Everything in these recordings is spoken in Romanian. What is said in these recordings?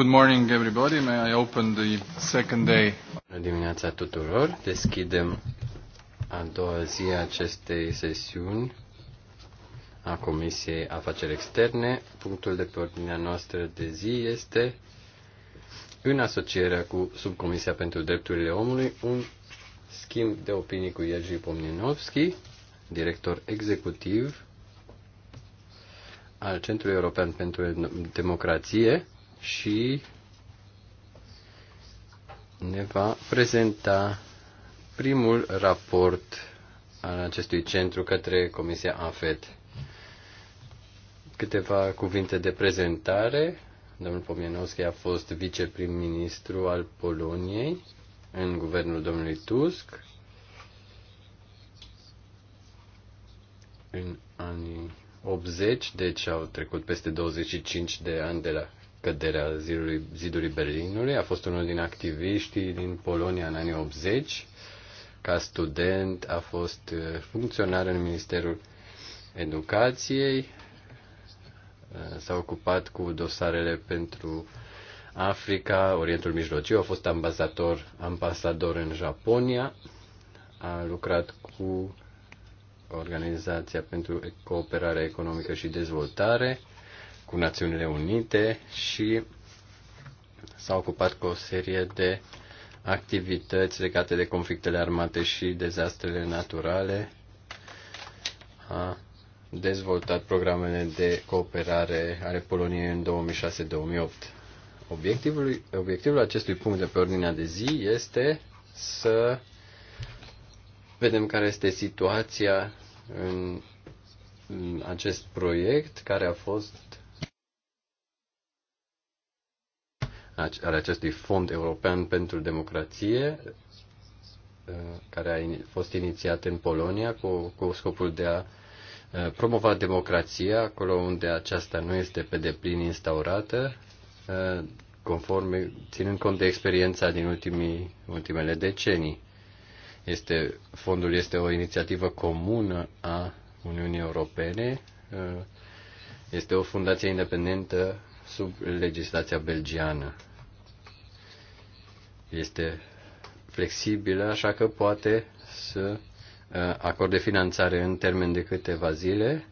Good morning, everybody. May I open the second day? Bună dimineața tuturor. Deschidem a doua zi a acestei sesiuni a Comisiei Afaceri Externe. Punctul de pornire ordinea noastră de zi este în asocierea cu Subcomisia pentru Drepturile Omului un schimb de opinii cu Iergi Pomninovski, director executiv al Centrului European pentru Democrație și ne va prezenta primul raport al acestui centru către Comisia AFET. Câteva cuvinte de prezentare. Domnul Pomienowski a fost viceprim-ministru al Poloniei în guvernul domnului Tusk în anii 80, deci au trecut peste 25 de ani de la căderea zidului, zidului Berlinului. A fost unul din activiștii din Polonia în anii 80. Ca student a fost uh, funcționar în Ministerul Educației. Uh, s-a ocupat cu dosarele pentru Africa, Orientul Mijlociu, a fost ambasador, ambasador în Japonia, a lucrat cu Organizația pentru Cooperare Economică și Dezvoltare, cu Națiunile Unite și s-a ocupat cu o serie de activități legate de conflictele armate și dezastrele naturale. A dezvoltat programele de cooperare ale Poloniei în 2006-2008. Obiectivul, obiectivul acestui punct de pe ordinea de zi este să vedem care este situația în, în acest proiect care a fost ale acestui Fond European pentru Democrație, uh, care a fost inițiat în Polonia cu, cu scopul de a uh, promova democrația acolo unde aceasta nu este pe deplin instaurată, uh, conform, ținând cont de experiența din ultimii, ultimele decenii. Este, fondul este o inițiativă comună a Uniunii Europene, este o fundație independentă sub legislația belgiană. Este flexibilă, așa că poate să uh, acorde finanțare în termen de câteva zile,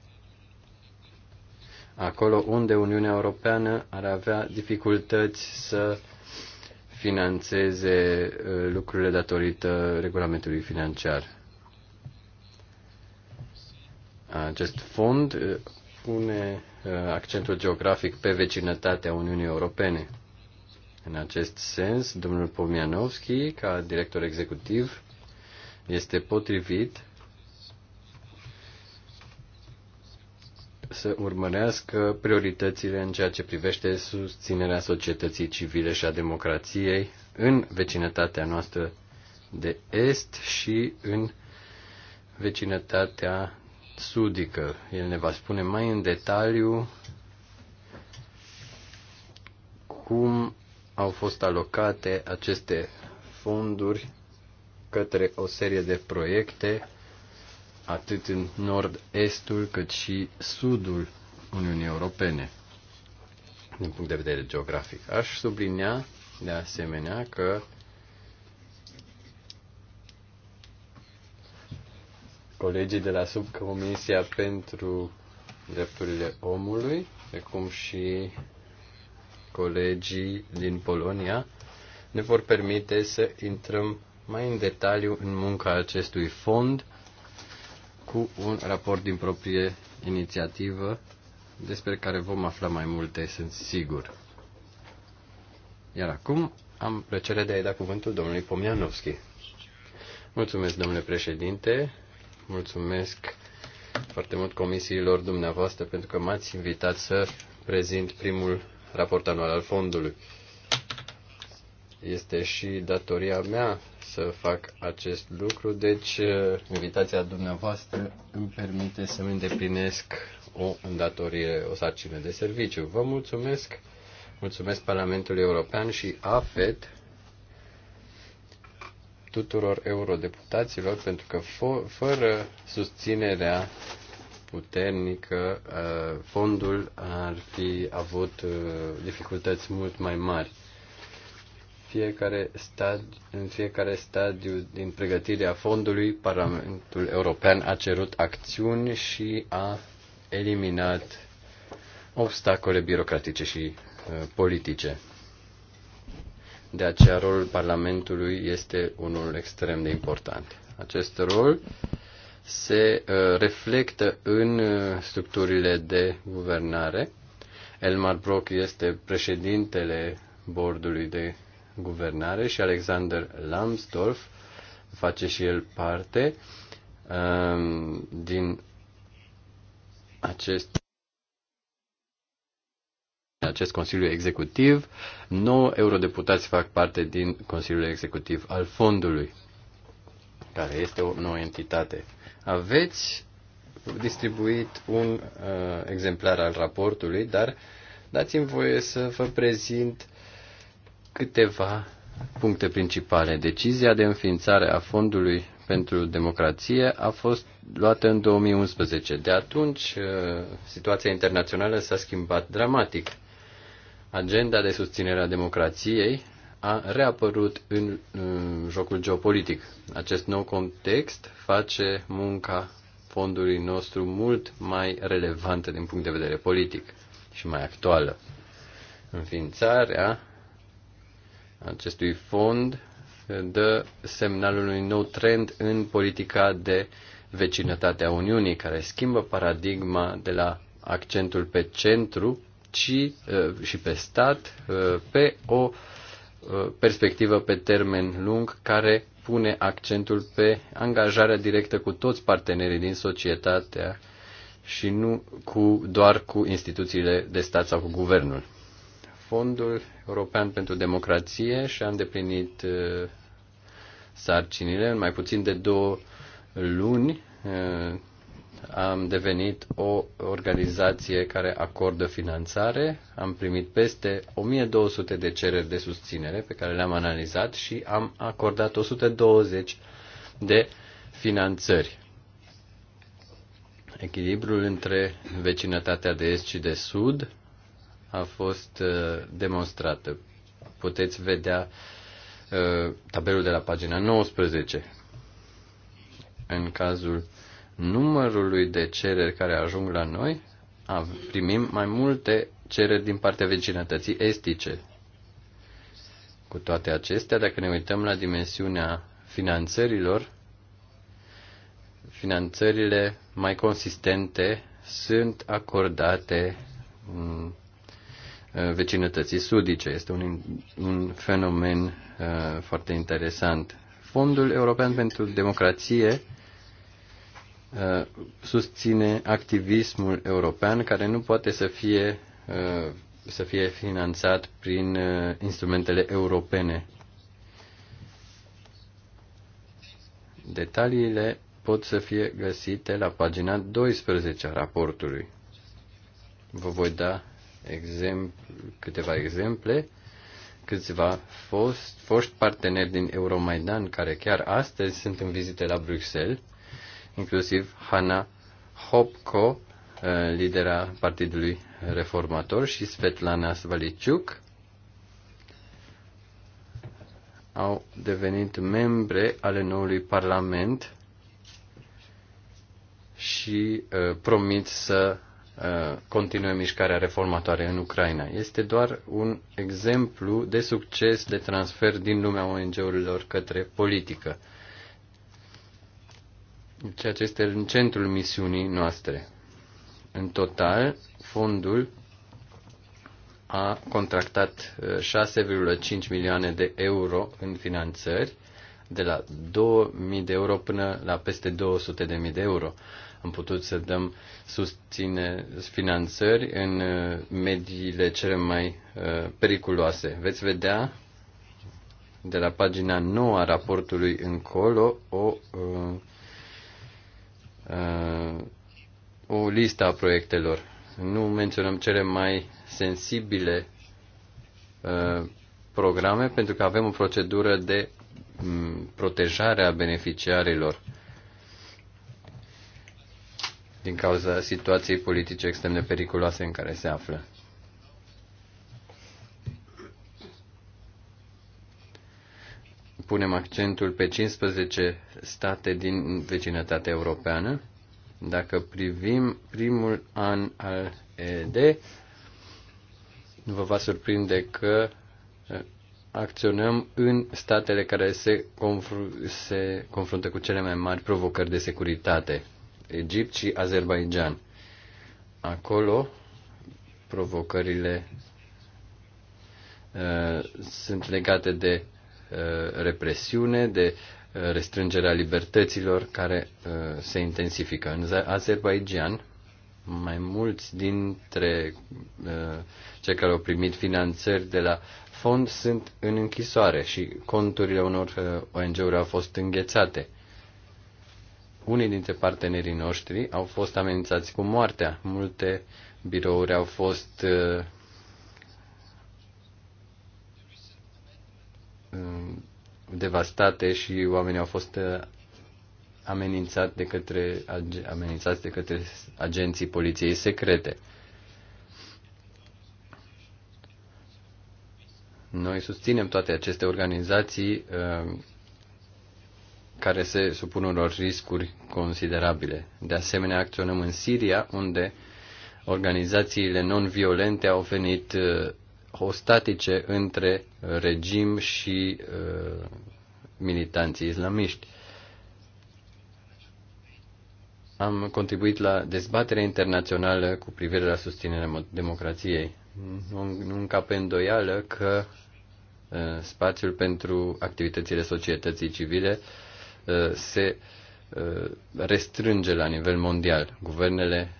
acolo unde Uniunea Europeană ar avea dificultăți să financeze uh, lucrurile datorită regulamentului financiar. Acest fond uh, pune Uh, accentul geografic pe vecinătatea Uniunii Europene. În acest sens, domnul Pomianovski, ca director executiv, este potrivit să urmărească prioritățile în ceea ce privește susținerea societății civile și a democrației în vecinătatea noastră de est și în vecinătatea sudică. El ne va spune mai în detaliu cum au fost alocate aceste fonduri către o serie de proiecte, atât în nord-estul cât și sudul Uniunii Europene, din punct de vedere geografic. Aș sublinea de asemenea că colegii de la Subcomisia pentru Drepturile Omului, precum și colegii din Polonia, ne vor permite să intrăm mai în detaliu în munca acestui fond cu un raport din proprie inițiativă despre care vom afla mai multe, sunt sigur. Iar acum am plăcerea de a-i da cuvântul domnului Pomianovski. Mulțumesc, domnule președinte, Mulțumesc foarte mult comisiilor dumneavoastră pentru că m-ați invitat să prezint primul raport anual al fondului. Este și datoria mea să fac acest lucru, deci uh, invitația dumneavoastră îmi permite să îmi îndeplinesc o îndatorire, o sarcină de serviciu. Vă mulțumesc, mulțumesc Parlamentului European și AFET tuturor eurodeputaților, pentru că fără susținerea puternică, uh, fondul ar fi avut uh, dificultăți mult mai mari. Fiecare stadiu, în fiecare stadiu din pregătirea fondului, Parlamentul European a cerut acțiuni și a eliminat obstacole birocratice și uh, politice. De aceea rolul Parlamentului este unul extrem de important. Acest rol se uh, reflectă în uh, structurile de guvernare. Elmar Brock este președintele bordului de guvernare și Alexander Lambsdorff face și el parte um, din acest acest Consiliu Executiv. 9 eurodeputați fac parte din Consiliul Executiv al Fondului, care este o nouă entitate. Aveți distribuit un uh, exemplar al raportului, dar dați-mi voie să vă prezint câteva puncte principale. Decizia de înființare a Fondului pentru Democrație a fost luată în 2011. De atunci, uh, situația internațională s-a schimbat dramatic agenda de susținere a democrației a reapărut în, în jocul geopolitic. Acest nou context face munca fondului nostru mult mai relevantă din punct de vedere politic și mai actuală. Înființarea acestui fond dă semnalul unui nou trend în politica de vecinătate a Uniunii, care schimbă paradigma de la accentul pe centru ci uh, și pe stat uh, pe o uh, perspectivă pe termen lung care pune accentul pe angajarea directă cu toți partenerii din societatea și nu cu, doar cu instituțiile de stat sau cu guvernul. Fondul European pentru Democrație și-a îndeplinit sarcinile în mai puțin de două luni am devenit o organizație care acordă finanțare. Am primit peste 1200 de cereri de susținere pe care le-am analizat și am acordat 120 de finanțări. Echilibrul între vecinătatea de est și de sud a fost uh, demonstrată. Puteți vedea uh, tabelul de la pagina 19. În cazul numărului de cereri care ajung la noi, primim mai multe cereri din partea vecinătății estice. Cu toate acestea, dacă ne uităm la dimensiunea finanțărilor, finanțările mai consistente sunt acordate mm, uh, vecinătății sudice. Este un, un fenomen uh, foarte interesant. Fondul European pentru Democrație Uh, susține activismul european care nu poate să fie, uh, să fie finanțat prin uh, instrumentele europene. Detaliile pot să fie găsite la pagina 12 a raportului. Vă voi da exempl, câteva exemple, câțiva fost, foști parteneri din Euromaidan care chiar astăzi sunt în vizite la Bruxelles inclusiv Hanna Hopko, eh, lidera Partidului Reformator, și Svetlana Svaliciuc, au devenit membre ale noului Parlament și uh, promit să uh, continue mișcarea reformatoare în Ucraina. Este doar un exemplu de succes de transfer din lumea ONG-urilor către politică ceea ce este în centrul misiunii noastre. În total, fondul a contractat 6,5 uh, milioane de euro în finanțări, de la 2.000 de euro până la peste 200.000 de euro. Am putut să dăm susține finanțări în uh, mediile cele mai uh, periculoase. Veți vedea de la pagina 9 a raportului încolo o uh, o listă a proiectelor. Nu menționăm cele mai sensibile uh, programe pentru că avem o procedură de um, protejare a beneficiarilor din cauza situației politice extrem de periculoase în care se află. punem accentul pe 15 state din vecinătatea europeană. Dacă privim primul an al ED, vă va surprinde că eh, acționăm în statele care se, confr- se confruntă cu cele mai mari provocări de securitate, Egipt și Azerbaijan. Acolo provocările uh, sunt legate de Uh, represiune, de uh, restrângerea libertăților care uh, se intensifică. În Azerbaijan, mai mulți dintre cei care au primit finanțări de la fond sunt în închisoare și conturile unor ONG-uri au fost înghețate. Unii dintre partenerii noștri au fost amenințați cu moartea. Multe birouri au fost devastate și oamenii au fost uh, amenințați de către, amenințați de către agenții poliției secrete. Noi susținem toate aceste organizații uh, care se supun unor riscuri considerabile. De asemenea, acționăm în Siria, unde organizațiile non-violente au venit uh, ostatice între regim și uh, militanții islamiști. Am contribuit la dezbaterea internațională cu privire la susținerea democrației. Nu, nu încape îndoială că uh, spațiul pentru activitățile societății civile uh, se uh, Uh, restrânge la nivel mondial. Guvernele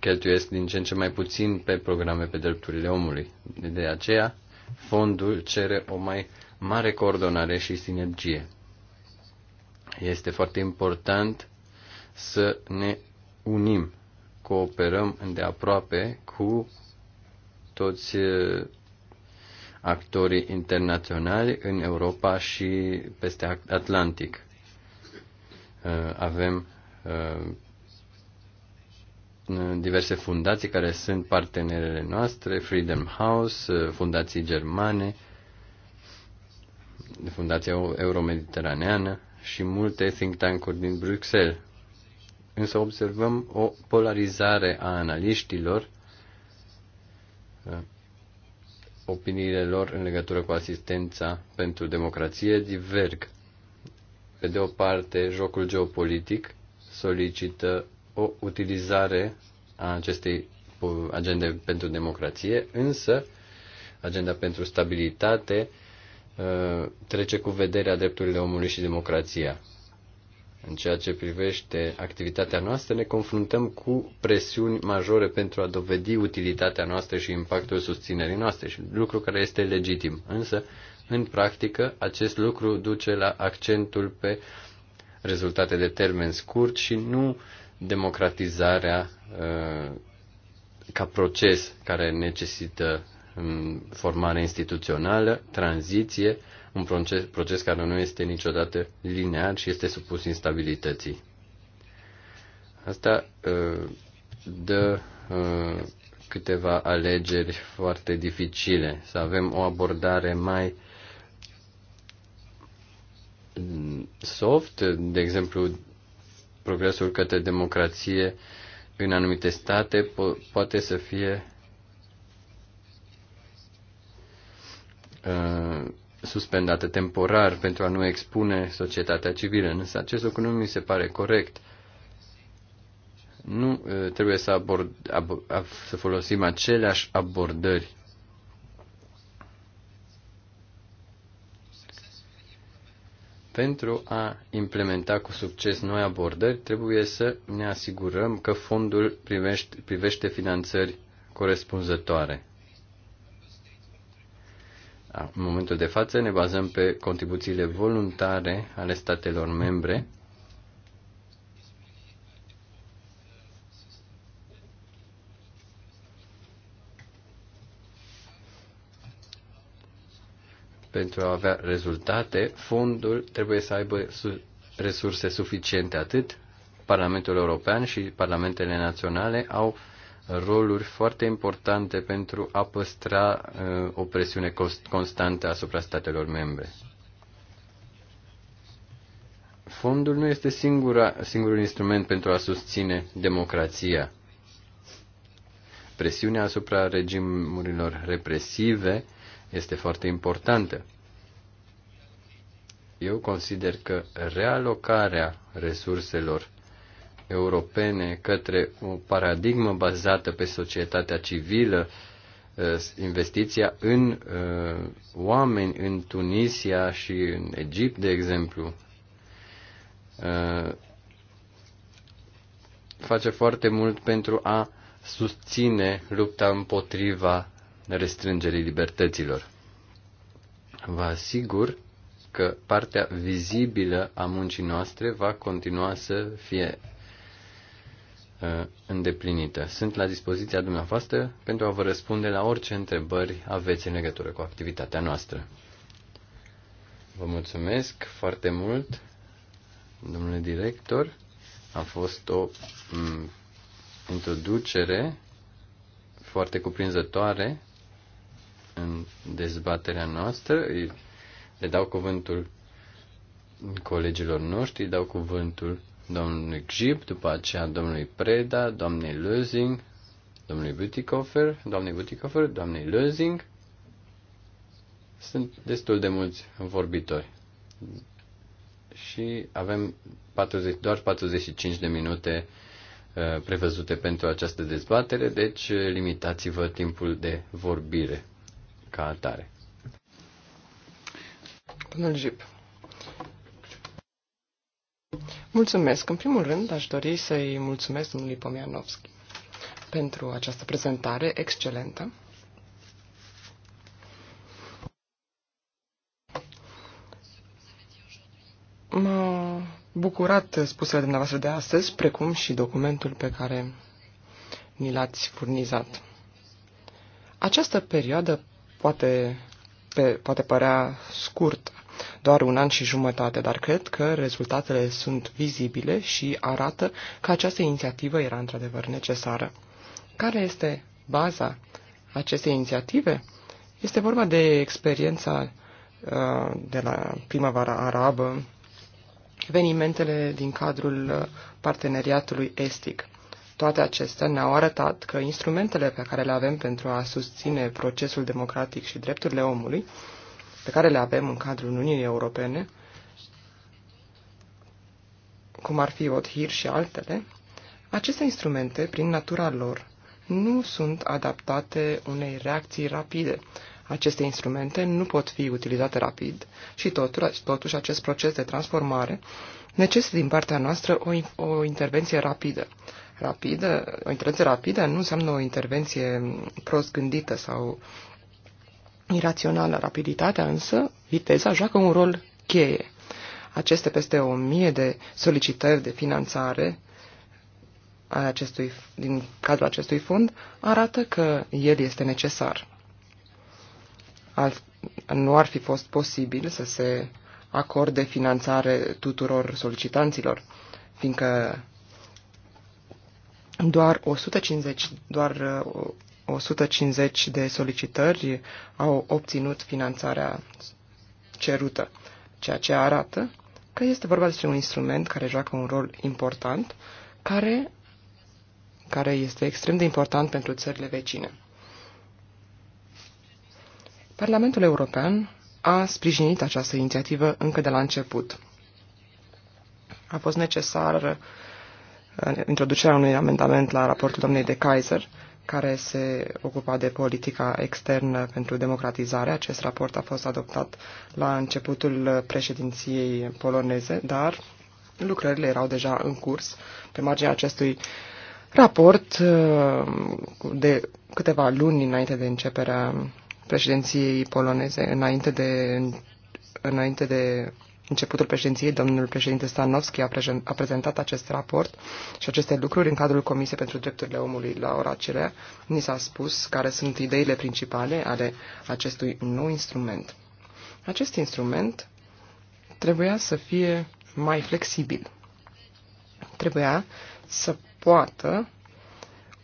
cheltuiesc din ce în ce mai puțin pe programe pe drepturile omului. De aceea, fondul cere o mai mare coordonare și sinergie. Este foarte important să ne unim, cooperăm îndeaproape cu toți uh, actorii internaționali în Europa și peste Atlantic Uh, avem uh, diverse fundații care sunt partenerele noastre, Freedom House, uh, fundații germane, Fundația Euromediteraneană și multe think tank-uri din Bruxelles. Însă observăm o polarizare a analiștilor, opiniile lor în legătură cu asistența pentru democrație diverg. Pe de o parte, jocul geopolitic solicită o utilizare a acestei agende pentru democrație, însă agenda pentru stabilitate uh, trece cu vederea drepturile omului și democrația. În ceea ce privește activitatea noastră, ne confruntăm cu presiuni majore pentru a dovedi utilitatea noastră și impactul susținerii noastre, lucru care este legitim. Însă, în practică, acest lucru duce la accentul pe rezultate de termen scurt și nu democratizarea uh, ca proces care necesită um, formare instituțională, tranziție, un proces, proces care nu este niciodată linear și este supus instabilității. Asta uh, dă uh, câteva alegeri foarte dificile, să avem o abordare mai soft, de exemplu, progresul către democrație în anumite state po- poate să fie uh, suspendată temporar pentru a nu expune societatea civilă, însă acest lucru nu mi se pare corect. Nu uh, trebuie să, abord, ab, ab, să folosim aceleași abordări Pentru a implementa cu succes noi abordări, trebuie să ne asigurăm că fondul privește, privește finanțări corespunzătoare. În momentul de față ne bazăm pe contribuțiile voluntare ale statelor membre pentru a avea rezultate, fondul trebuie să aibă resurse suficiente. Atât Parlamentul European și Parlamentele Naționale au roluri foarte importante pentru a păstra uh, o presiune constantă asupra statelor membre. Fondul nu este singura, singurul instrument pentru a susține democrația. Presiunea asupra regimurilor represive uh, este foarte importantă. Eu consider că realocarea resurselor europene către o paradigmă bazată pe societatea civilă, eh, investiția în eh, oameni în Tunisia și în Egipt, de exemplu, eh, face foarte mult pentru a susține lupta împotriva restrângerii libertăților. Vă asigur că partea vizibilă a muncii noastre va continua să fie uh, îndeplinită. Sunt la dispoziția dumneavoastră pentru a vă răspunde la orice întrebări aveți în legătură cu activitatea noastră. Vă mulțumesc foarte mult, domnule director. A fost o mm, introducere foarte cuprinzătoare în dezbaterea noastră. Le dau cuvântul colegilor noștri, dau cuvântul domnului Gip, după aceea domnului Preda, doamnei Lözing, domnului Butikofer, doamnei Butikofer, doamnei Lözing. Sunt destul de mulți vorbitori. Și avem 40, doar 45 de minute uh, prevăzute pentru această dezbatere, deci uh, limitați-vă timpul de vorbire ca atare. Domnul Jip. Mulțumesc. În primul rând, aș dori să-i mulțumesc domnului Pomianovski pentru această prezentare excelentă. M-a bucurat spusele dumneavoastră de astăzi, precum și documentul pe care ni l-ați furnizat. Această perioadă poate, pe, poate părea scurt, doar un an și jumătate, dar cred că rezultatele sunt vizibile și arată că această inițiativă era într-adevăr necesară. Care este baza acestei inițiative? Este vorba de experiența uh, de la primăvara arabă, evenimentele din cadrul uh, parteneriatului estic. Toate acestea ne-au arătat că instrumentele pe care le avem pentru a susține procesul democratic și drepturile omului, pe care le avem în cadrul Uniunii Europene, cum ar fi OTHIR și altele, aceste instrumente, prin natura lor, nu sunt adaptate unei reacții rapide. Aceste instrumente nu pot fi utilizate rapid și totuși acest proces de transformare necesită din partea noastră o, o intervenție rapidă rapidă, o intervenție rapidă nu înseamnă o intervenție prost gândită sau irațională. Rapiditatea însă, viteza, joacă un rol cheie. Aceste peste o mie de solicitări de finanțare acestui, din cadrul acestui fond arată că el este necesar. Al, nu ar fi fost posibil să se acorde finanțare tuturor solicitanților, fiindcă doar 150, doar 150 uh, de solicitări au obținut finanțarea cerută, ceea ce arată că este vorba despre un instrument care joacă un rol important, care, care este extrem de important pentru țările vecine. Parlamentul European a sprijinit această inițiativă încă de la început. A fost necesar introducerea unui amendament la raportul domnei de Kaiser, care se ocupa de politica externă pentru democratizare. Acest raport a fost adoptat la începutul președinției poloneze, dar lucrările erau deja în curs. Pe marginea acestui raport, uh, de câteva luni înainte de începerea președinției poloneze, înainte de, înainte de începutul președinției, domnul președinte Stanovski a, prezen- a prezentat acest raport și aceste lucruri în cadrul Comisiei pentru Drepturile Omului la ora acelea. Ni s-a spus care sunt ideile principale ale acestui nou instrument. Acest instrument trebuia să fie mai flexibil. Trebuia să poată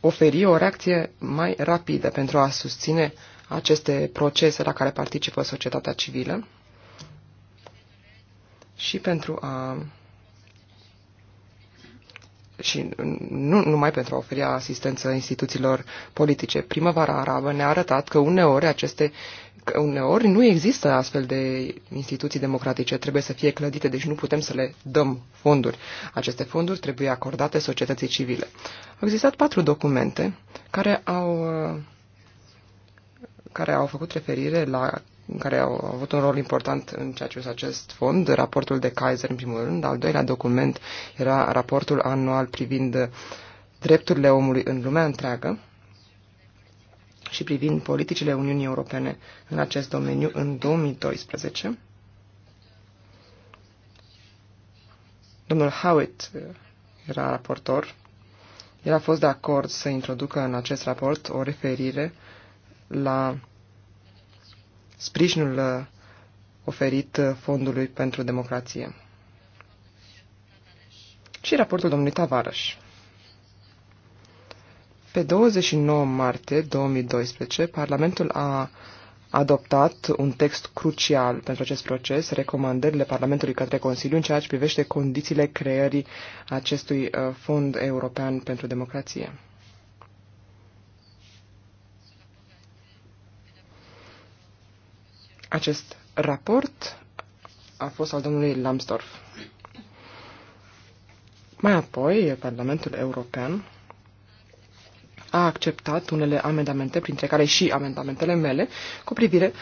oferi o reacție mai rapidă pentru a susține aceste procese la care participă societatea civilă și pentru a și nu numai pentru a oferi asistență instituțiilor politice. Primăvara arabă ne-a arătat că uneori aceste că uneori nu există astfel de instituții democratice, trebuie să fie clădite, deci nu putem să le dăm fonduri. Aceste fonduri trebuie acordate societății civile. Au existat patru documente care au care au făcut referire la care au avut un rol important în ceea ce este acest fond, raportul de Kaiser în primul rând, al doilea document era raportul anual privind drepturile omului în lumea întreagă și privind politicile Uniunii Europene în acest domeniu în 2012. Domnul Howitt era raportor. El a fost de acord să introducă în acest raport o referire la sprijinul uh, oferit uh, Fondului pentru Democrație. Și raportul domnului Tavares. Pe 29 martie 2012, Parlamentul a adoptat un text crucial pentru acest proces, recomandările Parlamentului către Consiliu în ceea ce privește condițiile creării acestui uh, Fond European pentru Democrație. Acest raport a fost al domnului Lambsdorff. Mai apoi, Parlamentul European a acceptat unele amendamente, printre care și amendamentele mele, cu privire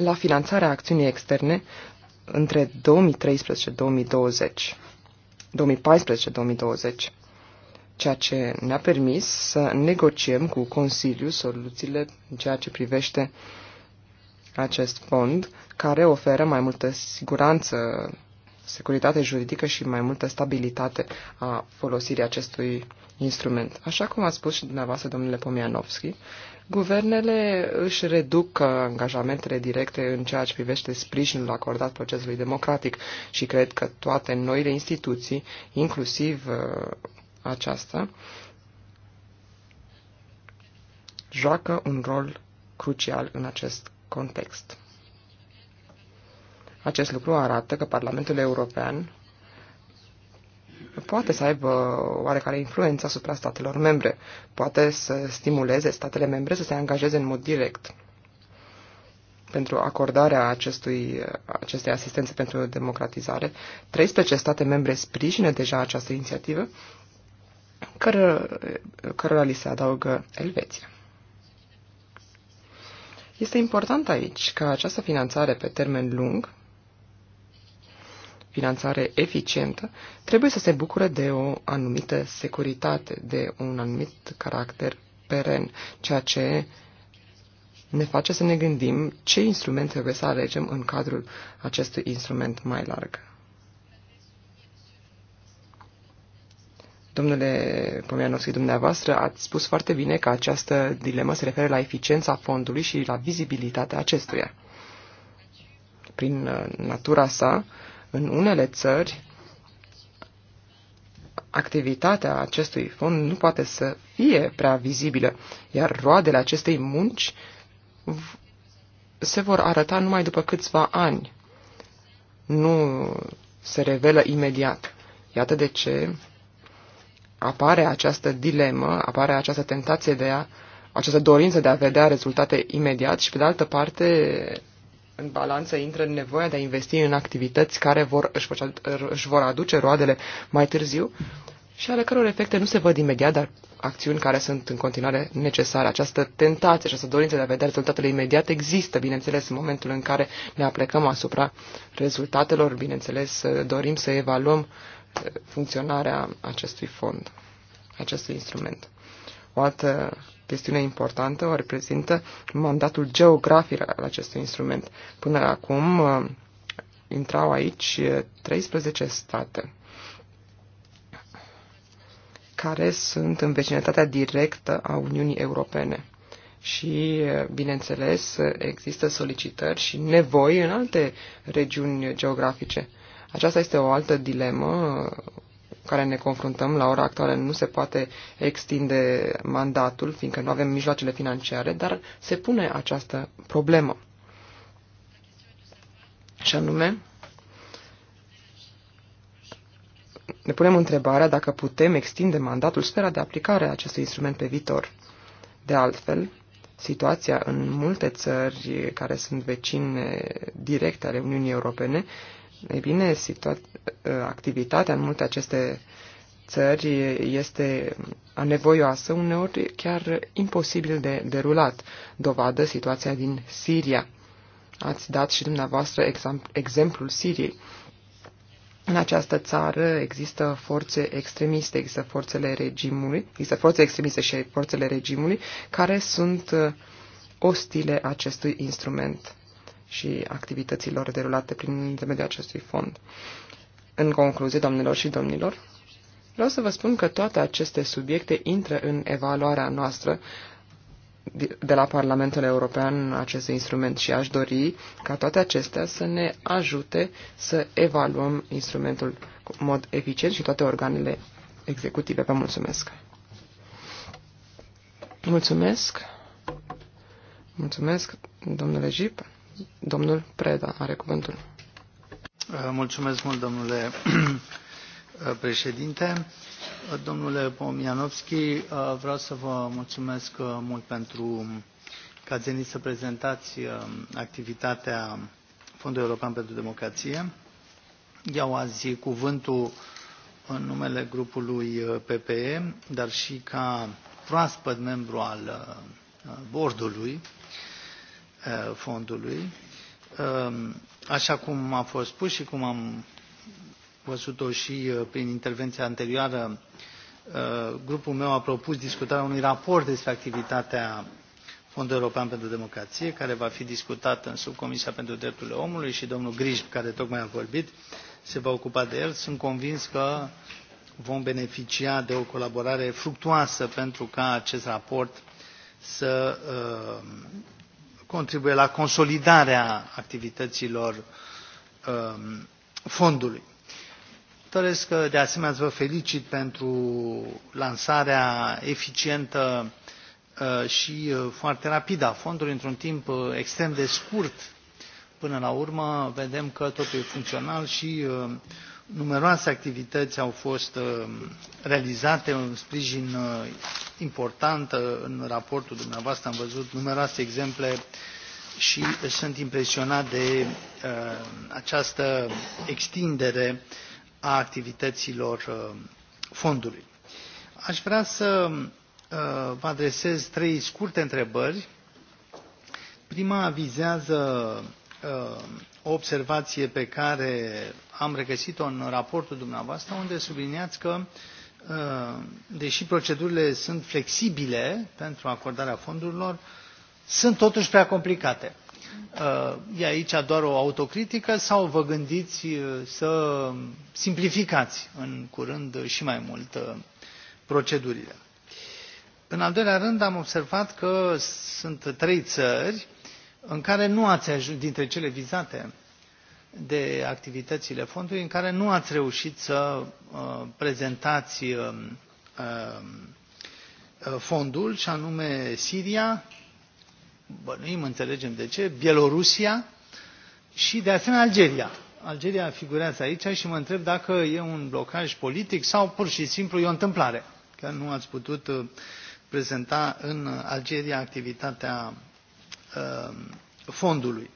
la finanțarea acțiunii externe între 2013-2020, 2014-2020, ceea ce ne-a permis să negociem cu Consiliul soluțiile în ceea ce privește uh, acest fond care oferă mai multă siguranță, securitate juridică și mai multă stabilitate a folosirii acestui instrument. Așa cum a spus și dumneavoastră, domnule Pomianovski, guvernele își reduc angajamentele directe în ceea ce privește sprijinul acordat procesului democratic și cred că toate noile instituții, inclusiv uh, aceasta, joacă un rol crucial în acest context. Acest lucru arată că Parlamentul European poate să aibă oarecare influență asupra statelor membre, poate să stimuleze statele membre să se angajeze în mod direct pentru acordarea acestui, acestei asistențe pentru democratizare. 13 state membre sprijină deja această inițiativă, cărora, cărora li se adaugă Elveția. Este important aici ca această finanțare pe termen lung, finanțare eficientă, trebuie să se bucure de o anumită securitate, de un anumit caracter peren, ceea ce ne face să ne gândim ce instrument trebuie să alegem în cadrul acestui instrument mai larg. Domnule Pomianovski, dumneavoastră ați spus foarte bine că această dilemă se referă la eficiența fondului și la vizibilitatea acestuia. Prin uh, natura sa, în unele țări, activitatea acestui fond nu poate să fie prea vizibilă, iar roadele acestei munci se vor arăta numai după câțiva ani. Nu se revelă imediat. Iată de ce apare această dilemă, apare această tentație de a, această dorință de a vedea rezultate imediat și, pe de altă parte, în balanță intră nevoia de a investi în activități care vor, își, vor, își vor aduce roadele mai târziu și ale căror efecte nu se văd imediat, dar acțiuni care sunt în continuare necesare. Această tentație, această dorință de a vedea rezultatele imediat există, bineînțeles, în momentul în care ne aplecăm asupra rezultatelor, bineînțeles, dorim să evaluăm funcționarea acestui fond, acestui instrument. O altă chestiune importantă o reprezintă mandatul geografic al acestui instrument. Până acum uh, intrau aici 13 uh, state care sunt în vecinătatea directă a Uniunii Europene. Și, uh, bineînțeles, există solicitări și nevoi în alte regiuni geografice. Aceasta este o altă dilemă care ne confruntăm la ora actuală nu se poate extinde mandatul, fiindcă nu avem mijloacele financiare, dar se pune această problemă. Și anume, ne punem întrebarea dacă putem extinde mandatul sfera de aplicare a acestui instrument pe viitor. De altfel, situația în multe țări care sunt vecine directe ale Uniunii Europene ei bine, activitatea în multe aceste țări este nevoioasă, uneori chiar imposibil de derulat. Dovadă situația din Siria. Ați dat și dumneavoastră exemplul Siriei. În această țară există forțe extremiste, există forțele regimului, există forțe extremiste și forțele regimului care sunt uh, ostile acestui instrument și activităților derulate prin intermediul acestui fond. În concluzie, domnilor și domnilor, vreau să vă spun că toate aceste subiecte intră în evaluarea noastră de la Parlamentul European acest instrument și aș dori ca toate acestea să ne ajute să evaluăm instrumentul în mod eficient și toate organele executive. Vă mulțumesc! Mulțumesc! Mulțumesc, domnule Jip! Domnul Preda are cuvântul. Uh, mulțumesc mult, domnule președinte. Uh, domnule Pomianovski, uh, vreau să vă mulțumesc mult pentru că ați venit să prezentați activitatea Fondului European pentru Democrație. Iau azi cuvântul în numele grupului PPE, dar și ca proaspăt membru al bordului Uh, fondului. Um, așa cum a fost spus și cum am văzut-o și uh, prin intervenția anterioară, uh, grupul meu a propus discutarea unui raport despre activitatea Fondul European pentru Democrație, care va fi discutat în subcomisia pentru drepturile omului și domnul Grijp, care tocmai a vorbit, se va ocupa de el. Sunt convins că vom beneficia de o colaborare fructuoasă pentru ca acest raport să uh, contribuie la consolidarea activităților um, fondului. Doresc uh, de asemenea să vă felicit pentru lansarea eficientă uh, și uh, foarte rapidă a fondului într-un timp extrem de scurt. Până la urmă vedem că totul e funcțional și numeroase activități au fost uh, realizate un sprijin uh, important uh, în raportul dumneavoastră am văzut numeroase exemple și sunt impresionat de această extindere a activităților fondului. Aș vrea să vă adresez trei scurte întrebări. Prima vizează o observație pe care am regăsit o în raportul dumneavoastră unde subliniați că uh, deși procedurile sunt flexibile pentru acordarea fondurilor sunt totuși prea complicate. Uh, e aici doar o autocritică sau vă gândiți uh, să simplificați în curând și mai mult procedurile? În al doilea rând, am observat că sunt trei țări în care nu ați dintre cele vizate de activitățile fondului, în care nu ați reușit să uh, prezentați um, um, uh, fondul, și anume Siria, bănuim, înțelegem de ce, Bielorusia și, de asemenea, Algeria. Algeria figurează aici și mă întreb dacă e un blocaj politic sau pur și simplu e o întâmplare, că nu ați putut uh, prezenta în Algeria activitatea Um, fondului.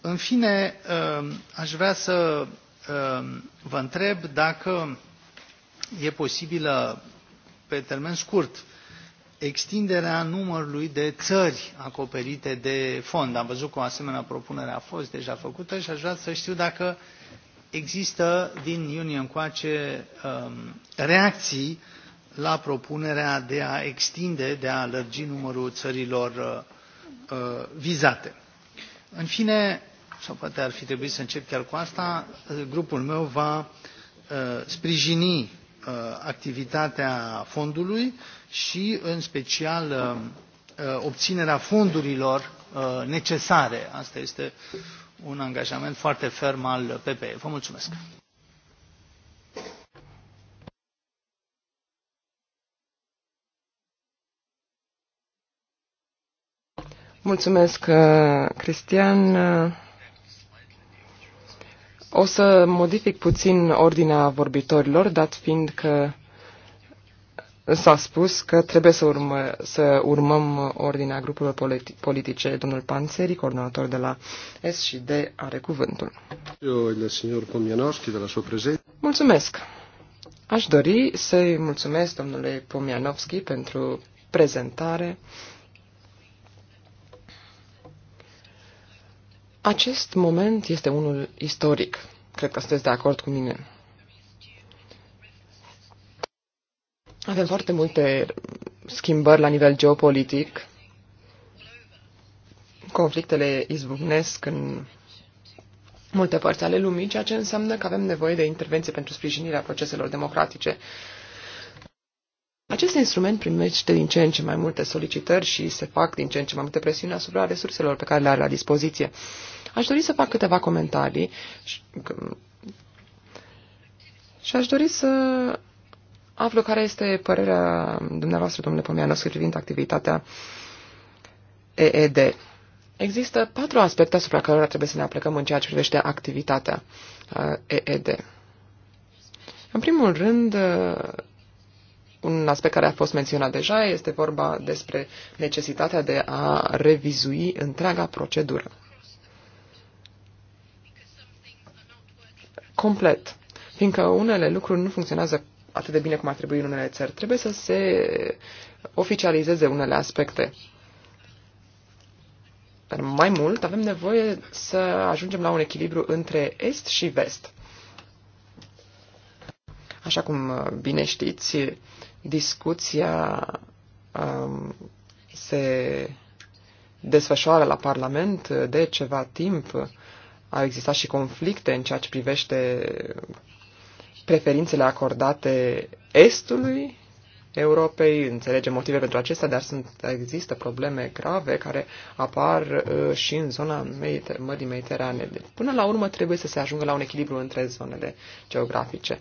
În fine, um, aș vrea să um, vă întreb dacă e posibilă, pe termen scurt, extinderea numărului de țări acoperite de fond. Am văzut că o asemenea propunere a fost deja făcută și aș vrea să știu dacă există din iunie încoace reacții la propunerea de a extinde, de a lărgi numărul țărilor uh, Uh, vizate. În fine, sau poate ar fi trebuit să încep chiar cu asta, uh, grupul meu va uh, sprijini activitatea fondului și, în special, obținerea fondurilor necesare. Asta este un angajament foarte ferm al ppe. Vă mulțumesc. Mulțumesc, uh, Cristian. O să modific puțin ordinea vorbitorilor, dat fiind că s-a spus că trebuie să, urmă, să urmăm ordinea grupurilor politi politice. Domnul Panțeri, coordonator de la S și D, are cuvântul. Eu, el signor Pomianovski, de la sua Mulțumesc. Aș dori să-i mulțumesc domnului Pomianovski pentru prezentare Acest moment este unul istoric. Cred că sunteți de acord cu mine. Avem foarte multe schimbări la nivel geopolitic. Conflictele izbucnesc în multe părți ale lumii, ceea ce înseamnă că avem nevoie de intervenție pentru sprijinirea proceselor democratice. Acest instrument primește din ce în ce mai multe solicitări și se fac din ce în ce mai multe presiuni asupra resurselor pe care le are la dispoziție. Aș dori să fac câteva comentarii și, și aș dori să aflu care este părerea dumneavoastră, domnule Pomianoscu, privind activitatea EED. Există patru aspecte asupra cărora trebuie să ne aplicăm în ceea ce privește activitatea uh, EED. În primul rând, uh, un aspect care a fost menționat deja este vorba despre necesitatea de a revizui întreaga procedură. Complet. Fiindcă unele lucruri nu funcționează atât de bine cum ar trebui în unele țări. Trebuie să se oficializeze unele aspecte. Dar mai mult avem nevoie să ajungem la un echilibru între est și vest. Așa cum bine știți, Discuția um, se desfășoară la Parlament de ceva timp. Au existat și conflicte în ceea ce privește preferințele acordate Estului Europei, înțelegem motive pentru acestea, dar sunt, există probleme grave care apar uh, și în zona Mediter- Mării Mediterane. până la urmă trebuie să se ajungă la un echilibru între zonele geografice. Uh,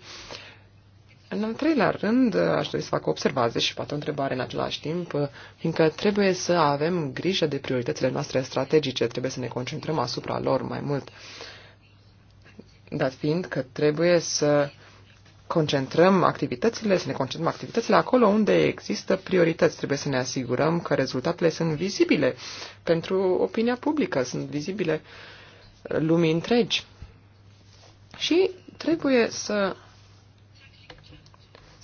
în al treilea rând, aș dori să fac o observație și poate o întrebare în același timp, fiindcă trebuie să avem grijă de prioritățile noastre strategice, trebuie să ne concentrăm asupra lor mai mult. Dat fiind că trebuie să concentrăm activitățile, să ne concentrăm activitățile acolo unde există priorități. Trebuie să ne asigurăm că rezultatele sunt vizibile pentru opinia publică, sunt vizibile lumii întregi. Și trebuie să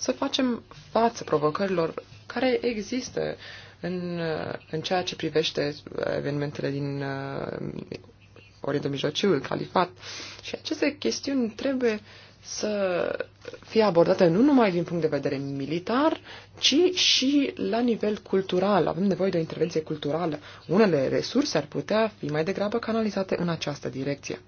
să facem față provocărilor care există în, în ceea ce privește uh, evenimentele din uh, Orientul Mijlociu, califat. Și aceste chestiuni trebuie să fie abordate nu numai din punct de vedere militar, ci și la nivel cultural. Avem nevoie de o intervenție culturală. Unele resurse ar putea fi mai degrabă canalizate în această direcție.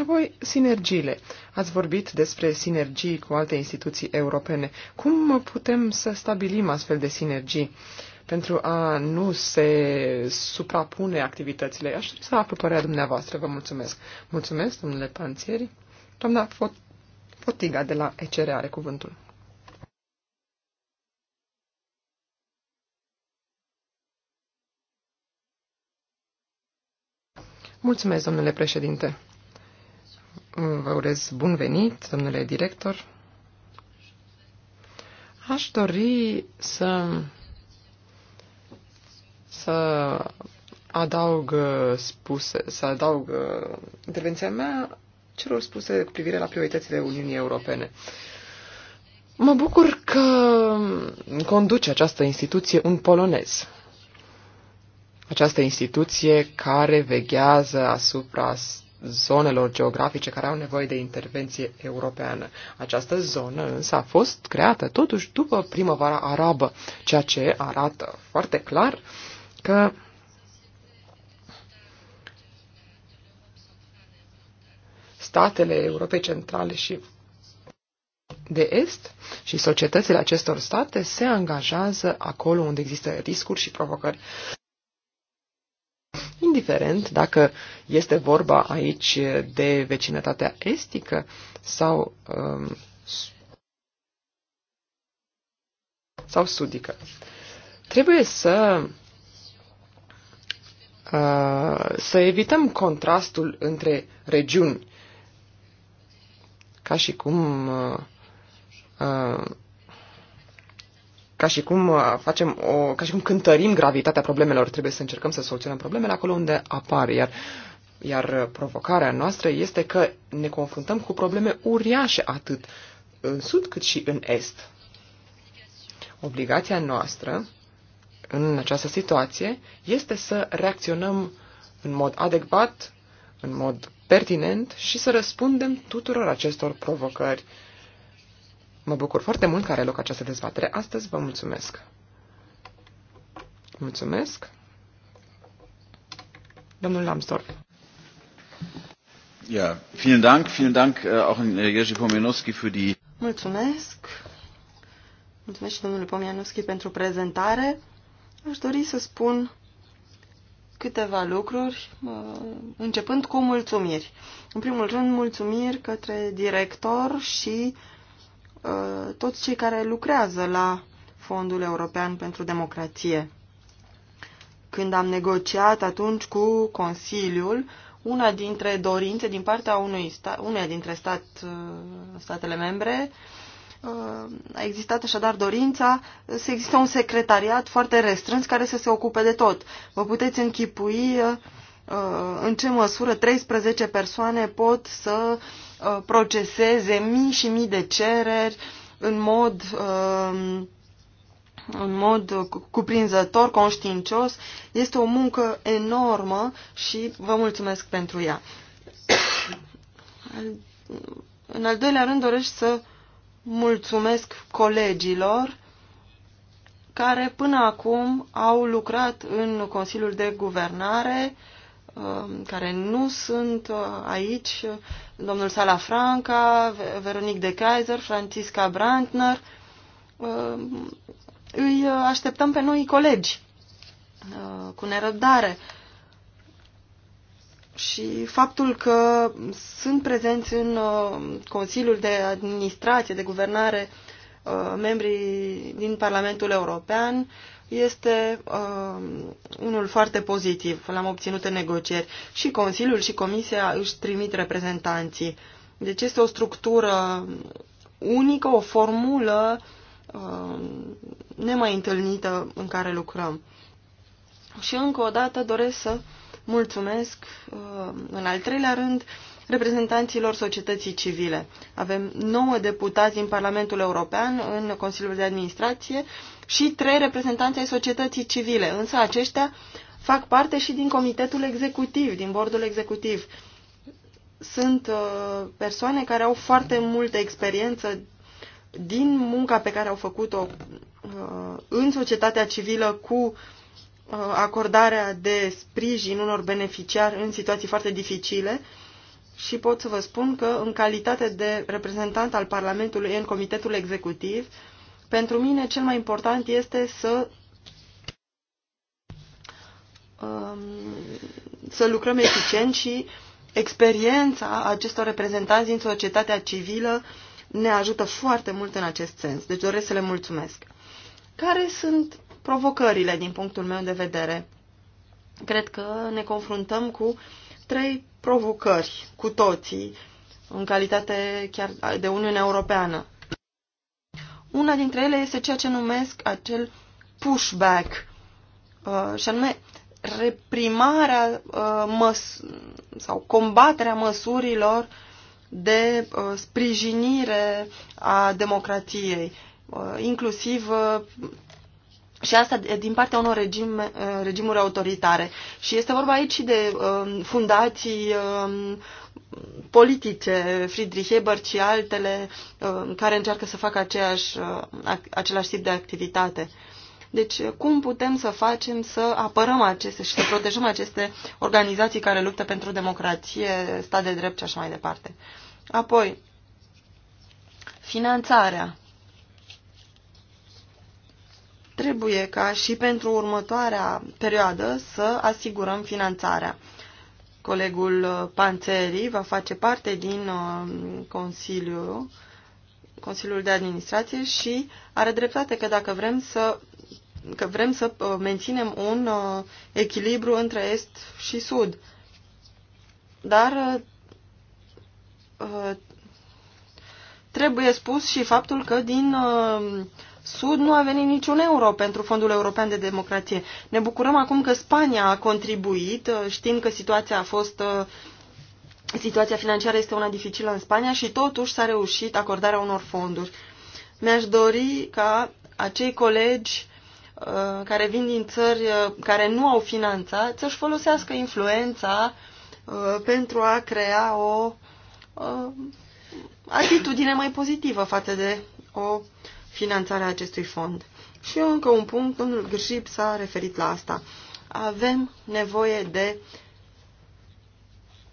Apoi, sinergiile. Ați vorbit despre sinergii cu alte instituții europene. Cum putem să stabilim astfel de sinergii pentru a nu se suprapune activitățile? Aș dori să aflu părerea dumneavoastră. Vă mulțumesc. Mulțumesc, domnule Panțieri. Doamna Fot- Fotiga de la ECR are cuvântul. Mulțumesc, domnule președinte. Vă urez bun venit, domnule director. Aș dori să, să adaug spuse, să adaug intervenția mea celor spuse cu privire la prioritățile Uniunii Europene. Mă bucur că conduce această instituție un polonez. Această instituție care veghează asupra zonelor geografice care au nevoie de intervenție europeană. Această zonă însă a fost creată totuși după primăvara arabă, ceea ce arată foarte clar că statele Europei Centrale și de Est și societățile acestor state se angajează acolo unde există riscuri și provocări indiferent dacă este vorba aici de vecinătatea estică sau, um, sau sudică. Trebuie să uh, să evităm contrastul între regiuni, ca și cum uh, uh, ca și cum uh, facem o, ca și cum cântărim gravitatea problemelor, trebuie să încercăm să soluționăm problemele acolo unde apar. Iar, iar uh, provocarea noastră este că ne confruntăm cu probleme uriașe atât în sud cât și în est. Obligația noastră în această situație este să reacționăm în mod adecvat, în mod pertinent și să răspundem tuturor acestor provocări Mă bucur foarte mult că are loc această dezbatere astăzi. Vă mulțumesc. Mulțumesc. Domnul Lambsdorff. Ja, vielen Dank, vielen Dank äh, auch an äh, Jerzy Pomianowski für die Mulțumesc. Mulțumesc și domnului Pomianowski pentru prezentare. Aș dori să spun câteva lucruri, începând cu mulțumiri. În primul rând, mulțumiri către director și uh, Uh, toți cei care lucrează la Fondul European pentru Democrație. Când am negociat atunci cu Consiliul, una dintre dorințe din partea unui sta, uneia dintre stat, uh, statele membre uh, a existat așadar dorința să existe un secretariat foarte restrâns care să se ocupe de tot. Vă puteți închipui uh, Uh, în ce măsură 13 persoane pot să uh, proceseze mii și mii de cereri în mod, uh, în mod cuprinzător, conștiincios. Este o muncă enormă și vă mulțumesc pentru ea. În al doilea rând doresc să mulțumesc colegilor care până acum au lucrat în Consiliul de Guvernare uh, Um, care nu sunt uh, aici, domnul Sala Franca, Veronic de Kaiser, Francisca Brandner. Um, îi uh, așteptăm pe noi colegi uh, cu nerăbdare. Și faptul că sunt prezenți în Consiliul de Administrație, de Guvernare, membrii din Parlamentul European, este uh, unul foarte pozitiv. L-am obținut în negocieri. Și Consiliul și Comisia își trimit reprezentanții. Deci este o structură unică, o formulă uh, um, nemai întâlnită în care lucrăm. Și încă o dată doresc să mulțumesc, uh, în al treilea rând, reprezentanților societății civile. Avem nouă deputați din Parlamentul European în Consiliul de Administrație și trei reprezentanți ai societății civile, însă aceștia fac parte și din comitetul executiv, din bordul executiv. Sunt uh, persoane care au foarte multă experiență din munca pe care au făcut-o uh, în societatea civilă cu uh, acordarea de sprijin unor beneficiari în situații foarte dificile și pot să vă spun că în calitate de reprezentant al Parlamentului în Comitetul Executiv uh, pentru mine cel mai important este să um, să lucrăm eficient și experiența acestor reprezentanți din societatea civilă ne ajută foarte mult în acest sens. Deci doresc să le mulțumesc. Care sunt provocările din punctul meu de vedere? Cred că ne confruntăm cu trei provocări cu toții în calitate chiar de Uniunea Europeană. Una dintre ele este ceea ce numesc acel pushback, uh, și anume reprimarea uh, măs- sau combaterea măsurilor de uh, sprijinire a democrației, uh, inclusiv uh, și asta din partea unor regime, uh, regimuri autoritare. Și este vorba aici și de uh, fundații uh, politice, Friedrich Ebert și altele uh, care încearcă să facă aceeași, uh, același tip de activitate. Deci, cum putem să facem să apărăm aceste și să protejăm aceste organizații care luptă pentru democrație, stat de drept și așa mai departe? Apoi, finanțarea. Trebuie ca și pentru următoarea perioadă să asigurăm finanțarea. Colegul uh, Panțeri va face parte din uh, Consiliu, Consiliul de Administrație și are dreptate că dacă vrem să că vrem să uh, menținem un echilibru între Est și Sud. Dar trebuie spus și faptul că din Sud nu a venit niciun euro pentru Fondul European de Democrație. Ne bucurăm acum că Spania a contribuit, uh, știind că situația a fost uh, situația financiară este una dificilă în Spania și totuși s-a reușit acordarea unor fonduri. Mi-aș dori ca acei colegi uh, care vin din țări care nu au finanțat să-și folosească influența pentru a crea o atitudine mai pozitivă față de o finanțarea acestui fond. Și încă un punct, domnul Grjib s-a referit la asta. Avem nevoie de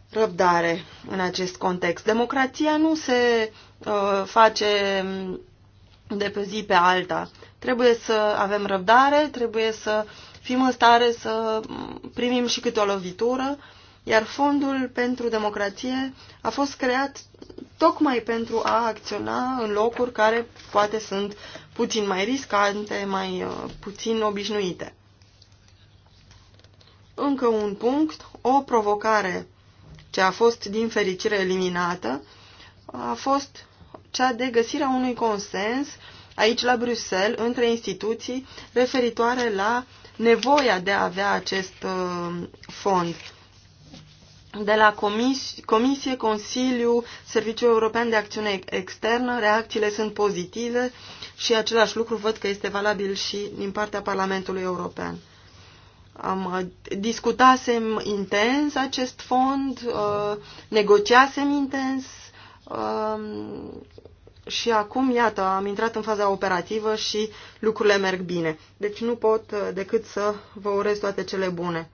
răbdare în acest context. Democrația nu se uh, face de pe zi pe alta. Trebuie să avem răbdare, trebuie să fim în stare să primim și câte o lovitură, uh, iar Fondul pentru Democrație a fost creat tocmai pentru a acționa în locuri care poate sunt puțin mai riscante, mai uh, puțin obișnuite. Încă un punct, o provocare ce a fost din fericire eliminată a fost cea de găsirea unui consens aici la Bruxelles între instituții referitoare la nevoia de a avea acest uh, fond de la comis Comisie, Consiliu, Serviciul European de Acțiune Externă, reacțiile sunt pozitive și același lucru văd că este valabil și din partea Parlamentului European. Am, uh, discutasem intens acest fond, uh, negociasem intens uh, și acum, iată, am intrat în faza operativă și lucrurile merg bine. Deci nu pot uh, decât să vă urez toate cele bune.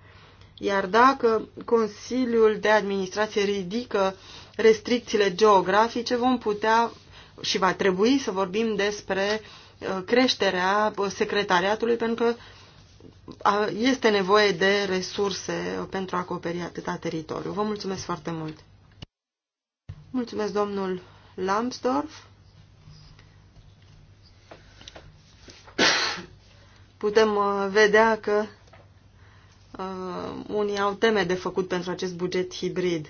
Iar dacă Consiliul de Administrație ridică restricțiile geografice, vom putea și va trebui să vorbim despre uh, creșterea secretariatului, pentru că este nevoie de resurse pentru a acoperi atâta teritoriu. Vă mulțumesc foarte mult! Mulțumesc, domnul Lambsdorff. Putem uh, vedea că Uh, unii au teme de făcut pentru acest buget hibrid.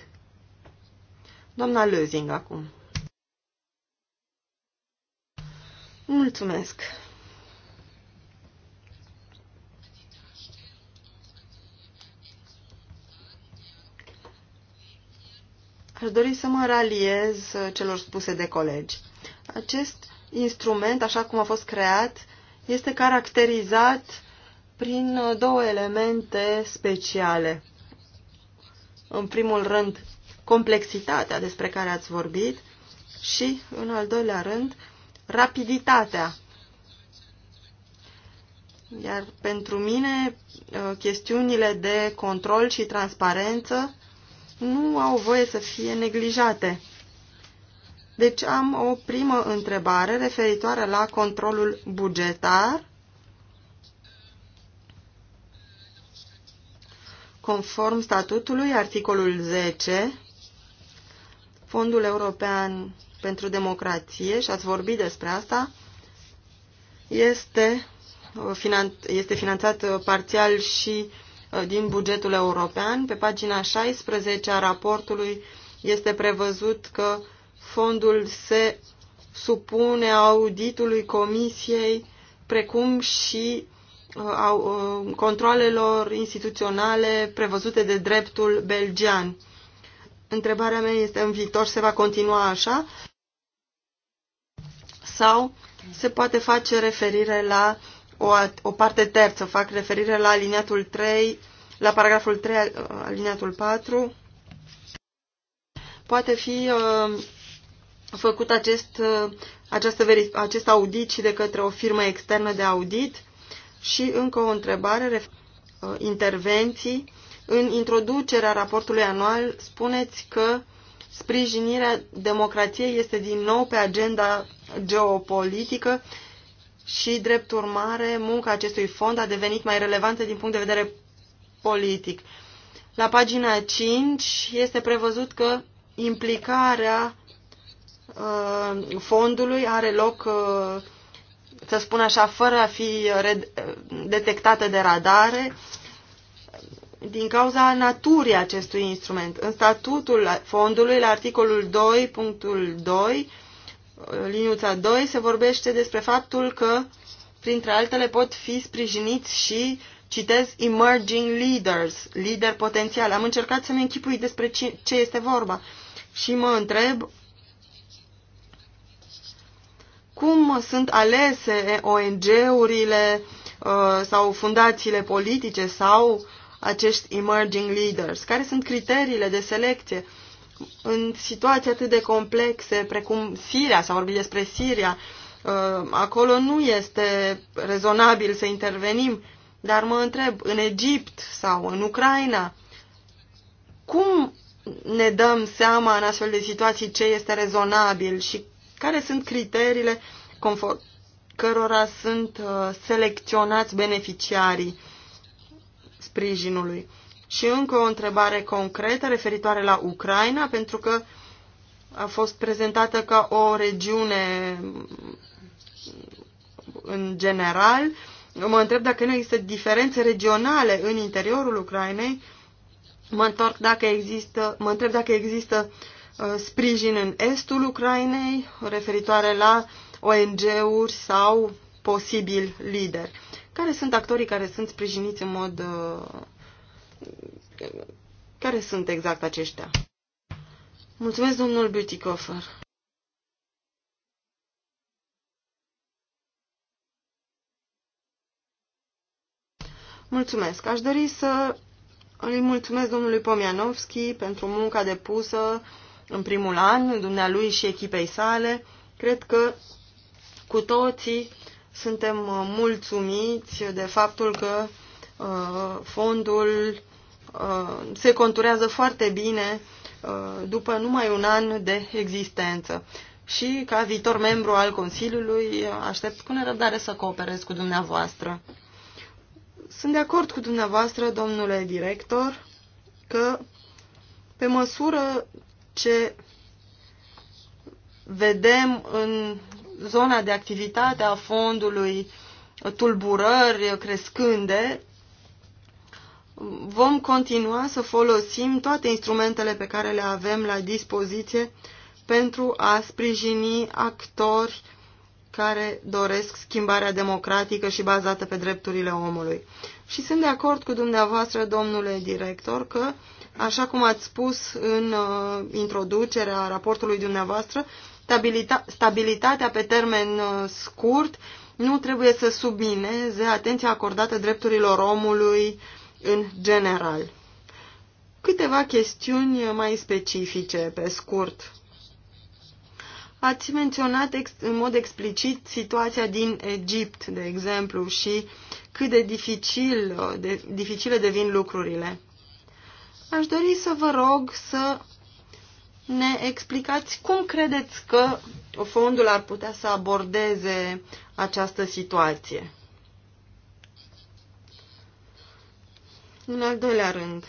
Doamna Lözing acum. Mulțumesc. Aș dori să mă raliez celor spuse de colegi. Acest instrument, așa cum a fost creat, este caracterizat prin uh, două elemente speciale. În primul rând, complexitatea despre care ați vorbit și, în al doilea rând, rapiditatea. Iar pentru mine, uh, chestiunile de control și transparență nu au voie să fie neglijate. Deci am o primă întrebare referitoare la controlul bugetar Conform statutului, articolul 10, Fondul European pentru Democrație, și ați vorbit despre asta, este, uh, este finanțat uh, parțial și uh, din bugetul european. Pe pagina 16 a raportului este prevăzut că fondul se supune auditului Comisiei, precum și Uh, uh, controalelor instituționale prevăzute de dreptul belgian. Întrebarea mea este, în viitor se va continua așa? Sau se poate face referire la o, o parte terță, fac referire la aliniatul 3, la paragraful 3, uh, aliniatul 4? Poate fi uh, făcut acest, uh, acest audit și de către o firmă externă de audit? Și încă o întrebare, uh, intervenții. În introducerea raportului anual spuneți că sprijinirea democrației este din nou pe agenda geopolitică și, drept urmare, munca acestui fond a devenit mai relevantă din punct de vedere politic. La pagina 5 este prevăzut că implicarea uh, fondului are loc uh, să spun așa, fără a fi detectată de radare, din cauza naturii acestui instrument. În statutul fondului, la articolul 2.2, liniuța 2, se vorbește despre faptul că, printre altele, pot fi sprijiniți și, citez, emerging leaders, lider potențial. Am încercat să-mi închipui despre ce este vorba și mă întreb cum sunt alese ONG-urile uh, sau fundațiile politice sau acești emerging leaders? Care sunt criteriile de selecție? În situații atât de complexe precum Siria, s-a vorbit despre Siria, uh, acolo nu este rezonabil să intervenim, dar mă întreb, în Egipt sau în Ucraina, cum ne dăm seama în astfel de situații ce este rezonabil și care sunt criteriile conform cărora sunt uh, selecționați beneficiarii sprijinului? Și încă o întrebare concretă referitoare la Ucraina, pentru că a fost prezentată ca o regiune mm, în general. Mă întreb dacă nu există diferențe regionale în interiorul Ucrainei. Mă, întorc dacă există, mă întreb dacă există Uh, sprijin în estul Ucrainei referitoare la ONG-uri sau posibil lideri. Care sunt actorii care sunt sprijiniți în mod... Uh, care sunt exact aceștia? Mulțumesc, domnul Beautycoffer. Mulțumesc. Aș dori să îi mulțumesc domnului Pomianovski pentru munca depusă în primul an, dumnealui și echipei sale. Cred că cu toții suntem uh, mulțumiți de faptul că uh, fondul uh, se conturează foarte bine uh, după numai un an de existență. Și ca viitor membru al Consiliului aștept cu nerăbdare să cooperez cu dumneavoastră. Sunt de acord cu dumneavoastră, domnule director, că pe măsură ce vedem în zona de activitate a fondului tulburări crescânde, vom continua să folosim toate instrumentele pe care le avem la dispoziție pentru a sprijini actori care doresc schimbarea democratică și bazată pe drepturile omului. Și sunt de acord cu dumneavoastră, domnule director, că, așa cum ați spus în uh, introducerea raportului dumneavoastră, stabilita stabilitatea pe termen uh, scurt nu trebuie să submineze atenția acordată drepturilor omului în general. Câteva chestiuni mai specifice, pe scurt. Ați menționat în mod explicit situația din Egipt, de exemplu, și cât de, dificil, de dificile devin lucrurile. Aș dori să vă rog să ne explicați cum credeți că fondul ar putea să abordeze această situație. În al doilea rând,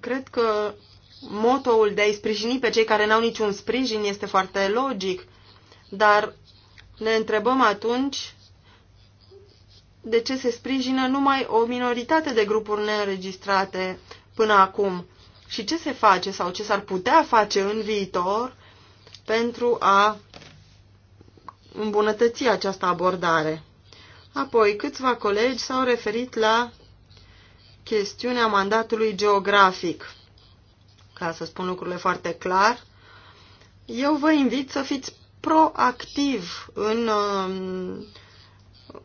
cred că motoul de a-i sprijini pe cei care n-au niciun sprijin este foarte logic, dar ne întrebăm atunci de ce se sprijină numai o minoritate de grupuri neînregistrate până acum și ce se face sau ce s-ar putea face în viitor pentru a îmbunătăți această abordare. Apoi, câțiva colegi s-au referit la chestiunea mandatului geografic. Ca să spun lucrurile foarte clar, eu vă invit să fiți proactiv în uh,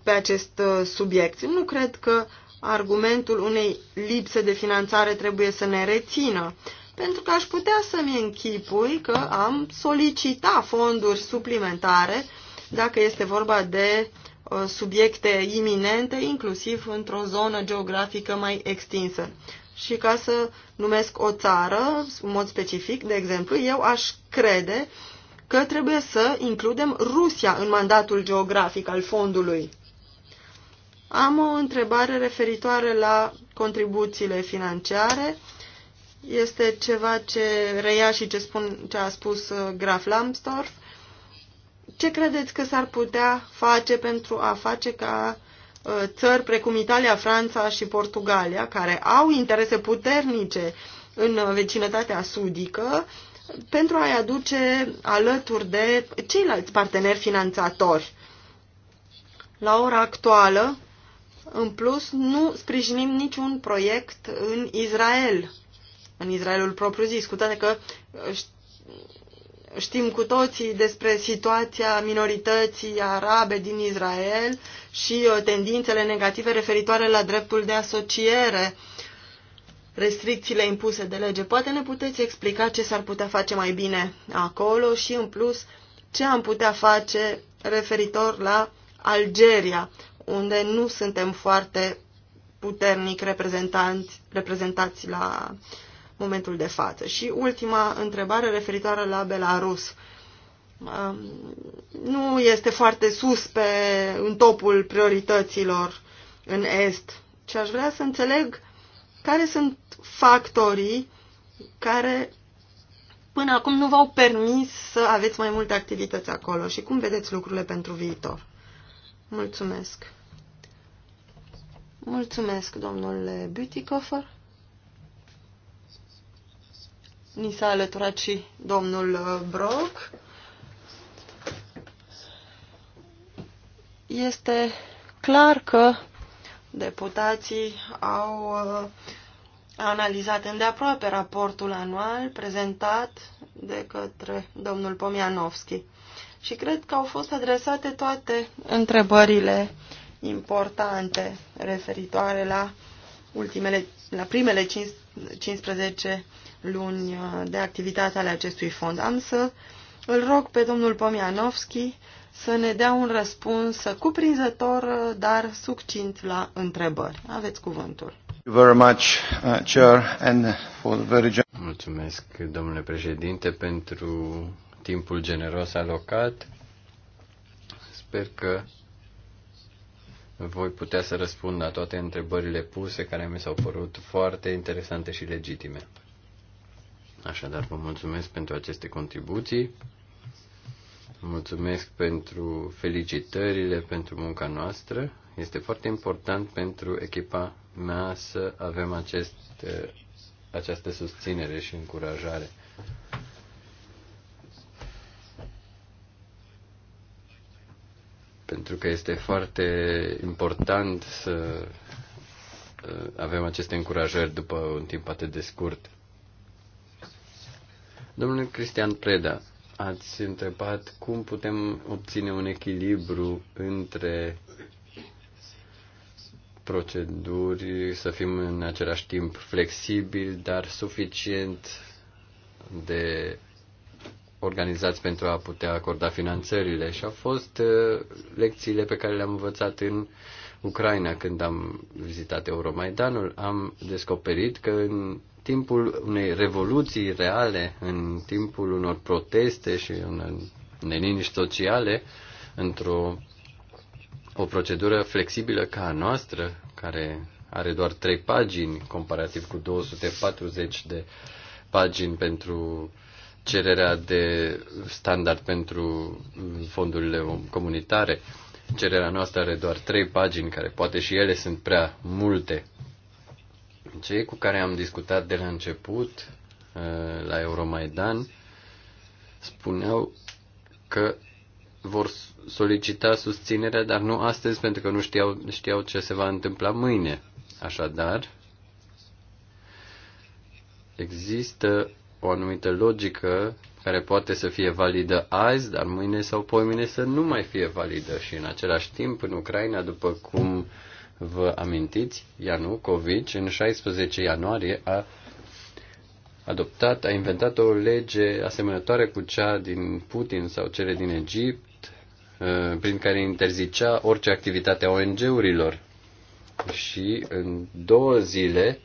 pe acest uh, subiect. Nu cred că argumentul unei lipse de finanțare trebuie să ne rețină, pentru că aș putea să-mi închipui că am solicita fonduri suplimentare dacă este vorba de uh, subiecte iminente, inclusiv într-o zonă geografică mai extinsă. Și ca să numesc o țară, în mod specific, de exemplu, eu aș crede că trebuie să includem Rusia în mandatul geografic al fondului. Am o întrebare referitoare la contribuțiile financiare. Este ceva ce reia și ce, spun, ce a spus uh, Graf Lambsdorff. Ce credeți că s-ar putea face pentru a face ca uh, țări precum Italia, Franța și Portugalia, care au interese puternice în uh, vecinătatea sudică, pentru a-i aduce alături de ceilalți parteneri finanțatori. La ora actuală, în plus, nu sprijinim niciun proiect în Israel, în Israelul propriu-zis, cu toate că știm cu toții despre situația minorității arabe din Israel și uh, tendințele negative referitoare la dreptul de asociere restricțiile impuse de lege. Poate ne puteți explica ce s-ar putea face mai bine acolo și, în plus, ce am putea face referitor la Algeria, unde nu suntem foarte puternic reprezentanți, reprezentați la momentul de față. Și ultima întrebare referitoare la Belarus. Um, nu este foarte sus pe, în topul priorităților în Est. Și aș vrea să înțeleg care sunt factorii care până acum nu v-au permis să aveți mai multe activități acolo și cum vedeți lucrurile pentru viitor. Mulțumesc. Mulțumesc, domnule Butikofer. Ni s-a alăturat și domnul uh, Brock. Este clar că Deputații au uh, analizat îndeaproape raportul anual prezentat de către domnul Pomianovski și cred că au fost adresate toate întrebările importante referitoare la, ultimele, la primele 15 luni uh, de activitate ale acestui fond. Am să îl rog pe domnul Pomianovski să ne dea un răspuns cuprinzător, dar succint la întrebări. Aveți cuvântul. Uh, mulțumesc, domnule președinte, pentru timpul generos alocat. Sper că voi putea să răspund la toate întrebările puse, care mi s-au părut foarte interesante și legitime. Așadar, vă mulțumesc pentru aceste contribuții. Mulțumesc pentru felicitările pentru munca noastră. Este foarte important pentru echipa mea să avem acest, această susținere și încurajare. Pentru că este foarte important să uh, avem aceste încurajări după un timp atât de scurt. Domnul Cristian Preda, Ați întrebat cum putem obține un echilibru între proceduri, să fim în același timp flexibil dar suficient de organizați pentru a putea acorda finanțările și au fost uh, lecțiile pe care le-am învățat în Ucraina când am vizitat Euromaidanul. Am descoperit că în timpul unei revoluții reale, în timpul unor proteste și în neliniști sociale, într-o o procedură flexibilă ca a noastră, care are doar trei pagini, comparativ cu 240 de pagini pentru cererea de standard pentru fondurile comunitare. Cererea noastră are doar trei pagini, care poate și ele sunt prea multe. Cei cu care am discutat de la început, uh, la Euromaidan, spuneau că vor solicita susținerea, dar nu astăzi, pentru că nu știau, știau ce se va întâmpla mâine. Așadar, există o anumită logică care poate să fie validă azi, dar mâine sau poimine să nu mai fie validă. Și în același timp, în Ucraina, după cum uh, vă amintiți, Ianucovici, în 16 ianuarie, a adoptat, a inventat o lege asemănătoare cu cea din Putin sau cele din Egipt, uh, prin care interzicea orice activitate a ONG-urilor. Și în două zile,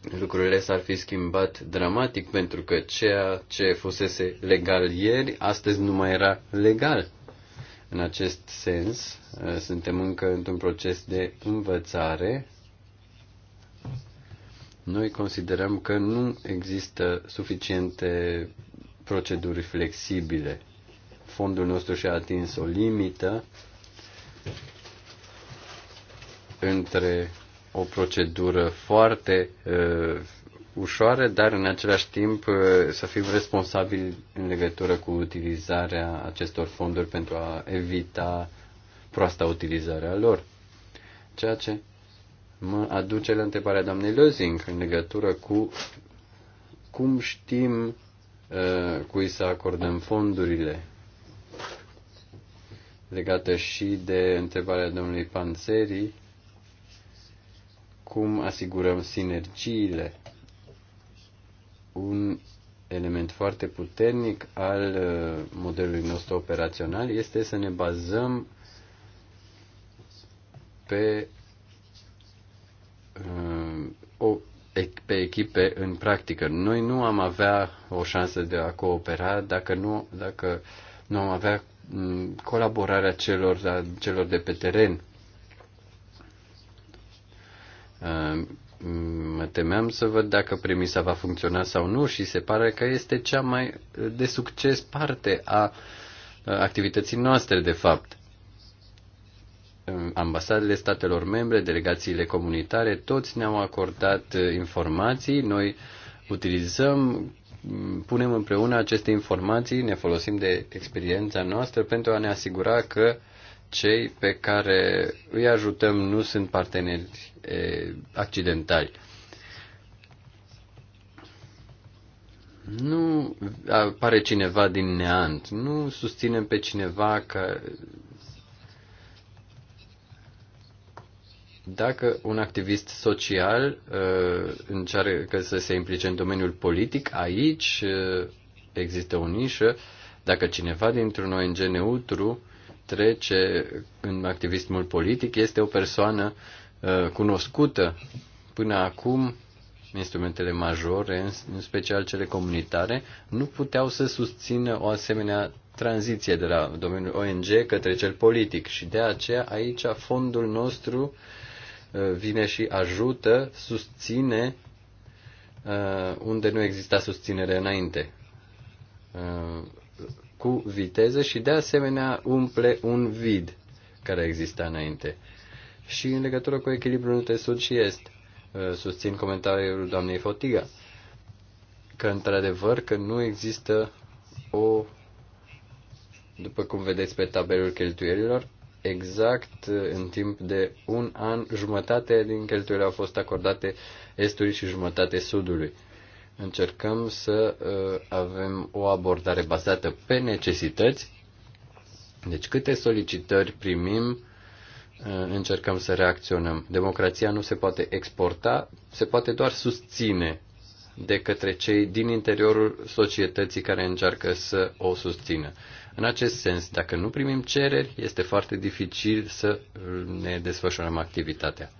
lucrurile s-ar fi schimbat dramatic pentru că ceea ce fusese legal ieri, astăzi nu mai era legal. În acest sens, uh, suntem încă într-un proces de învățare. Noi considerăm că nu există suficiente proceduri flexibile. Fondul nostru și-a atins o limită între o procedură foarte uh, ușoară, dar în același timp uh, să fim responsabili în legătură cu utilizarea acestor fonduri pentru a evita proasta utilizarea lor. Ceea ce mă aduce la întrebarea doamnei Lozing în legătură cu cum știm uh, cui să acordăm fondurile legată și de întrebarea domnului Panzeri cum asigurăm sinergiile. Un element foarte puternic al uh, modelului nostru operațional este să ne bazăm pe, uh, o, pe echipe în practică. Noi nu am avea o șansă de a coopera dacă nu, dacă nu am avea mm, colaborarea celor, celor de pe teren. Ehm, mă temeam să văd dacă premisa va funcționa sau nu și se pare că este cea mai eh, de succes parte a eh, activității noastre, de fapt. Ehm, ambasadele statelor membre, delegațiile comunitare, toți ne-au acordat eh, informații, noi utilizăm, mm, punem împreună aceste informații, ne folosim de experiența noastră pentru a ne asigura că uh, cei pe care îi ajutăm nu sunt parteneri accidentali. Nu apare cineva din neant, nu susținem pe cineva că dacă un activist social uh, încearcă să se implice în domeniul politic, aici uh, există o nișă. Dacă cineva dintr-un ONG neutru trece în activismul politic este o persoană uh, cunoscută. Până acum, instrumentele majore, în special cele comunitare, nu puteau să susțină o asemenea tranziție de la domeniul ONG către cel politic și de aceea aici fondul nostru uh, vine și ajută, susține uh, unde nu exista susținere înainte cu viteză și de asemenea umple un vid care exista înainte. Și în legătură cu echilibrul între sud și est, uh, susțin comentariul doamnei Fotiga, că într-adevăr că nu există o, după cum vedeți pe tabelul cheltuielilor, exact uh, în timp de un an, jumătate din cheltuielile au fost acordate estului și jumătate sudului. Încercăm să uh, avem o abordare bazată pe necesități. Deci câte solicitări primim, uh, încercăm să reacționăm. Democrația nu se poate exporta, se poate doar susține de către cei din interiorul societății care încearcă să o susțină. În acest sens, dacă nu primim cereri, este foarte dificil să ne desfășurăm activitatea.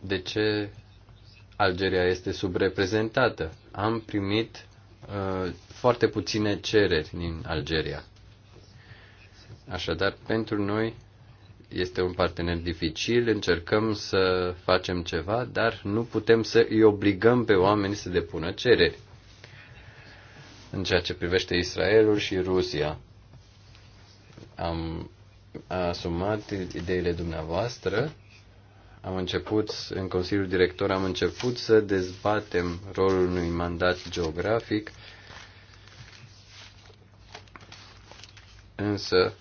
De ce Algeria este subreprezentată. Am primit uh, foarte puține cereri din Algeria. Așadar, pentru noi este un partener dificil, încercăm să facem ceva, dar nu putem să îi obligăm pe oameni să depună cereri. În ceea ce privește Israelul și Rusia, am asumat ideile dumneavoastră am început, în Consiliul Director, am început să dezbatem rolul unui mandat geografic, însă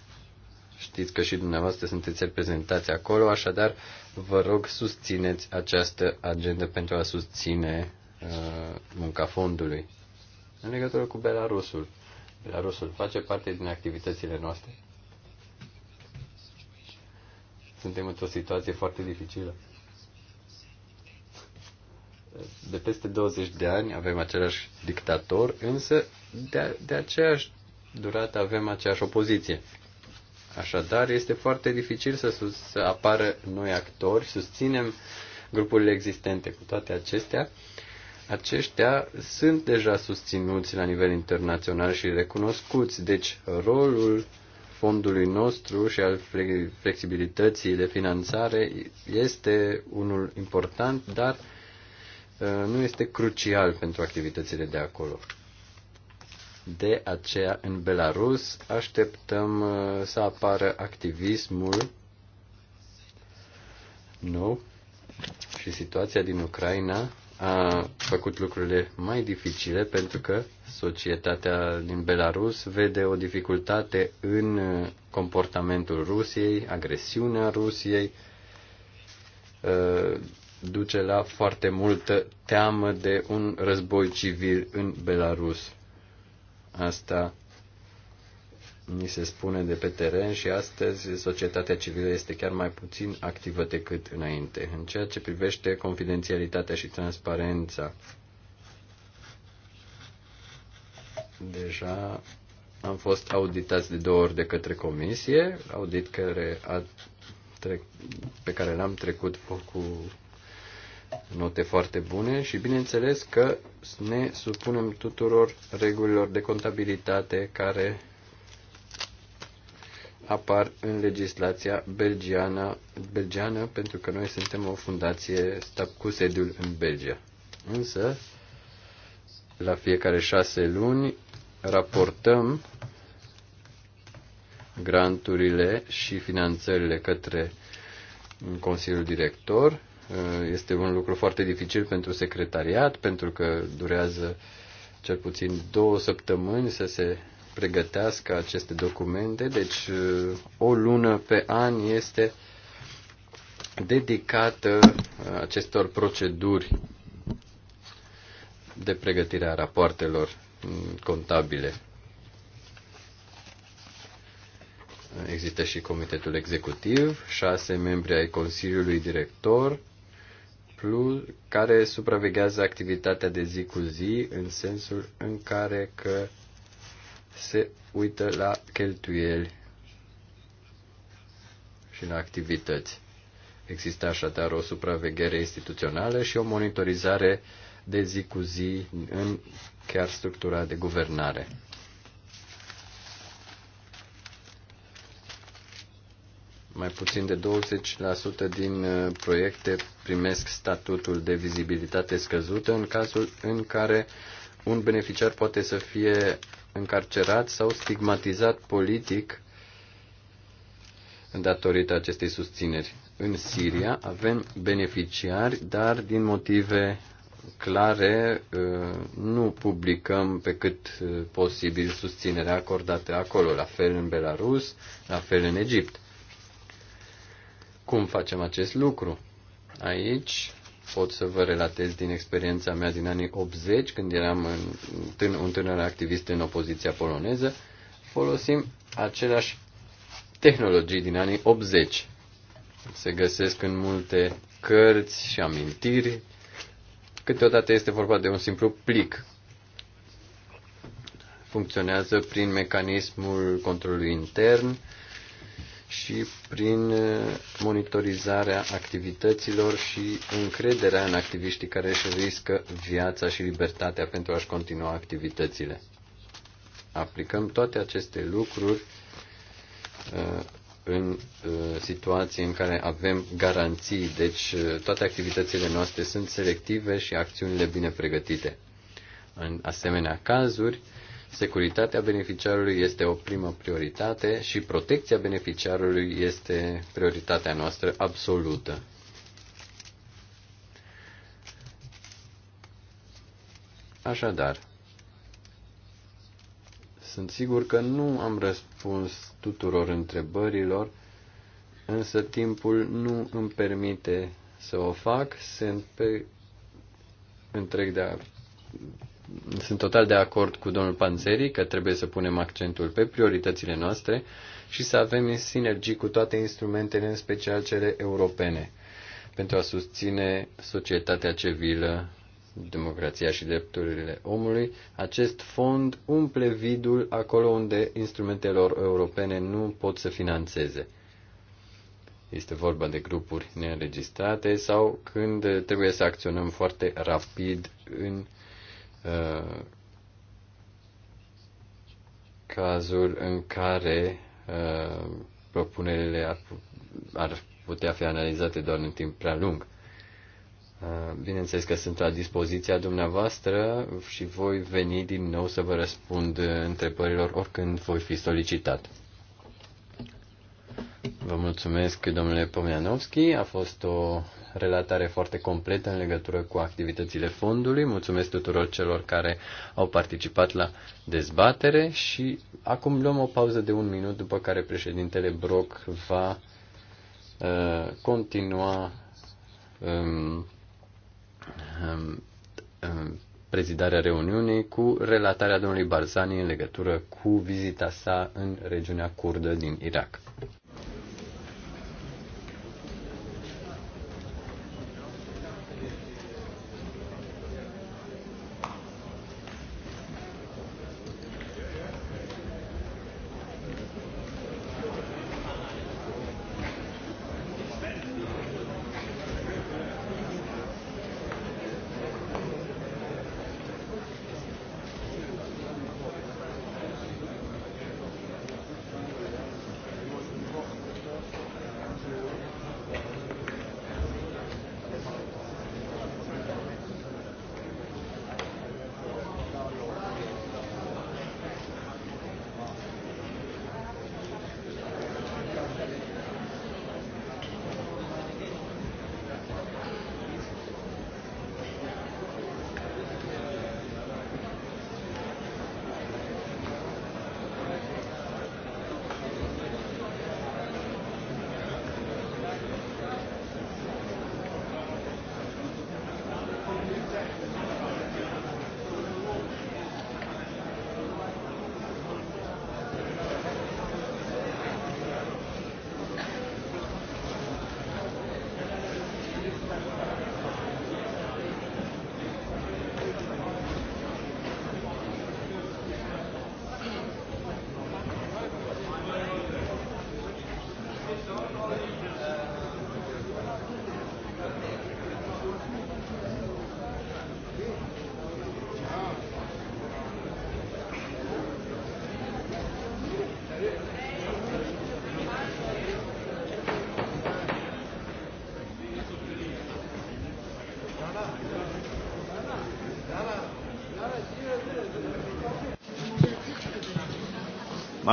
știți că și dumneavoastră sunteți reprezentați acolo, așadar vă rog susțineți această agendă pentru a susține uh, munca fondului. În legătură cu Belarusul, Belarusul face parte din activitățile noastre suntem într-o situație foarte dificilă. De peste 20 de ani avem același dictator, însă de, de aceeași durată avem aceeași opoziție. Așadar, este foarte dificil să, sus, să apară noi actori, susținem grupurile existente cu toate acestea. Aceștia sunt deja susținuți la nivel internațional și recunoscuți, deci rolul uh, fondului nostru și al flexibilității de finanțare este unul important, dar uh, nu este crucial pentru activitățile de acolo. De aceea, în Belarus, așteptăm uh, să apară activismul nou și situația din Ucraina a făcut lucrurile mai dificile pentru că societatea din Belarus vede o dificultate în comportamentul Rusiei, agresiunea Rusiei duce la foarte multă teamă de un război civil în Belarus. Asta ni se spune de pe teren și astăzi societatea civilă este chiar mai puțin activă decât înainte. În ceea ce privește confidențialitatea și transparența, deja am fost auditați de două ori de către comisie, audit care a trec, pe care l-am trecut cu note foarte bune și bineînțeles că ne supunem tuturor regulilor de contabilitate care apar în legislația belgiană, belgiană pentru că noi suntem o fundație cu sediul în Belgia. Însă, la fiecare șase luni, raportăm granturile și finanțările către Consiliul Director. Este un lucru foarte dificil pentru secretariat, pentru că durează cel puțin două săptămâni să se pregătească aceste documente, deci o lună pe an este dedicată acestor proceduri de pregătire a rapoartelor contabile. Există și comitetul executiv, șase membri ai Consiliului Director, plus, care supraveghează activitatea de zi cu zi în sensul în care că se uită la cheltuieli și la activități. Există așadar o supraveghere instituțională și o monitorizare de zi cu zi în chiar structura de guvernare. Mai puțin de 20% din uh, proiecte primesc statutul de vizibilitate scăzută în cazul în care un beneficiar poate să fie încarcerat sau stigmatizat politic datorită acestei susțineri. În Siria avem beneficiari, dar din motive clare uh, nu publicăm pe cât uh, posibil susținerea acordată acolo, la fel în Belarus, la fel în Egipt. Cum facem acest lucru? Aici pot să vă relatez din experiența mea din anii 80, când eram în, un tânăr activist în opoziția poloneză, folosim aceleași tehnologii din anii 80. Se găsesc în multe cărți și amintiri. Câteodată este vorba de un simplu plic. Funcționează prin mecanismul controlului intern, și prin uh, monitorizarea activităților și încrederea în activiștii care își riscă viața și libertatea pentru a-și continua activitățile. Aplicăm toate aceste lucruri uh, în uh, situații în care avem garanții, deci toate activitățile noastre sunt selective și acțiunile bine pregătite. În asemenea cazuri, Securitatea beneficiarului este o primă prioritate și protecția beneficiarului este prioritatea noastră absolută. Așadar, sunt sigur că nu am răspuns tuturor întrebărilor, însă timpul nu îmi permite să o fac. Sunt pe întreg de sunt total de acord cu domnul Panzeri că trebuie să punem accentul pe prioritățile noastre și să avem sinergii cu toate instrumentele, în special cele europene, pentru a susține societatea civilă, democrația și drepturile omului. Acest fond umple vidul acolo unde instrumentelor europene nu pot să financeze. Este vorba de grupuri neînregistrate sau când trebuie să acționăm foarte rapid în Uh, cazul în care uh, propunerile ar, ar putea fi analizate doar în timp prea lung. Uh, bineînțeles că sunt la dispoziția dumneavoastră și voi veni din nou să vă răspund întrebărilor oricând voi fi solicitat. Vă mulțumesc, domnule Pomianovski. A fost o relatare foarte completă în legătură cu activitățile fondului. Mulțumesc tuturor celor care au participat la dezbatere și acum luăm o pauză de un minut, după care președintele Brock va uh, continua um, um, um, prezidarea reuniunii cu relatarea domnului Barzani în legătură cu vizita sa în regiunea kurdă din Irak.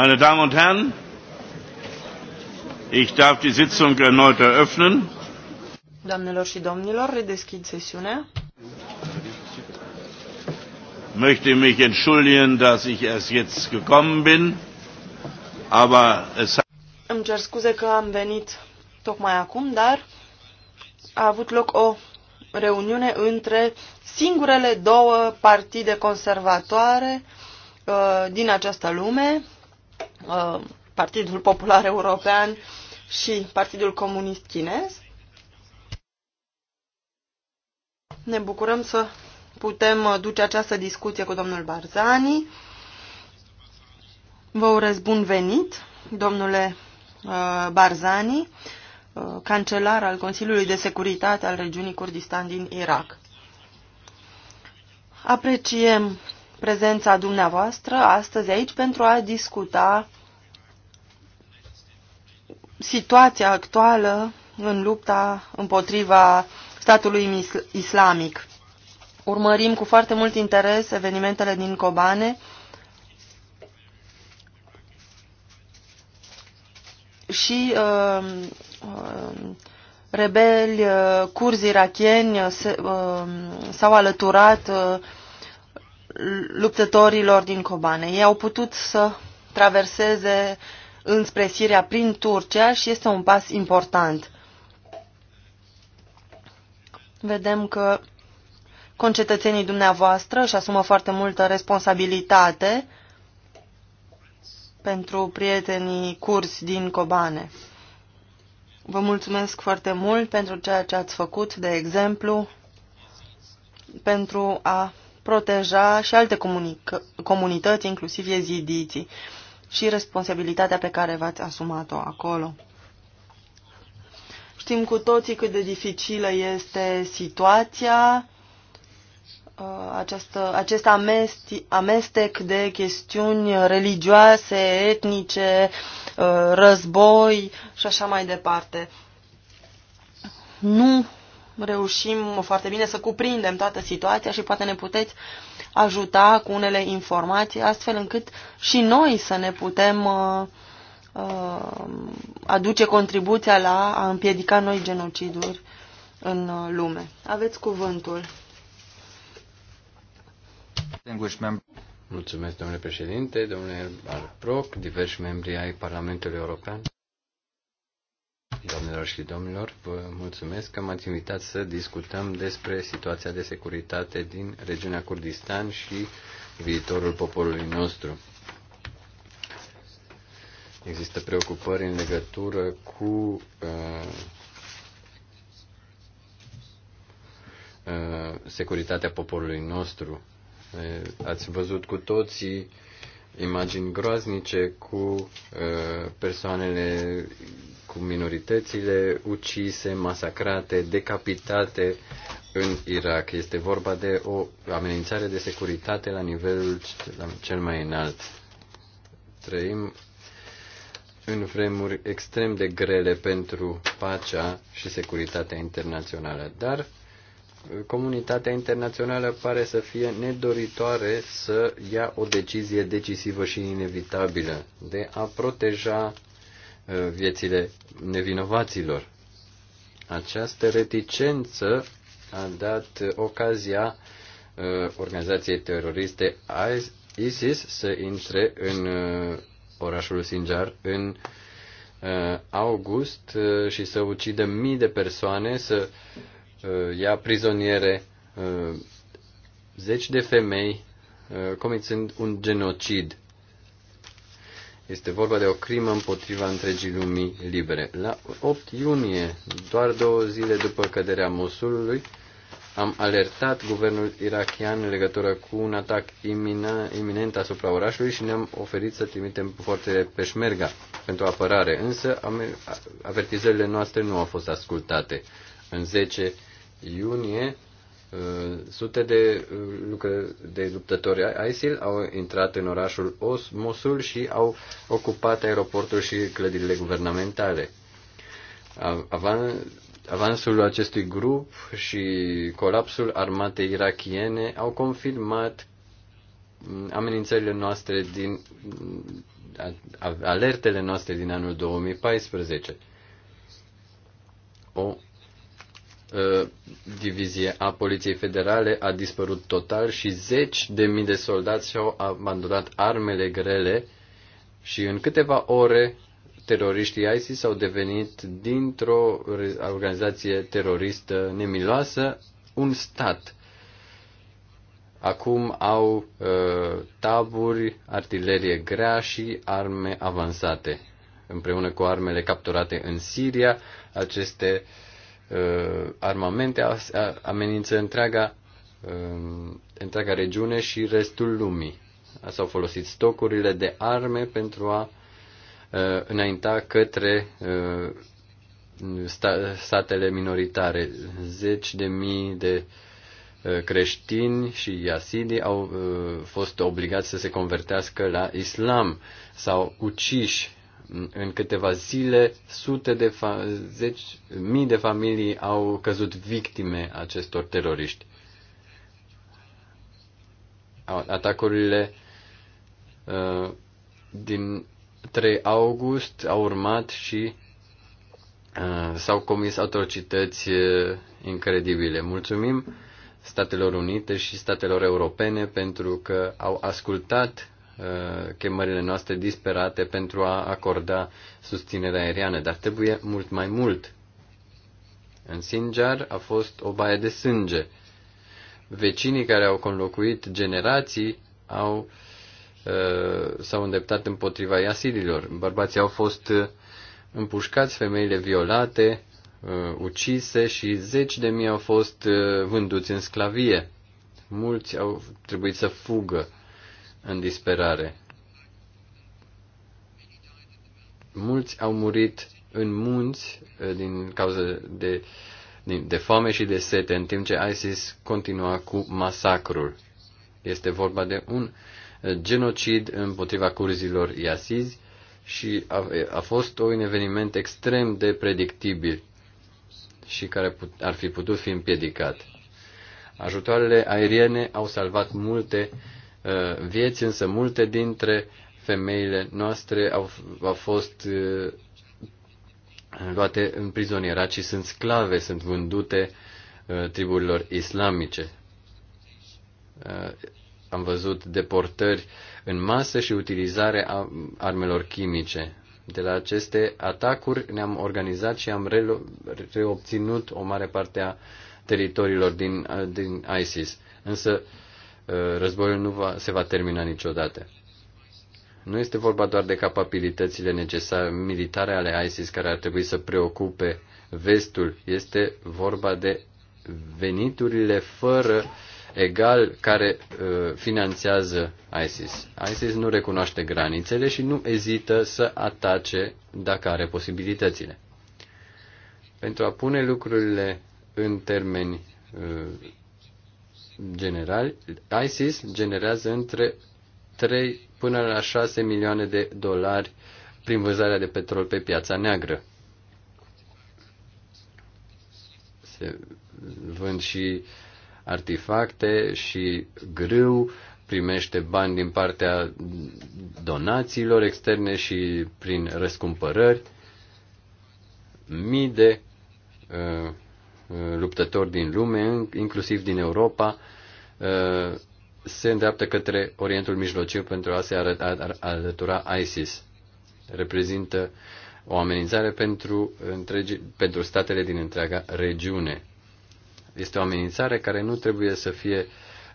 Meine Damen und Herren, ich darf die Sitzung erneut eröffnen. Doamnelor și domnilor, redeschid sesiunea. Möchte mich entschuldigen, dass ich erst jetzt gekommen bin, aber es hat Îmi cer scuze că am venit tocmai acum, dar a avut loc o reuniune între singurele două partide conservatoare uh, din această lume, Uh, Partidul Popular European și Partidul Comunist Chinez. Ne bucurăm să putem uh, duce această discuție cu domnul Barzani. Vă urez bun venit, domnule uh, Barzani, cancelar al Consiliului de Securitate al regiunii Kurdistan din Irak. Apreciem prezența dumneavoastră astăzi aici pentru a discuta situația actuală în lupta împotriva statului islamic. Urmărim cu foarte mult interes evenimentele din Kobane și uh, uh, rebeli uh, curzi irachieni uh, s-au alăturat uh, luptătorilor din Kobane. Ei au putut să traverseze uh, înspre Siria prin Turcia și este un pas important. Vedem că concetățenii dumneavoastră își asumă foarte multă responsabilitate pentru prietenii curzi din cobane. Vă mulțumesc foarte mult pentru ceea ce ați făcut, de exemplu, pentru a proteja și alte comunități, inclusiv ezidiții și responsabilitatea pe care v-ați asumat-o acolo. Știm cu toții cât de dificilă este situația, uh, această, acest amesti, amestec de chestiuni religioase, etnice, uh, război și așa mai departe. Nu reușim foarte bine să cuprindem toată situația și poate ne puteți uh, ajuta cu unele informații, astfel încât și noi să ne putem uh, uh, aduce contribuția la a împiedica noi genociduri în uh, lume. Aveți cuvântul. Mulțumesc, domnule președinte, domnule Alproc, diversi membri ai Parlamentului European. Doamnelor și domnilor, vă mulțumesc că m-ați invitat să discutăm despre situația de securitate din regiunea Kurdistan și viitorul poporului nostru. Există preocupări în legătură cu uh, uh, securitatea poporului nostru. Uh, ați văzut cu toții uh, imagini groaznice cu uh, persoanele, cu minoritățile ucise, masacrate, decapitate în Irak. Este vorba de o amenințare de securitate la nivelul cel mai înalt. Trăim în vremuri extrem de grele pentru pacea și securitatea internațională, dar comunitatea internațională pare să fie nedoritoare să ia o decizie decisivă și inevitabilă de a proteja uh, viețile nevinovaților. Această reticență a dat ocazia uh, organizației teroriste ISIS să intre în uh, orașul Sinjar în august și să ucidă mii de persoane, să Uh, ia prizoniere uh, zeci de femei uh, comițând un genocid. Este vorba de o crimă împotriva întregii lumii libere. La 8 iunie, doar două zile după căderea Mosulului, am alertat guvernul irachian în legătură cu un atac imina, iminent asupra orașului și ne-am oferit să trimitem forțele Peșmerga pentru apărare, însă avertizările noastre nu au fost ascultate. În 10 iunie, uh, sute de, uh, de luptători ISIL au intrat în orașul Os, Mosul și au ocupat aeroportul și clădirile guvernamentale. Avan, avansul acestui grup și colapsul armatei irachiene au confirmat mm, amenințările noastre din alertele noastre din anul 2014. O Uh, divizie a Poliției Federale a dispărut total și zeci de mii de soldați și-au abandonat armele grele și în câteva ore teroriștii ISIS au devenit dintr-o organizație teroristă nemiloasă un stat. Acum au uh, taburi, artilerie grea și arme avansate. Împreună cu armele capturate în Siria, aceste uh, Uh, armamente amenință întreaga, um, întreaga regiune și restul lumii. S-au folosit stocurile de arme pentru a uh, înainta către uh, statele minoritare. Zeci de mii de creștini și iasidi au fost obligați să se convertească la islam, sau uciși în câteva zile, sute de fa- zeci, mii de familii au căzut victime acestor teroriști. Atacurile uh, din 3 august au urmat și uh, s-au comis atrocități uh, incredibile. Mulțumim Statelor Unite și statelor europene pentru că au ascultat Uh, chemările noastre disperate pentru a acorda susținere aeriană, dar trebuie mult mai mult. În Sinjar a fost o baie de sânge. Vecinii care au conlocuit generații au, uh, s-au îndreptat împotriva iasidilor. Bărbații au fost uh, împușcați, femeile violate, ucise și zeci de mii au fost vânduți în sclavie. Mulți au trebuit să fugă în disperare. Mulți au murit în munți eh, din cauza de, de foame și de sete, în timp ce ISIS continua cu masacrul. Este vorba de un eh, genocid împotriva curzilor iasizi și a, eh, a fost un eveniment extrem de predictibil și care put, ar fi putut fi împiedicat. Ajutoarele aeriene au salvat multe Uh, vieți, însă multe dintre femeile noastre au, au fost uh, luate în prizoniera și sunt sclave, sunt vândute uh, triburilor islamice. Am văzut deportări în masă și utilizare a armelor chimice. De la aceste atacuri ne-am organizat și am reobținut o mare parte a teritoriilor din, din ISIS. Însă Uh, războiul nu va, se va termina niciodată. Nu este vorba doar de capabilitățile necesare militare ale ISIS care ar trebui să preocupe vestul, este vorba de veniturile fără egal care uh, finanțează ISIS. ISIS nu recunoaște granițele și nu ezită să atace dacă are posibilitățile. Pentru a pune lucrurile în termeni uh, generali, ISIS generează între 3 până la 6 milioane de dolari prin vânzarea de petrol pe piața neagră. Se vând și artefacte și grâu, primește bani din partea donațiilor externe și prin răscumpărări. Mii de uh, Uh, luptători din lume, inclusiv din Europa, uh, se îndreaptă către Orientul Mijlociu pentru a se alătura ISIS. Reprezintă o amenințare pentru, întregi, pentru statele din întreaga regiune. Este o amenințare care nu trebuie să fie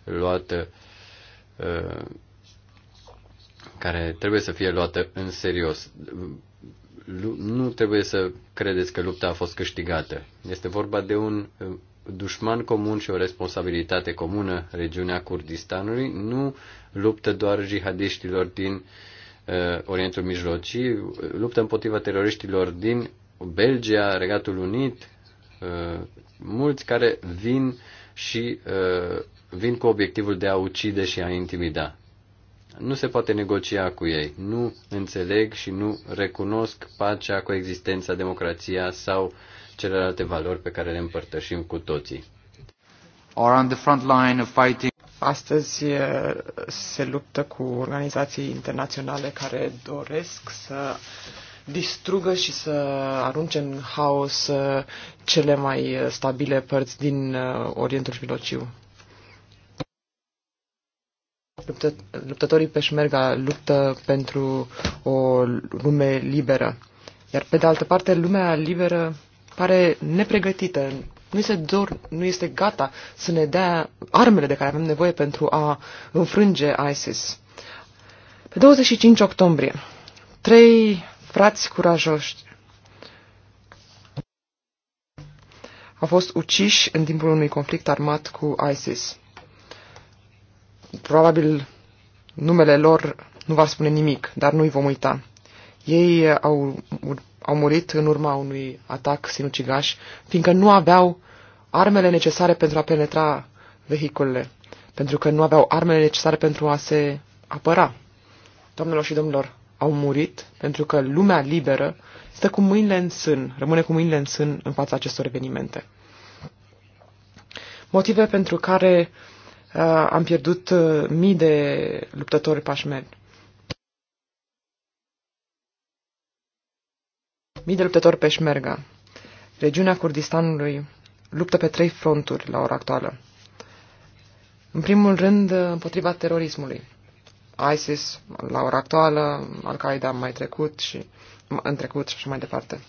luată uh, care trebuie să fie luată în serios nu trebuie să credeți că lupta a fost câștigată. Este vorba de un uh, dușman comun și o responsabilitate comună. Regiunea Kurdistanului nu luptă doar jihadiștilor din uh, Orientul Mijlociu, uh, luptă împotriva teroriștilor din Belgia, Regatul Unit, uh, mulți care vin și uh, vin cu obiectivul de a ucide și a intimida nu se poate negocia cu ei. Nu înțeleg și nu recunosc pacea, coexistența, democrația sau celelalte valori pe care le împărtășim cu toții. Or on the front line of fighting. Astăzi se luptă cu organizații internaționale care doresc să distrugă și să arunce în haos cele mai stabile părți din Orientul Mijlociu. Luptă, luptătorii peșmerga luptă pentru o lume liberă. Iar pe de altă parte, lumea liberă pare nepregătită, nu este dor, nu este gata să ne dea armele de care avem nevoie pentru a înfrânge ISIS. Pe 25 octombrie, trei frați curajoși au fost uciși în timpul unui conflict armat cu ISIS. Probabil numele lor nu va spune nimic, dar nu-i vom uita. Ei au, au murit în urma unui atac sinucigaș, fiindcă nu aveau armele necesare pentru a penetra vehiculele, pentru că nu aveau armele necesare pentru a se apăra. Doamnelor și domnilor, au murit pentru că lumea liberă stă cu mâinile în sân, rămâne cu mâinile în sân în fața acestor evenimente. Motive pentru care Uh, am pierdut uh, mii de luptători pașmeri. Mii de luptători peșmerga. Regiunea Kurdistanului luptă pe trei fronturi la ora actuală. În primul rând, uh, împotriva terorismului. ISIS, la ora actuală, Al-Qaeda mai trecut și în trecut și așa mai departe.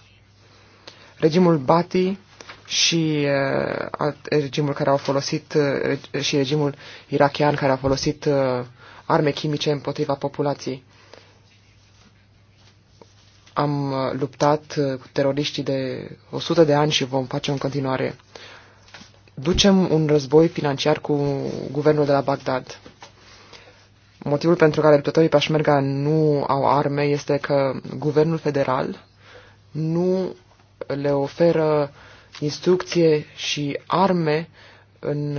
Regimul Bati și uh, regimul care au folosit uh, și regimul irachian care a folosit uh, arme chimice împotriva populației. Am uh, luptat uh, cu teroriștii de 100 de ani și vom face în continuare. Ducem un război financiar cu guvernul de la Bagdad. Motivul pentru care luptătorii Pașmerga nu au arme este că guvernul federal nu le oferă instrucție și arme în,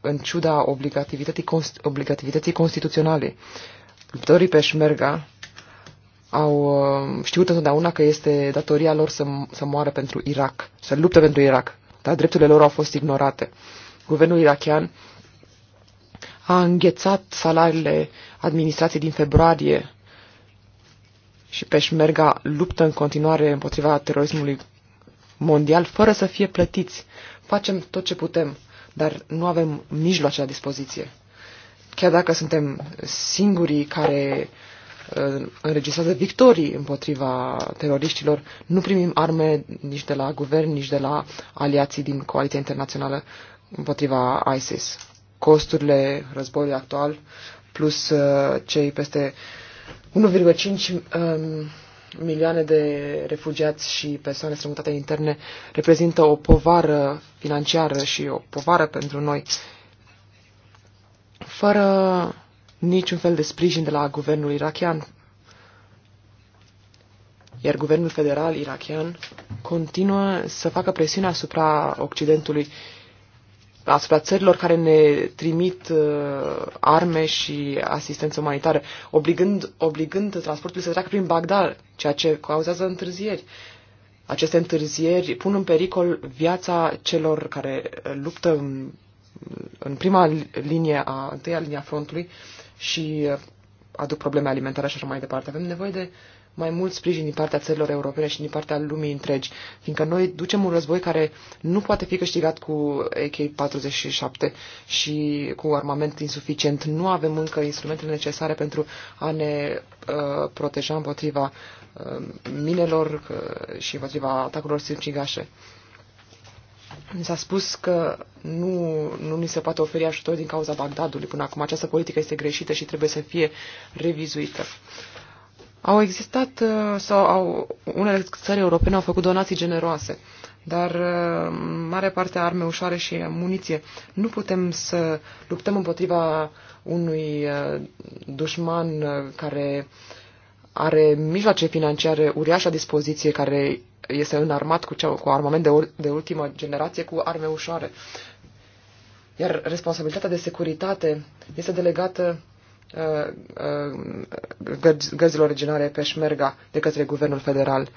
în ciuda obligativității, obligativității constituționale. Luptătorii peșmerga au uh, știut întotdeauna că este datoria lor să, să moară pentru Irak, să lupte pentru Irak, dar drepturile lor au fost ignorate. Guvernul irachian a înghețat salariile administrației din februarie și peșmerga luptă în continuare împotriva terorismului mondial fără să fie plătiți. Facem tot ce putem, dar nu avem mijloace la dispoziție. Chiar dacă suntem singurii care uh, înregistrează victorii împotriva teroriștilor, nu primim arme nici de la guvern, nici de la aliații din coaliția internațională împotriva ISIS. Costurile războiului actual plus uh, cei peste 1,5 um, milioane de refugiați și persoane strămutate interne reprezintă o povară financiară și o povară pentru noi. Fără niciun fel de sprijin de la guvernul irachian. Iar guvernul federal irachian continuă să facă presiune asupra Occidentului asupra țărilor care ne trimit uh, arme și asistență umanitară, obligând, obligând transportul să treacă prin Bagdad, ceea ce cauzează întârzieri. Aceste întârzieri pun în pericol viața celor care luptă în, în prima linie, a întâia linie a frontului și uh, aduc probleme alimentare și așa mai departe. Avem nevoie de uh, mai mult sprijin din partea țărilor europene și din partea lumii întregi, fiindcă noi ducem un război care nu poate fi câștigat cu AK-47 și cu armament insuficient. Nu avem încă instrumentele necesare pentru a ne uh, proteja împotriva uh, minelor uh, și împotriva atacurilor sinucigașe. Mi s-a spus că nu, nu ni se poate oferi ajutor din cauza Bagdadului până acum. Această politică este greșită și trebuie să fie revizuită. Au existat, uh, sau au, unele țări europene au făcut donații generoase, dar uh, mare parte arme ușoare și muniție. Nu putem să luptăm împotriva unui uh, dușman care are mijloace financiare uriașe la dispoziție, care este înarmat cu, cea, cu armament de, de ultimă generație, cu arme ușoare. Iar responsabilitatea de securitate este delegată Uh, uh, găzilor originare pe șmerga de către guvernul federal.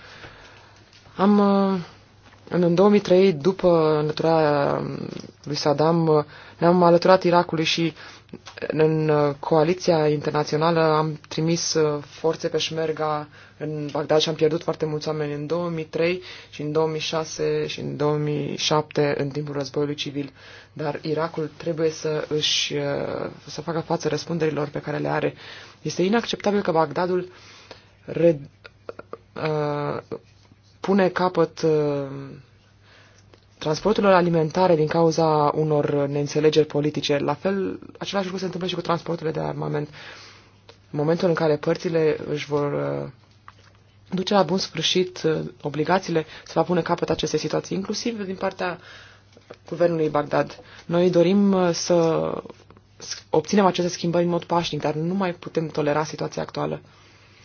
Am uh, în 2003, după înlăturarea um, lui Saddam, uh, ne-am alăturat Irakului și în uh, coaliția internațională am trimis uh, forțe pe șmerga în Bagdad și am pierdut foarte mulți oameni în 2003 și în 2006 și în 2007 în timpul războiului civil. Dar Irakul trebuie să își să facă față răspunderilor pe care le are. Este inacceptabil că Bagdadul re, uh, pune capăt uh, transporturilor alimentare din cauza unor neînțelegeri politice. La fel, același lucru se întâmplă și cu transporturile de armament. În momentul în care părțile își vor uh, duce la bun sfârșit uh, obligațiile, se va pune capăt aceste situații, inclusiv din partea guvernului Bagdad. Noi dorim să obținem aceste schimbări în mod pașnic, dar nu mai putem tolera situația actuală.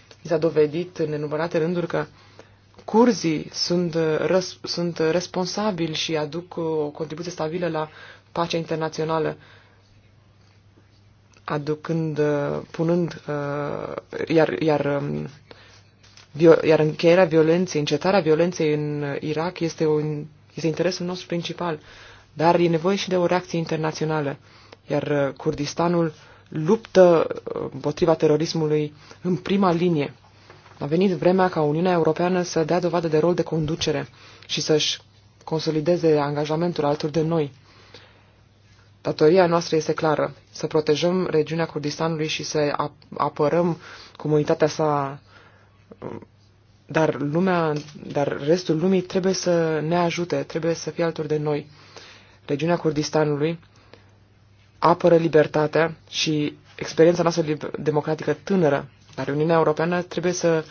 Mi s-a dovedit în nenumărate rânduri că curzii sunt, răs, sunt responsabili și aduc o contribuție stabilă la pacea internațională, aducând, uh, punând, uh, iar, iar, um, iar încheierea violenței, încetarea violenței în Irak este, un, este interesul nostru principal. Dar e nevoie și de o reacție internațională. Iar uh, Kurdistanul luptă împotriva terorismului în prima linie. A venit vremea ca Uniunea Europeană să dea dovadă de rol de conducere și să-și consolideze angajamentul altor de noi. Datoria noastră este clară, să protejăm regiunea Kurdistanului și să apărăm comunitatea sa, dar, lumea, dar restul lumii trebuie să ne ajute, trebuie să fie altor de noi. Regiunea Kurdistanului apără libertatea și experiența noastră democratică tânără dar Uniunea Europeană trebuie să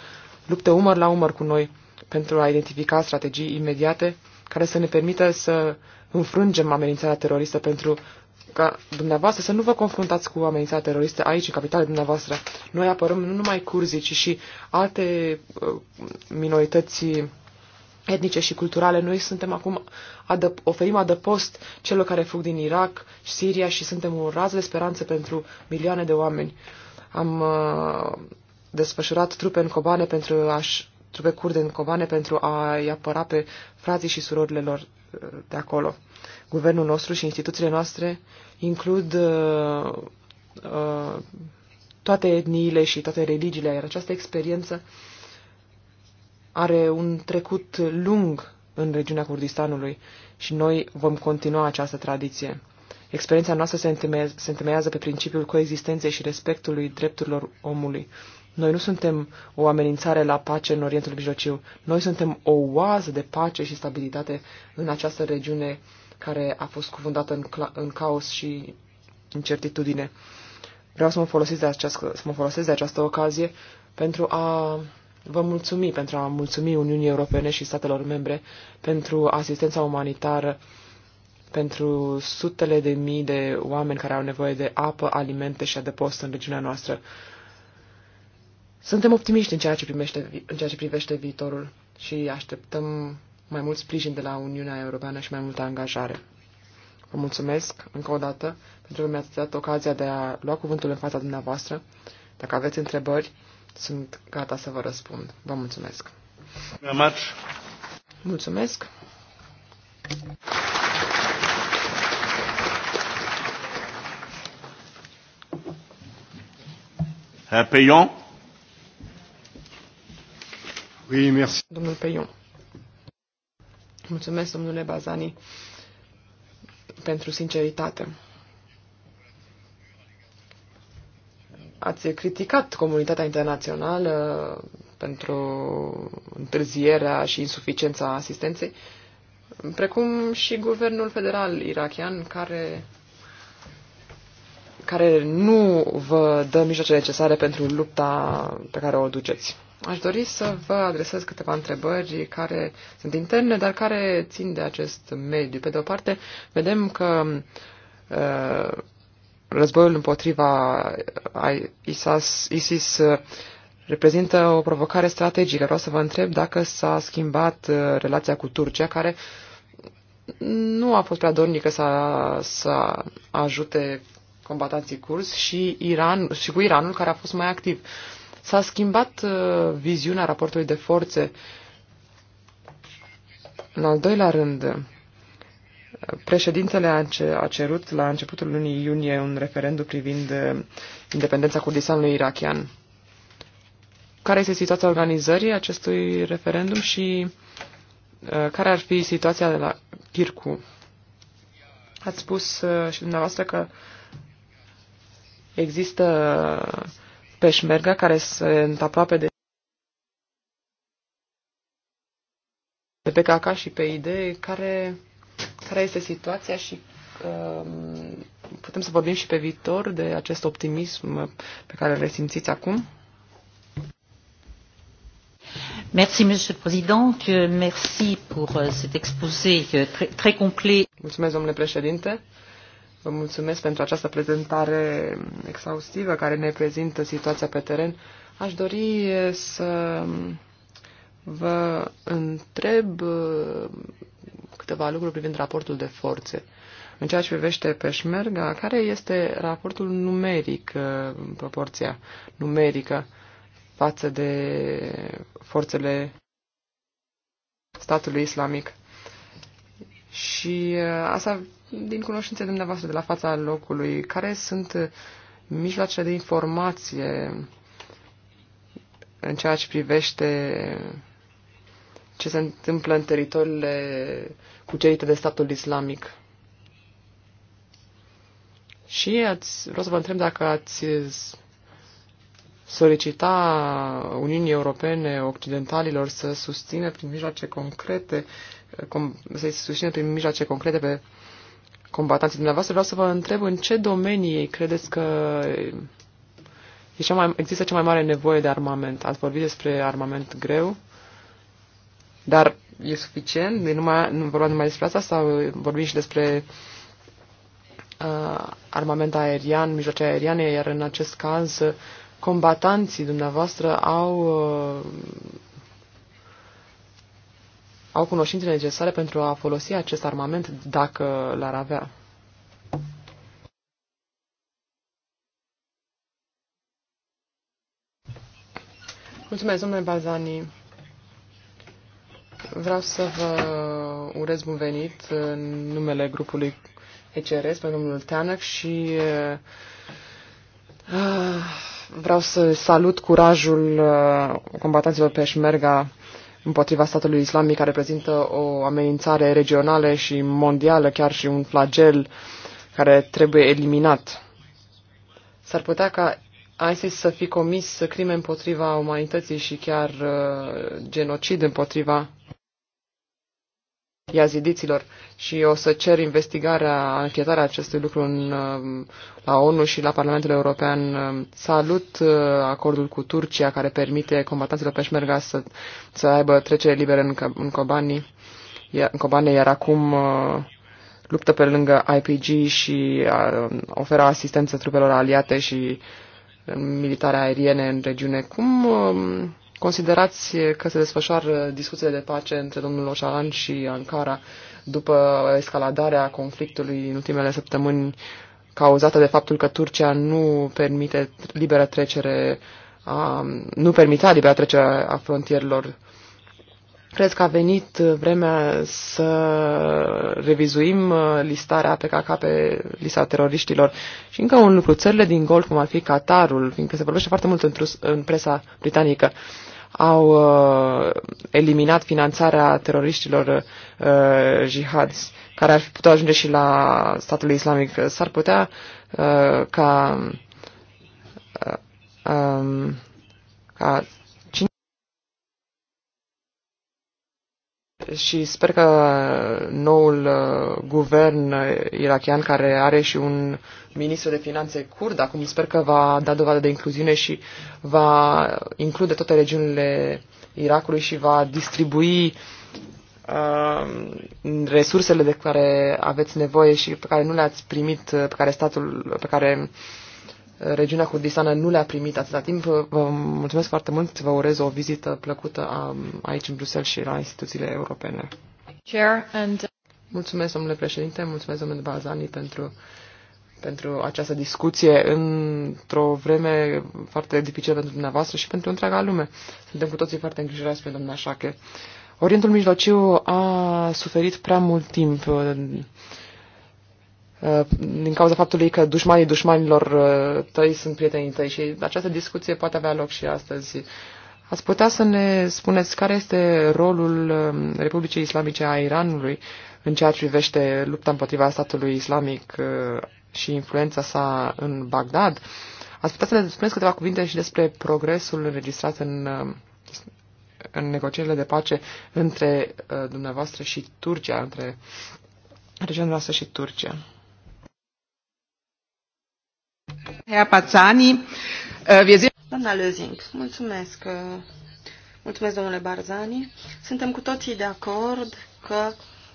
lupte umăr la umăr cu noi pentru a identifica strategii imediate care să ne permită să înfrângem amenințarea teroristă pentru ca dumneavoastră să nu vă confruntați cu amenințarea teroristă aici, în capitala dumneavoastră. Noi apărăm nu numai curzii, ci și alte uh, minorități etnice și culturale. Noi suntem acum, adăp- oferim adăpost celor care fug din Irak, Siria și suntem un raz de speranță pentru milioane de oameni. Am uh, desfășurat trupe în cobane pentru a trupe kurde în cobane pentru a-i apăra pe frații și surorile lor uh, de acolo. Guvernul nostru și instituțiile noastre includ uh, uh, toate etniile și toate religiile, iar această experiență are un trecut lung în regiunea Kurdistanului și noi vom continua această tradiție. Experiența noastră se, întemeie, se întemeiază pe principiul coexistenței și respectului drepturilor omului. Noi nu suntem o amenințare la pace în Orientul Mijlociu. Noi suntem o oază de pace și stabilitate în această regiune care a fost cuvântată în, în caos și incertitudine. Vreau să mă, folosesc de această, să mă folosesc de această ocazie pentru a vă mulțumi, pentru a mulțumi Uniunii Europene și statelor membre pentru asistența umanitară pentru sutele de mii de oameni care au nevoie de apă, alimente și adăpost în regiunea noastră. Suntem optimiști în ceea ce, primește, în ceea ce privește viitorul și așteptăm mai mult sprijin de la Uniunea Europeană și mai multă angajare. Vă mulțumesc încă o dată pentru că mi-ați dat ocazia de a lua cuvântul în fața dumneavoastră. Dacă aveți întrebări, sunt gata să vă răspund. Vă mulțumesc. Mulțumesc. Payon. Oui, merci. Domnul Payon. Mulțumesc, domnule Bazani, pentru sinceritate. Ați criticat comunitatea internațională pentru întârzierea și insuficiența asistenței, precum și guvernul federal irachian, care care nu vă dă mijloace necesare pentru lupta pe care o duceți. Aș dori să vă adresez câteva întrebări care sunt interne, dar care țin de acest mediu. Pe de o parte, vedem că uh, războiul împotriva ISIS, ISIS uh, reprezintă o provocare strategică. Vreau să vă întreb dacă s-a schimbat uh, relația cu Turcia, care nu a fost prea dornică să, să ajute combatanții curs și, Iran, și cu Iranul, care a fost mai activ. S-a schimbat uh, viziunea raportului de forțe. În al doilea rând, uh, președintele a, ce, a cerut la începutul lunii iunie un referendum privind uh, independența Kurdistanului irachian. Care este situația organizării acestui referendum și uh, care ar fi situația de la Kirku? Ați spus uh, și dumneavoastră că uh, Există peșmerga care sunt aproape de pe PKK și pe idei, care, care este situația și um, putem să vorbim și pe viitor de acest optimism pe care îl resimțiți acum? Merci, Monsieur le Président. Merci pour euh, cet exposé euh, très, très complet. Mulțumesc, domnule președinte. Vă mulțumesc pentru această prezentare exhaustivă care ne prezintă situația pe teren. Aș dori să vă întreb câteva lucruri privind raportul de forțe. În ceea ce privește peșmerga, care este raportul numeric, proporția numerică față de forțele statului islamic? Și uh, asta din cunoștințe dumneavoastră de la fața locului, care sunt mijloacele de informație în ceea ce privește ce se întâmplă în teritoriile cucerite de statul islamic. Și ați, vreau să vă întreb dacă ați solicita Uniunii Europene, occidentalilor, să susțină prin mijloace concrete să se susțină prin mijloace concrete pe combatanții dumneavoastră, vreau să vă întreb în ce domenii credeți că e cea mai, există cea mai mare nevoie de armament. Ați vorbit despre armament greu, dar e suficient? E numai, nu vorbim numai despre asta sau vorbim și despre uh, armament aerian, mijloace aeriane, iar în acest caz combatanții dumneavoastră au uh, au cunoștințele necesare pentru a folosi acest armament dacă l-ar avea. Mulțumesc, domnule Balzani. Vreau să vă urez bun venit în numele grupului ECRS pe domnul Teanăc și eh, vreau să salut curajul eh, combatanților șmerga împotriva statului islamic, care reprezintă o amenințare regională și mondială, chiar și un flagel care trebuie eliminat. S-ar putea ca ISIS să fi comis crime împotriva umanității și chiar uh, genocid împotriva iazidiților și o să cer investigarea, anchetarea acestui lucru în, um, la ONU și la Parlamentul European. Um, salut uh, acordul cu Turcia care permite combatanților peșmerga să, să aibă trecere liberă în, în Kobani, în Kobane, iar acum uh, luptă pe lângă IPG și uh, oferă asistență trupelor aliate și militare aeriene în regiune. Cum um, Considerați că se desfășoară discuțiile de pace între domnul Ocalan și Ankara după escaladarea conflictului în ultimele săptămâni cauzată de faptul că Turcia nu permite liberă trecere a, nu permitea libera trecere a frontierilor. Cred că a venit vremea să revizuim listarea PKK pe lista teroriștilor. Și încă un lucru, țările din Golf, cum ar fi Qatarul, fiindcă se vorbește foarte mult în, în presa britanică, uh, au uh, eliminat finanțarea teroriștilor uh, jihadis, care ar fi putut ajunge și la statul islamic. S-ar putea uh, ca, uh, um, ca și sper că noul uh, guvern uh, irachian, care are și un ministru de finanțe kurd, acum sper că va da dovadă de incluziune și va include toate regiunile Irakului și va distribui uh, resursele de care aveți nevoie și pe care nu le-ați primit, uh, pe care statul, pe care uh, regiunea kurdistană nu le-a primit atâta timp. Vă mulțumesc foarte mult, vă urez o vizită plăcută um, aici în Bruxelles și la instituțiile europene. Chair and... Uh, mulțumesc, domnule președinte, mulțumesc, domnule Bazani, pentru, pentru această discuție într-o vreme foarte dificilă pentru dumneavoastră și pentru întreaga lume. Suntem cu toții foarte îngrijorați pe domnul Orientul Mijlociu a suferit prea mult timp uh, Uh, din cauza faptului că dușmanii dușmanilor uh, tăi sunt prietenii tăi și această discuție poate avea loc și astăzi. Ați putea să ne spuneți care este rolul um, Republicii Islamice a Iranului în ceea ce privește lupta împotriva statului islamic uh, și influența sa în Bagdad? Ați putea să ne spuneți câteva cuvinte și despre progresul înregistrat în, um, în negocierile de pace între dumneavoastră și Turcia, între regiunea noastră și Turcia. Herr Pazzani, äh, Doamna Lözing, mulțumesc. Uh, mulțumesc, domnule Barzani. Suntem cu toții de acord că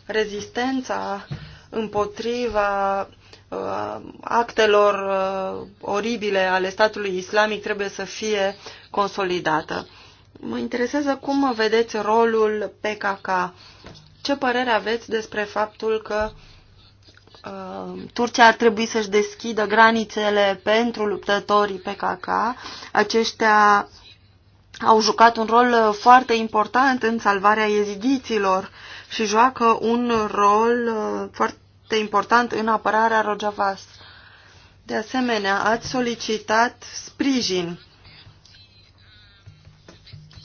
rezistența împotriva uh, actelor uh, oribile ale statului islamic trebuie să fie consolidată. Mă interesează cum vedeți rolul PKK. Ce părere aveți despre faptul că uh, Um, Turcia ar trebui să-și deschidă granițele pentru luptătorii PKK. Aceștia au jucat un rol uh, foarte important în salvarea ezidiților și joacă un rol uh, foarte important în apărarea Rojavas. De asemenea, ați solicitat sprijin.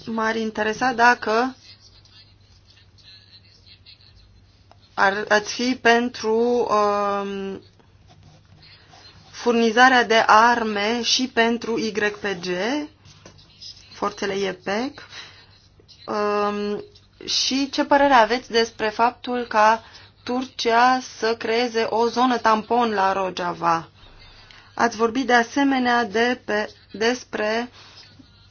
M-ar interesa dacă ar, ați fi pentru um, furnizarea de arme și pentru YPG, forțele IEPEC, um, și ce părere aveți despre faptul ca Turcia să creeze o zonă tampon la Rojava? Ați vorbit de asemenea de pe, despre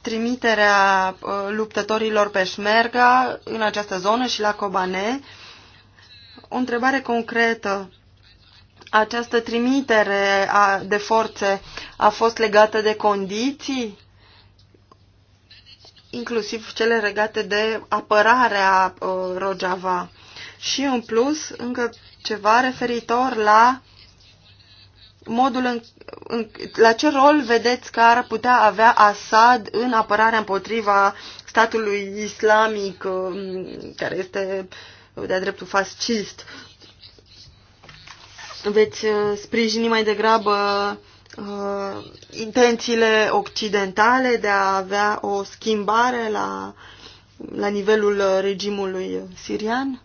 trimiterea uh, luptătorilor pe Șmerga în această zonă și la Kobane, uh, o întrebare concretă. Această trimitere a, de forțe a fost legată de condiții, inclusiv cele legate de apărarea uh, Rojava. Și, în plus, încă ceva referitor la modul în, în, la ce rol vedeți că ar putea avea Assad în apărarea împotriva statului islamic um, care este de-a dreptul fascist. Veți uh, sprijini mai degrabă uh, intențiile occidentale de a avea o schimbare la, la nivelul regimului sirian?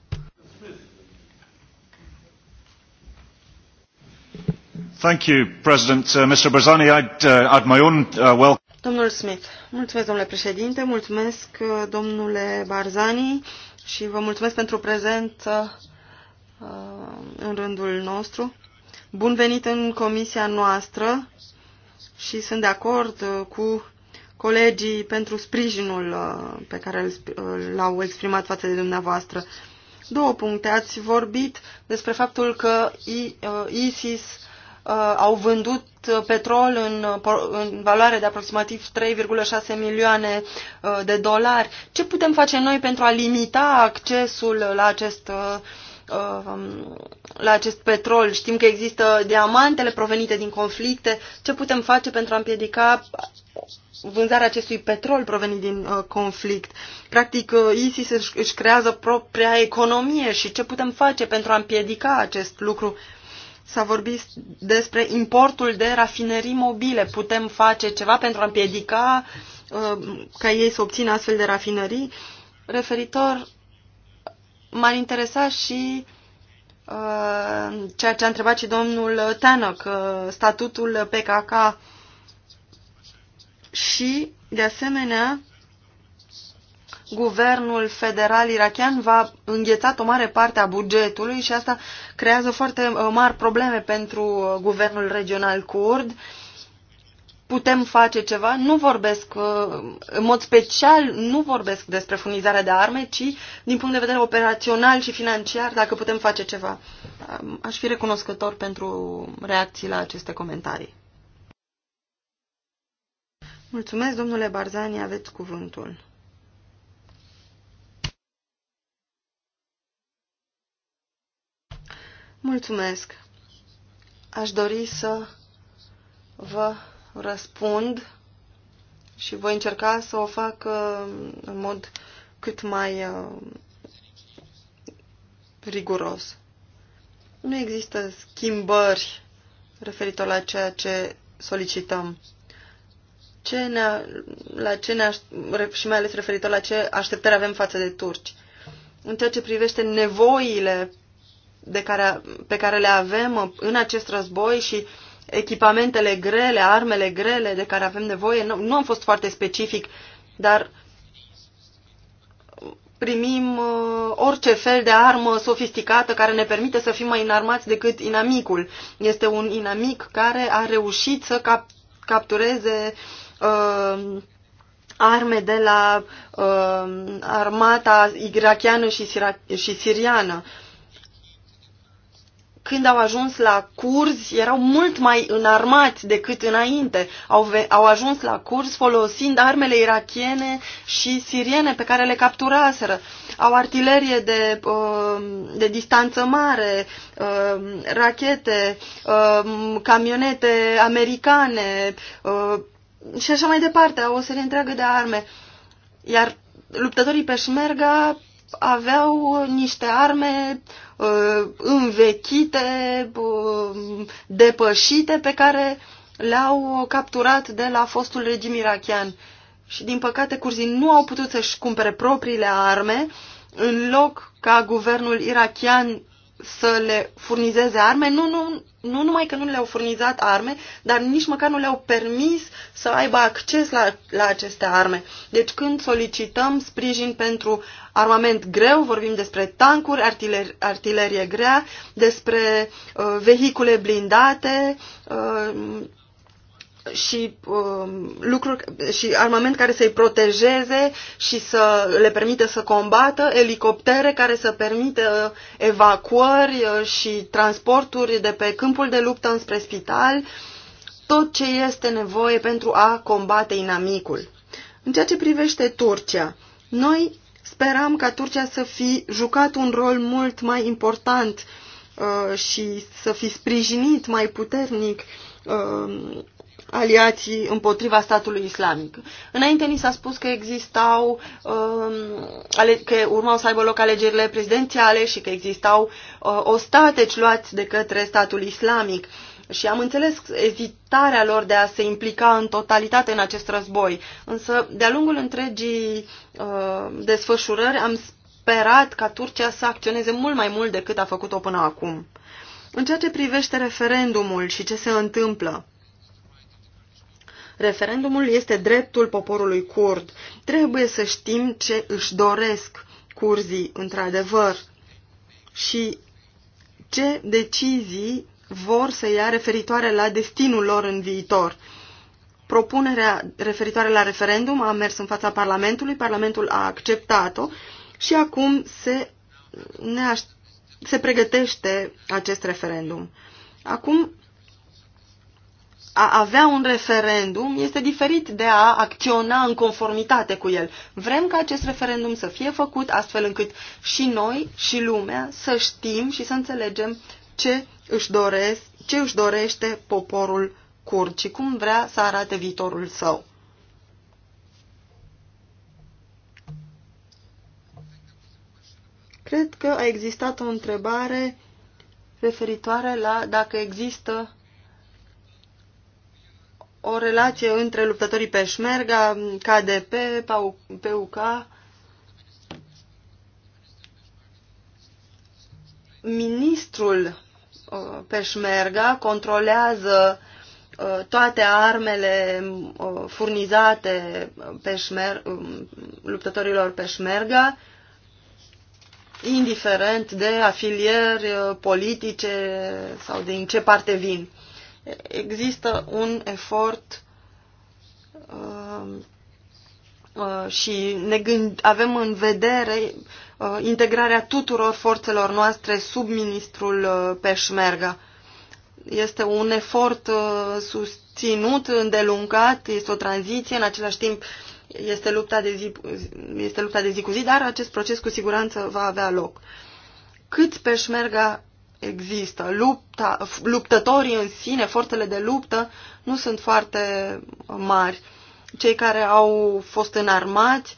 Thank you, President. Uh, Mr. Barzani, I'd uh, add my own uh, welcome. Domnul Smith, mulțumesc, domnule președinte, mulțumesc, uh, domnule Barzani. Uh, și vă mulțumesc pentru prezență uh, în rândul nostru. Bun venit în comisia noastră și sunt de acord uh, cu colegii pentru sprijinul uh, pe care l-au exprimat față de dumneavoastră. Două puncte. Ați vorbit despre faptul că ISIS uh, au vândut uh, petrol în, uh, în valoare de aproximativ 3,6 milioane uh, de dolari. Ce putem face noi pentru a limita accesul la acest um, la acest petrol. Știm că există diamantele provenite din conflicte. Ce putem face pentru a împiedica vânzarea acestui petrol provenit din conflict? Practic, ISIS își, creează propria economie și ce putem face pentru a împiedica acest lucru? S-a vorbit despre importul de rafinerii mobile. Putem face ceva pentru a împiedica uh, ca ei să obțină astfel de rafinării. Referitor, m-ar interesa și uh, ceea ce a întrebat și domnul Tanăc, uh, statutul PKK și, de asemenea, guvernul federal irachian va îngheța o mare parte a bugetului și asta creează foarte uh, mari probleme pentru uh, guvernul regional kurd. Putem face ceva, nu vorbesc, uh, în mod special, nu vorbesc despre furnizarea de arme, ci din punct de vedere operațional și financiar, dacă putem face ceva. Um, aș fi recunoscător pentru reacții la aceste comentarii. Mulțumesc, domnule Barzani, aveți cuvântul. Mulțumesc. Aș dori să vă răspund și voi încerca să o fac uh, în mod cât mai uh, riguros. Nu există schimbări referitor la ceea ce solicităm. Ce ne, la ce ne, și mai ales referitor la ce așteptări avem față de turci. În ceea ce privește nevoile de care, pe care le avem în acest război și echipamentele grele, armele grele de care avem nevoie. Nu, nu am fost foarte specific, dar primim uh, orice fel de armă sofisticată care ne permite să fim mai înarmați decât inamicul. Este un inamic care a reușit să cap captureze uh, arme de la uh, armata irachiană și, și siriană. Uh, când au ajuns la curzi, erau mult mai înarmați decât înainte. Au, au ajuns la curzi folosind armele irachiene și siriene pe care le capturaseră. Au artilerie de, uh, de distanță mare, uh, rachete, uh, camionete americane și așa mai departe. Au o serie întreagă de arme. Iar luptătorii peșmerga aveau niște arme uh, învechite, uh, depășite, pe care le-au capturat de la fostul regim irachian. Și, din păcate, curzii nu au putut să-și cumpere propriile arme, în loc ca guvernul irachian să le furnizeze arme, nu, nu, nu numai că nu le-au furnizat arme, dar nici măcar nu le-au permis să aibă acces la, la aceste arme. Deci când solicităm sprijin pentru armament greu, vorbim despre tancuri, artiler, artilerie grea, despre uh, vehicule blindate, uh, și uh, lucruri și armament care să-i protejeze și să le permite să combată, elicoptere care să permită uh, evacuări uh, și transporturi de pe câmpul de luptă înspre spital, tot ce este nevoie pentru a combate inamicul. În ceea ce privește Turcia, noi speram ca Turcia să fi jucat un rol mult mai important uh, și să fi sprijinit mai puternic uh, aliații împotriva statului islamic. Înainte ni s-a spus că existau, um, că urmau să aibă loc alegerile prezidențiale și că existau uh, ostateci luați de către statul islamic și am înțeles ezitarea lor de a se implica în totalitate în acest război. Însă, de-a lungul întregii uh, desfășurări, am sperat ca Turcia să acționeze mult mai mult decât a făcut-o până acum. În ceea ce privește referendumul și ce se întâmplă, Referendumul este dreptul poporului curd. Trebuie să știm ce își doresc curzii, într-adevăr, și ce decizii vor să ia referitoare la destinul lor în viitor. Propunerea referitoare la referendum a mers în fața Parlamentului, Parlamentul a acceptat-o și acum se, ne aș, se pregătește acest referendum. Acum a avea un referendum este diferit de a acționa în conformitate cu el. Vrem ca acest referendum să fie făcut astfel încât și noi și lumea să știm și să înțelegem ce își, doresc, ce își dorește poporul curd și cum vrea să arate viitorul său. Cred că a existat o întrebare referitoare la dacă există o relație între luptătorii Peșmerga, KDP, PUK, ministrul uh, Peșmerga controlează uh, toate armele uh, furnizate peșmer, um, luptătorilor peșmerga, indiferent de afilieri politice sau din ce parte vin există un efort uh, uh, și ne gând, avem în vedere uh, integrarea tuturor forțelor noastre sub ministrul uh, Peșmerga. Este un efort uh, susținut, îndelungat, este o tranziție, în același timp este lupta, de zi, este lupta de zi cu zi, dar acest proces cu siguranță va avea loc. Cât Peșmerga există. Lupta, luptătorii în sine, forțele de luptă, nu sunt foarte mari. Cei care au fost înarmați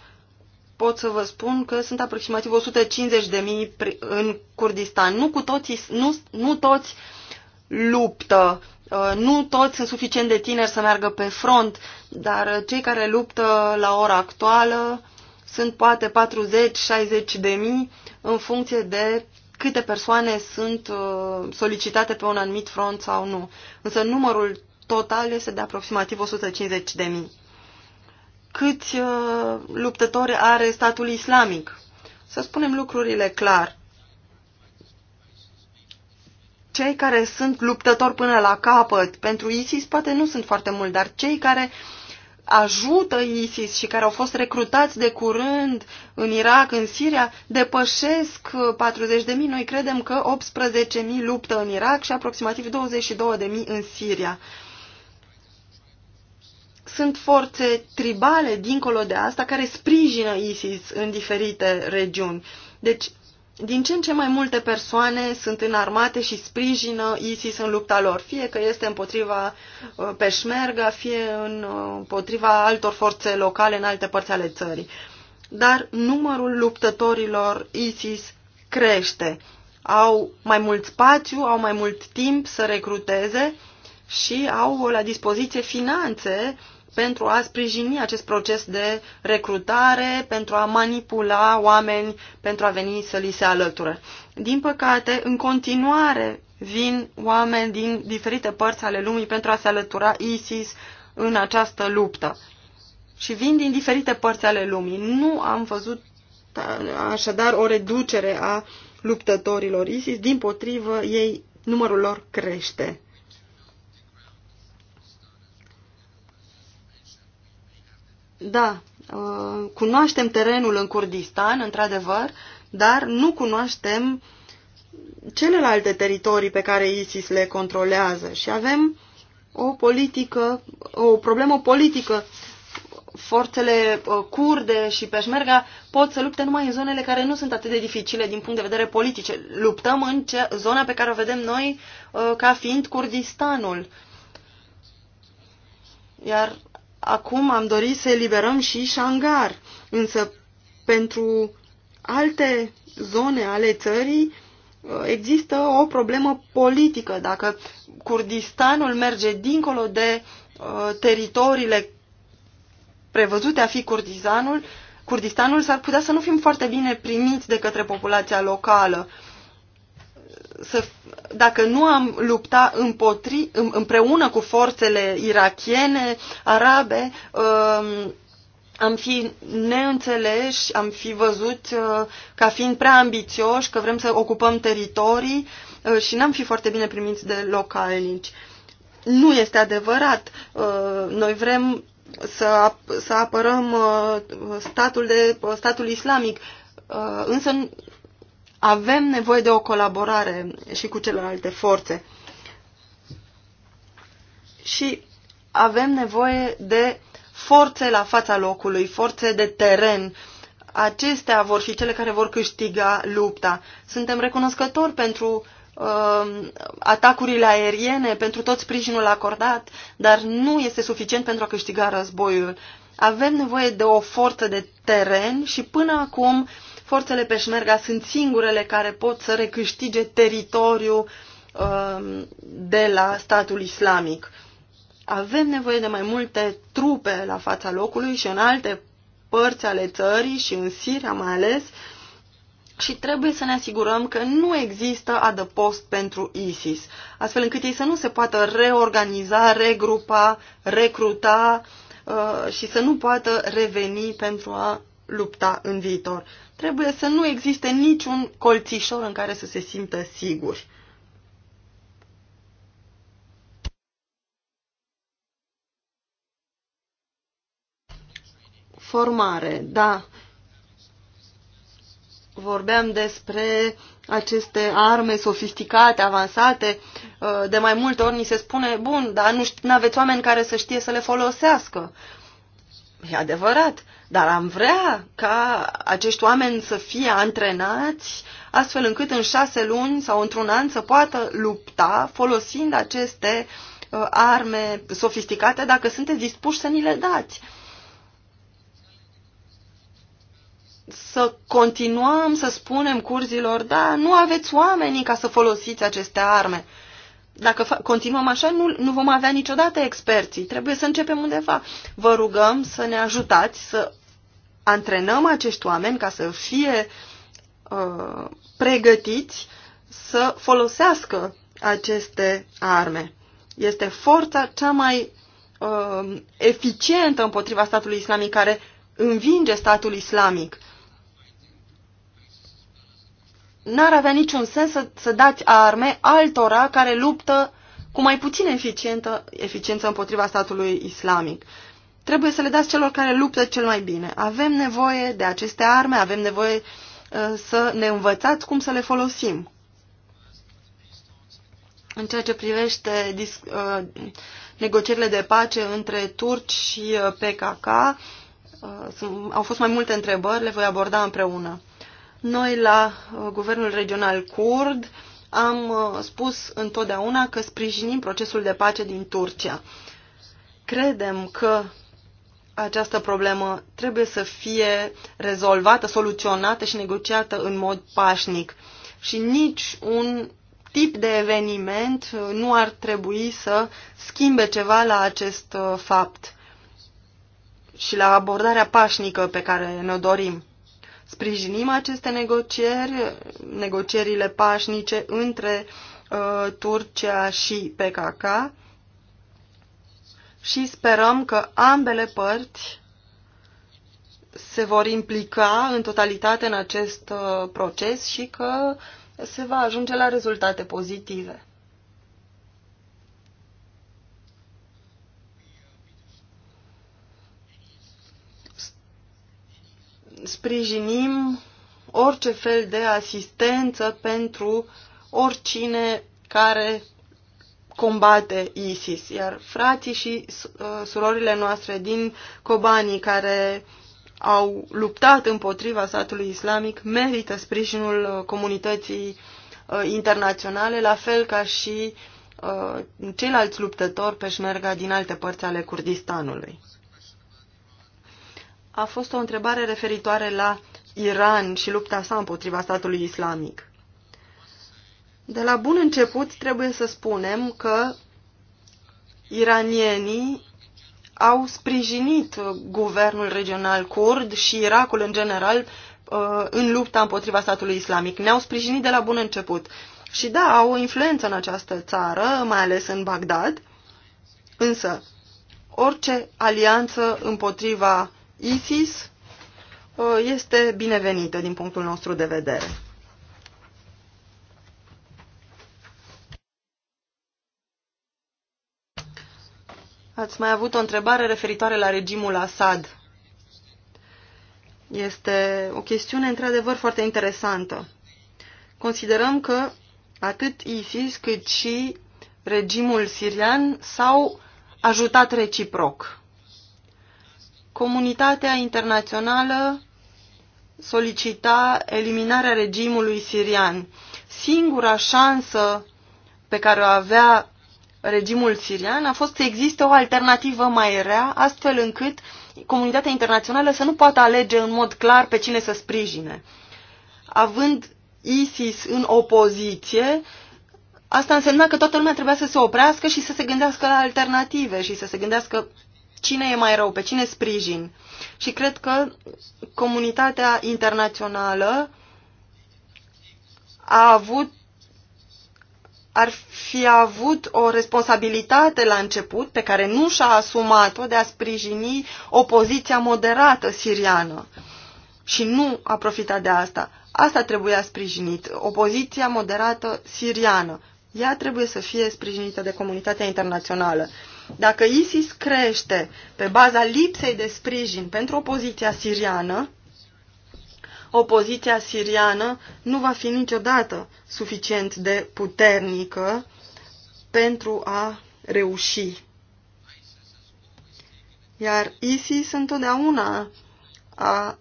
pot să vă spun că sunt aproximativ 150.000 în Kurdistan. Nu, cu toții, nu, nu toți luptă, uh, nu toți sunt suficient de tineri să meargă pe front, dar cei care luptă la ora actuală sunt poate 40-60 de mii în funcție de câte persoane sunt uh, solicitate pe un anumit front sau nu. Însă numărul total este de aproximativ 150 de mii. Câți uh, luptători are statul islamic? Să spunem lucrurile clar. Cei care sunt luptători până la capăt pentru ISIS poate nu sunt foarte mulți, dar cei care uh, ajută ISIS și care au fost recrutați de curând în Irak, în Siria, depășesc 40.000. Noi credem că 18.000 luptă în Irak și aproximativ 22.000 în Siria. Sunt forțe tribale dincolo de asta care sprijină ISIS în diferite regiuni. Deci din ce în ce mai multe persoane sunt înarmate și sprijină ISIS în lupta lor, fie că este împotriva uh, peșmerga, fie uh, împotriva altor forțe locale în alte părți ale țării. Dar numărul luptătorilor ISIS crește. Au mai mult spațiu, au mai mult timp să recruteze și au la dispoziție finanțe pentru a sprijini acest proces de recrutare, pentru a manipula oameni, pentru a veni să li se alăture. Din păcate, în continuare vin oameni din diferite părți ale lumii pentru a se alătura ISIS în această luptă. Și vin din diferite părți ale lumii. Nu am văzut așadar o reducere a luptătorilor ISIS, din potrivă ei, numărul lor crește. Da, uh, cunoaștem terenul în Kurdistan, într-adevăr, dar nu cunoaștem celelalte teritorii pe care ISIS le controlează și avem o politică, o problemă politică. Forțele curde uh, și peșmerga pot să lupte numai în zonele care nu sunt atât de dificile din punct de vedere politice. Luptăm în ce, zona pe care o vedem noi uh, ca fiind Kurdistanul. Iar Acum am dorit să eliberăm și Shangar, însă pentru alte zone ale țării uh, există o problemă politică. Dacă Kurdistanul merge dincolo de uh, teritoriile prevăzute a fi Kurdistanul, Kurdistanul s-ar putea să nu fim foarte bine primiți de către populația locală. Uh, să, dacă nu am lupta împotri, împreună cu forțele irachiene, arabe, um, am fi neînțeleși, am fi văzut uh, ca fiind prea ambițioși, că vrem să ocupăm teritorii uh, și n-am fi foarte bine primiți de localnici. Nu este adevărat. Uh, noi vrem să, să apărăm statul, de, statul islamic, însă avem nevoie de o colaborare și cu celelalte forțe. Și avem nevoie de forțe la fața locului, forțe de teren. Acestea vor fi cele care vor câștiga lupta. Suntem recunoscători pentru uh, atacurile aeriene, pentru tot sprijinul acordat, dar nu este suficient pentru a câștiga războiul. Avem nevoie de o forță de teren și până acum uh, forțele peșmerga sunt singurele care pot să recâștige teritoriu um, de la statul islamic. Avem nevoie de mai multe trupe la fața locului și în alte părți ale țării și în Siria mai ales și trebuie să ne asigurăm că nu există adăpost pentru ISIS, astfel încât ei să nu se poată reorganiza, regrupa, recruta uh, și să nu poată reveni pentru a lupta în viitor. Trebuie să nu existe niciun colțișor în care să se simtă sigur. Formare, da. Vorbeam despre aceste arme sofisticate, avansate. Uh, de mai multe ori ni se spune, bun, dar nu aveți oameni care să știe să le folosească. E adevărat, dar am vrea ca acești oameni să fie antrenați astfel încât în șase luni sau într-un an să poată lupta folosind aceste uh, arme sofisticate dacă sunteți dispuși să ni le dați. Să continuăm să spunem curzilor, da, nu aveți oamenii ca să folosiți aceste arme dacă continuăm așa, nu, nu vom avea niciodată experții. Trebuie să începem undeva. Vă rugăm să ne ajutați să antrenăm acești oameni ca să fie uh, pregătiți să folosească aceste arme. Este forța cea mai uh, eficientă împotriva statului islamic care învinge statul islamic. N-ar avea niciun sens să, să dați arme altora care luptă cu mai puțină eficiență eficiență împotriva statului islamic trebuie să le dați celor care luptă cel mai bine. Avem nevoie de aceste arme, avem nevoie uh, să ne învățați cum să le folosim. În ceea ce privește uh, negocierile de pace între turci și uh, PKK, au fost mai multe întrebări, le voi aborda împreună. Noi la Guvernul Regional Kurd am spus întotdeauna că sprijinim procesul de pace din Turcia. Credem că această problemă trebuie să fie rezolvată, soluționată și negociată în mod pașnic. Și nici un tip de eveniment nu ar trebui să schimbe ceva la acest uh, fapt și la abordarea pașnică pe care ne-o dorim. Sprijinim aceste negocieri, negocierile pașnice între uh, Turcia și PKK și sperăm că ambele părți se vor implica în totalitate în acest uh, proces și că se va ajunge la rezultate pozitive. Sprijinim orice fel de asistență pentru oricine care combate ISIS, iar frații și uh, surorile noastre din Kobani care au luptat împotriva statului islamic merită sprijinul uh, comunității uh, internaționale, la fel ca și ceilalți luptători peșmerga din alte părți ale Kurdistanului. A fost o întrebare referitoare la Iran și lupta sa împotriva statului islamic. De la bun început trebuie să spunem că iranienii au sprijinit guvernul regional kurd și Irakul în general uh, în lupta împotriva statului islamic. Ne-au sprijinit de la bun început. Și da, au o influență în această țară, mai ales în Bagdad, însă orice alianță împotriva ISIS uh, este binevenită din punctul nostru de vedere. Ați mai avut o întrebare referitoare la regimul Assad. Este o chestiune într-adevăr foarte interesantă. Considerăm că atât ISIS cât și regimul sirian s-au ajutat reciproc. Comunitatea internațională solicita eliminarea regimului sirian. Singura șansă pe care o avea regimul sirian a fost să existe o alternativă mai rea, astfel încât comunitatea internațională să nu poată alege în mod clar pe cine să sprijine. Având ISIS în opoziție, asta însemna că toată lumea trebuia să se oprească și să se gândească la alternative și să se gândească cine e mai rău, pe cine sprijin. Și cred că comunitatea internațională a avut ar fi avut o responsabilitate la început pe care nu și-a asumat-o de a sprijini opoziția moderată siriană. Și nu a profitat de asta. Asta trebuia sprijinit, opoziția moderată siriană. Ea trebuie să fie sprijinită de comunitatea internațională. Dacă ISIS crește pe baza lipsei de sprijin pentru opoziția siriană, opoziția siriană nu va fi niciodată suficient de puternică pentru a reuși. Iar ISIS întotdeauna a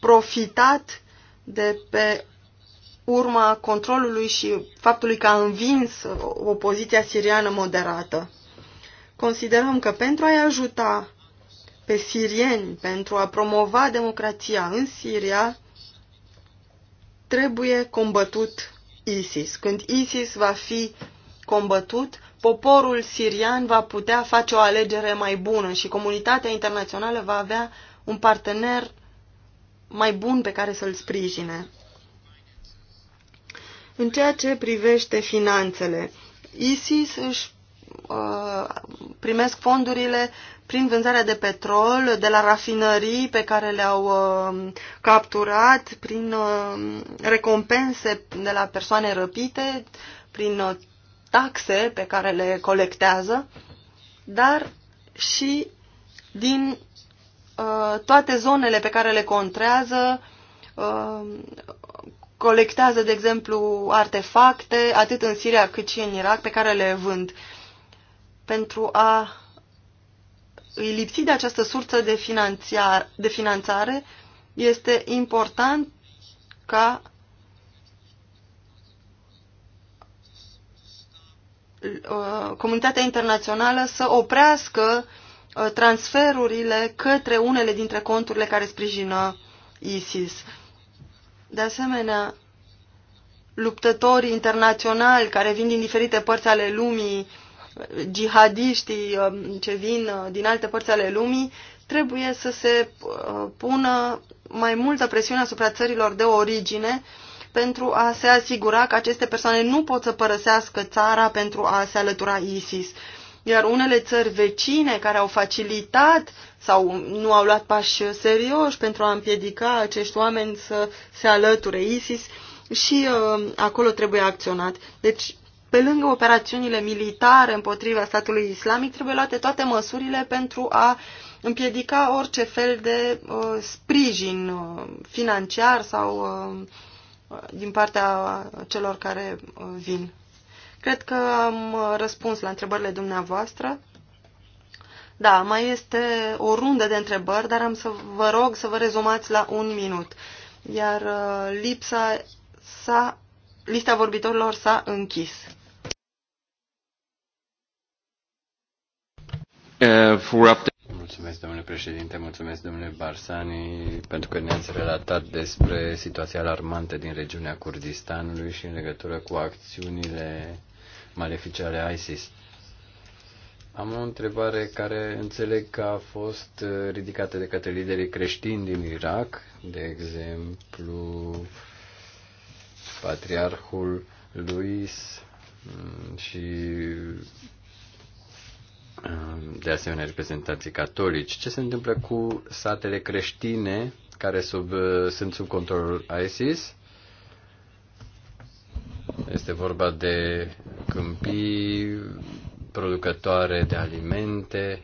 profitat de pe urma controlului și faptului că a învins opoziția siriană moderată. Considerăm că pentru a-i ajuta pe sirieni pentru a promova democrația în Siria, trebuie combătut ISIS. Când ISIS va fi combătut, poporul sirian va putea face o alegere mai bună și comunitatea internațională va avea un partener mai bun pe care să-l sprijine. În ceea ce privește finanțele, ISIS își uh, primesc fondurile prin vânzarea de petrol de la rafinării pe care le-au uh, capturat, prin uh, recompense de la persoane răpite, prin uh, taxe pe care le colectează, dar și din toate zonele pe care le contrează, colectează, de exemplu, artefacte, atât în Siria cât și în Irak, pe care le vând pentru a îi lipsi de această sursă de, de finanțare, este important ca uh, comunitatea internațională să oprească uh, transferurile către unele dintre conturile care sprijină ISIS. De asemenea, luptători internaționali care vin din diferite părți ale lumii jihadiștii um, ce vin uh, din alte părți ale lumii, trebuie să se uh, pună mai multă presiune asupra țărilor de origine pentru a se asigura că aceste persoane nu pot să părăsească țara pentru a se alătura ISIS. Iar unele țări vecine care au facilitat sau nu au luat pași serioși pentru a împiedica acești oameni să se alăture ISIS și uh, acolo trebuie acționat. Deci pe lângă operațiunile militare împotriva statului islamic, trebuie luate toate măsurile pentru a împiedica orice fel de uh, sprijin uh, financiar sau uh, uh din partea celor care uh, vin. Cred că am uh, răspuns la întrebările dumneavoastră. Da, mai este o rundă de întrebări, dar am să vă rog să vă rezumați la un minut. Iar uh, lipsa sa, lista vorbitorilor s-a închis. Uh, for up Mulțumesc, domnule președinte, mulțumesc, domnule Barsani, pentru că ne-ați relatat despre situația alarmantă din regiunea Kurdistanului și în legătură cu acțiunile malefice ale ISIS. Am o întrebare care înțeleg că a fost uh, ridicată de către liderii creștini din Irak, de exemplu patriarhul Luis mm, și de asemenea reprezentanții catolici. Ce se întâmplă cu satele creștine care sub, sunt sub controlul ISIS? Este vorba de câmpii producătoare de alimente.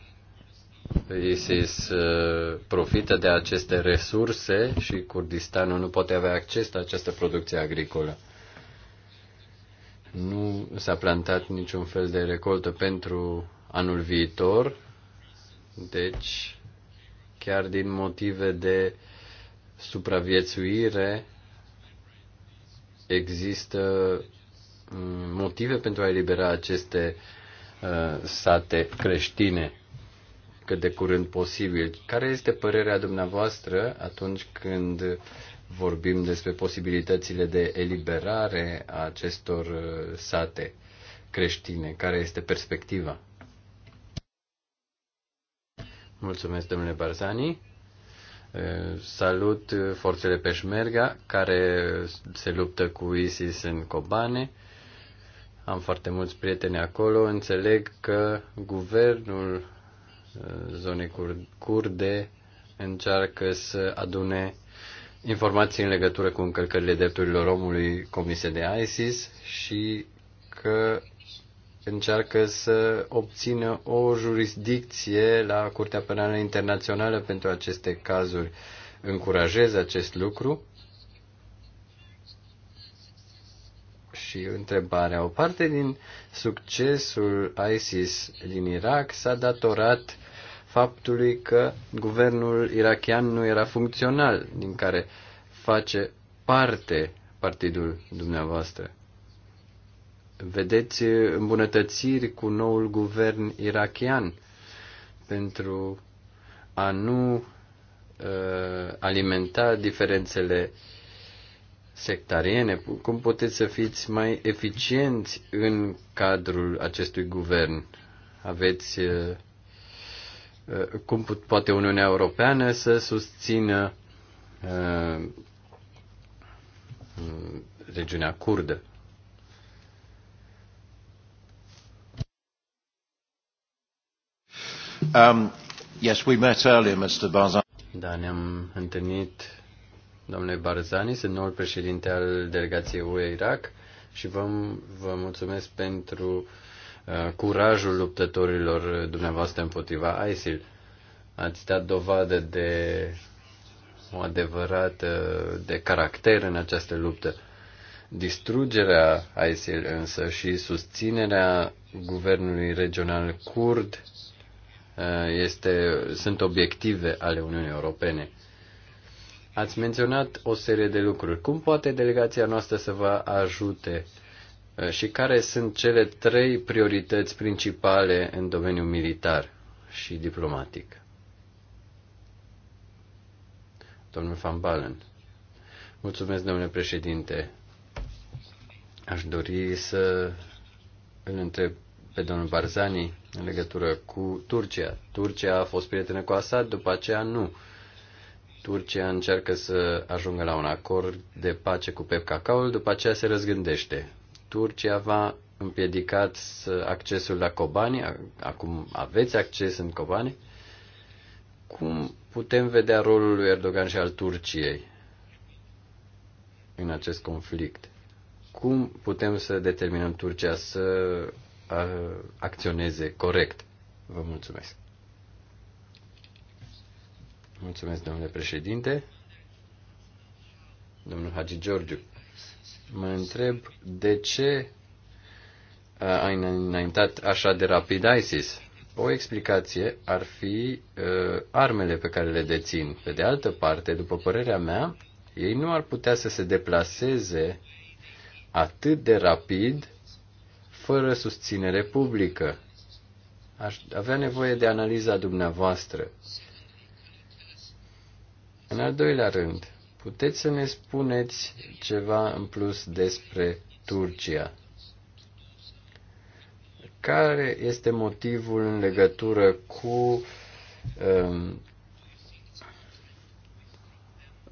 ISIS uh, profită de aceste resurse și Kurdistanul nu poate avea acces la această producție agricolă nu s-a plantat niciun fel de recoltă pentru anul viitor. Deci, chiar din motive de supraviețuire, există mm, motive pentru a elibera aceste uh, sate creștine cât de curând posibil. Care este părerea dumneavoastră atunci când vorbim despre posibilitățile de eliberare a acestor uh, sate creștine? Care este perspectiva? Mulțumesc, domnule Barzani. Salut forțele Peșmerga care se luptă cu ISIS în Kobane. Am foarte mulți prieteni acolo. Înțeleg că guvernul zonei curde încearcă să adune informații în legătură cu încălcările drepturilor omului comise de ISIS și că încearcă să obțină o jurisdicție la Curtea Penală Internațională pentru aceste cazuri. Încurajez acest lucru. Și întrebarea, o parte din succesul ISIS din Irak s-a datorat faptului că guvernul irachian nu era funcțional, din care face parte partidul dumneavoastră vedeți îmbunătățiri cu noul guvern irachian pentru a nu uh, alimenta diferențele sectariene? Cum puteți să fiți mai eficienți în cadrul acestui guvern? Aveți. Uh, uh cum poate Uniunea Europeană să susțină uh, uh regiunea curdă? Um, yes, we met earlier, Mr. Barzani. Da, ne-am întâlnit, domnule Barzani, sunt noul președinte al delegației UE Irak și vă, vă mulțumesc pentru uh, curajul luptătorilor dumneavoastră împotriva ISIL. Ați dat dovadă de o adevărată de caracter în această luptă. Distrugerea ISIL însă și susținerea guvernului regional kurd Uh, este, sunt obiective ale Uniunii Europene. Ați menționat o serie de lucruri. Cum poate delegația noastră să vă ajute uh, și care sunt cele trei priorități principale în domeniul militar și diplomatic? Domnul Van Balen. Mulțumesc, domnule președinte. Aș dori să îl întreb pe domnul Barzani în legătură cu Turcia. Turcia a fost prietenă cu Assad, după aceea nu. Turcia încearcă să ajungă la un acord de pace cu Pep Cacaul, după aceea se răzgândește. Turcia va împiedicat accesul la Kobani, acum aveți acces în Kobani. Cum putem vedea rolul lui Erdogan și al Turciei în acest conflict? Cum putem să determinăm Turcia să acționeze corect. Vă mulțumesc. Mulțumesc, domnule președinte. Domnul Hagi Georgiu, mă întreb de ce ai înaintat așa de rapid ISIS. O explicație ar fi uh, armele pe care le dețin. Pe de altă parte, după părerea mea, ei nu ar putea să se deplaseze atât de rapid fără susținere publică. Aș avea nevoie de analiza dumneavoastră. În al doilea rând, puteți să ne spuneți ceva în plus despre Turcia? Care este motivul în legătură cu um,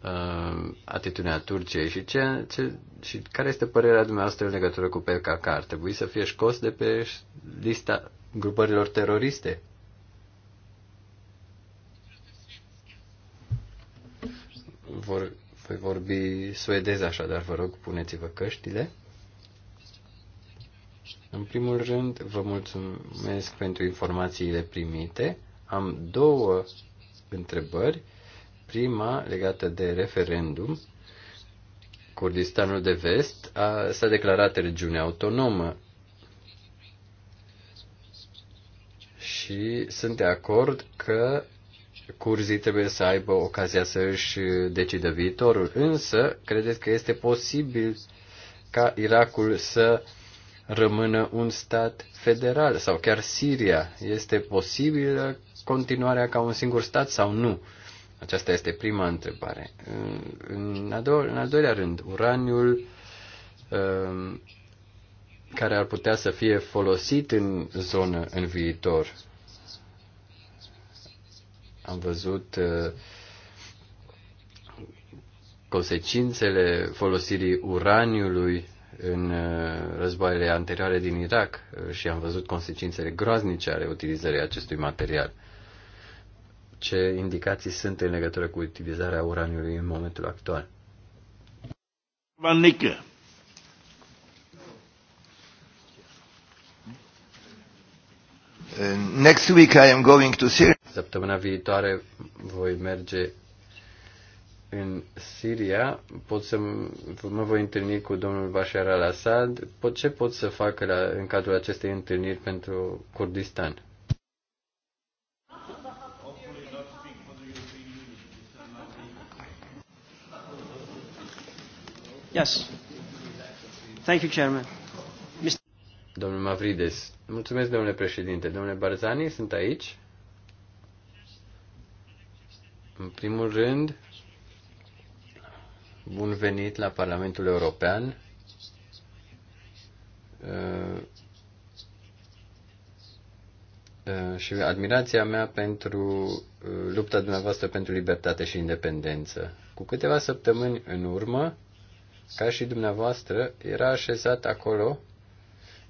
uh, atitudinea Turciei și, ce, ce, și care este părerea dumneavoastră în legătură cu PKK? Ar trebui să fie scos de pe lista grupărilor teroriste? Vor, voi vorbi suedez dar vă rog, puneți-vă căștile. În primul rând, vă mulțumesc pentru informațiile primite. Am două întrebări Prima, legată de referendum, Kurdistanul de vest s-a declarat regiune autonomă și sunt de acord că curzii trebuie să aibă ocazia să își decidă viitorul. Însă, credeți că este posibil ca Irakul să rămână un stat federal sau chiar Siria? Este posibil continuarea ca un singur stat sau nu? Aceasta este prima întrebare. În, a do- în al doilea rând, uraniul um, care ar putea să fie folosit în zonă în viitor. Am văzut uh, consecințele folosirii uraniului în uh, războaiele anterioare din Irak uh, și am văzut consecințele groaznice ale utilizării acestui material ce indicații sunt în legătură cu utilizarea uraniului în momentul actual. Vanică. Uh, next week I am going to Syria. Săptămâna viitoare voi merge în Siria, pot să mă voi întâlni cu domnul Bashar al-Assad. Pot, ce pot să fac la, în cadrul acestei întâlniri pentru Kurdistan? Yes. Thank you, Chairman. Domnul Mavrides. Mulțumesc, domnule președinte. Domnule Barzani, sunt aici. În primul rând, bun venit la Parlamentul European. Uh, uh, și admirația mea pentru uh, lupta dumneavoastră pentru libertate și independență. Cu câteva săptămâni în urmă, ca și dumneavoastră, era așezat acolo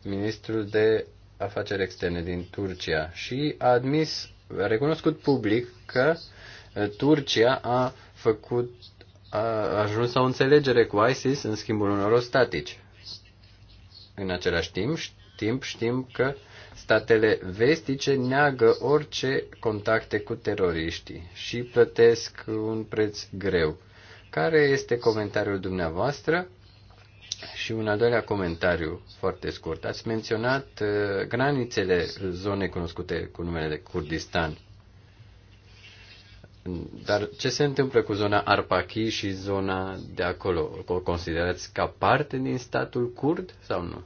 ministrul de afaceri externe din Turcia și a admis, a recunoscut public că uh, Turcia a făcut, a ajuns la o înțelegere cu ISIS în schimbul unor ostatici. În același timp, timp știm că statele vestice neagă orice contacte cu teroriștii și plătesc un preț greu. Care este comentariul dumneavoastră? Și un al doilea comentariu foarte scurt. Ați menționat uh, granițele zonei cunoscute cu numele de Kurdistan. Dar ce se întâmplă cu zona Arpachi și zona de acolo? O considerați ca parte din statul kurd sau nu?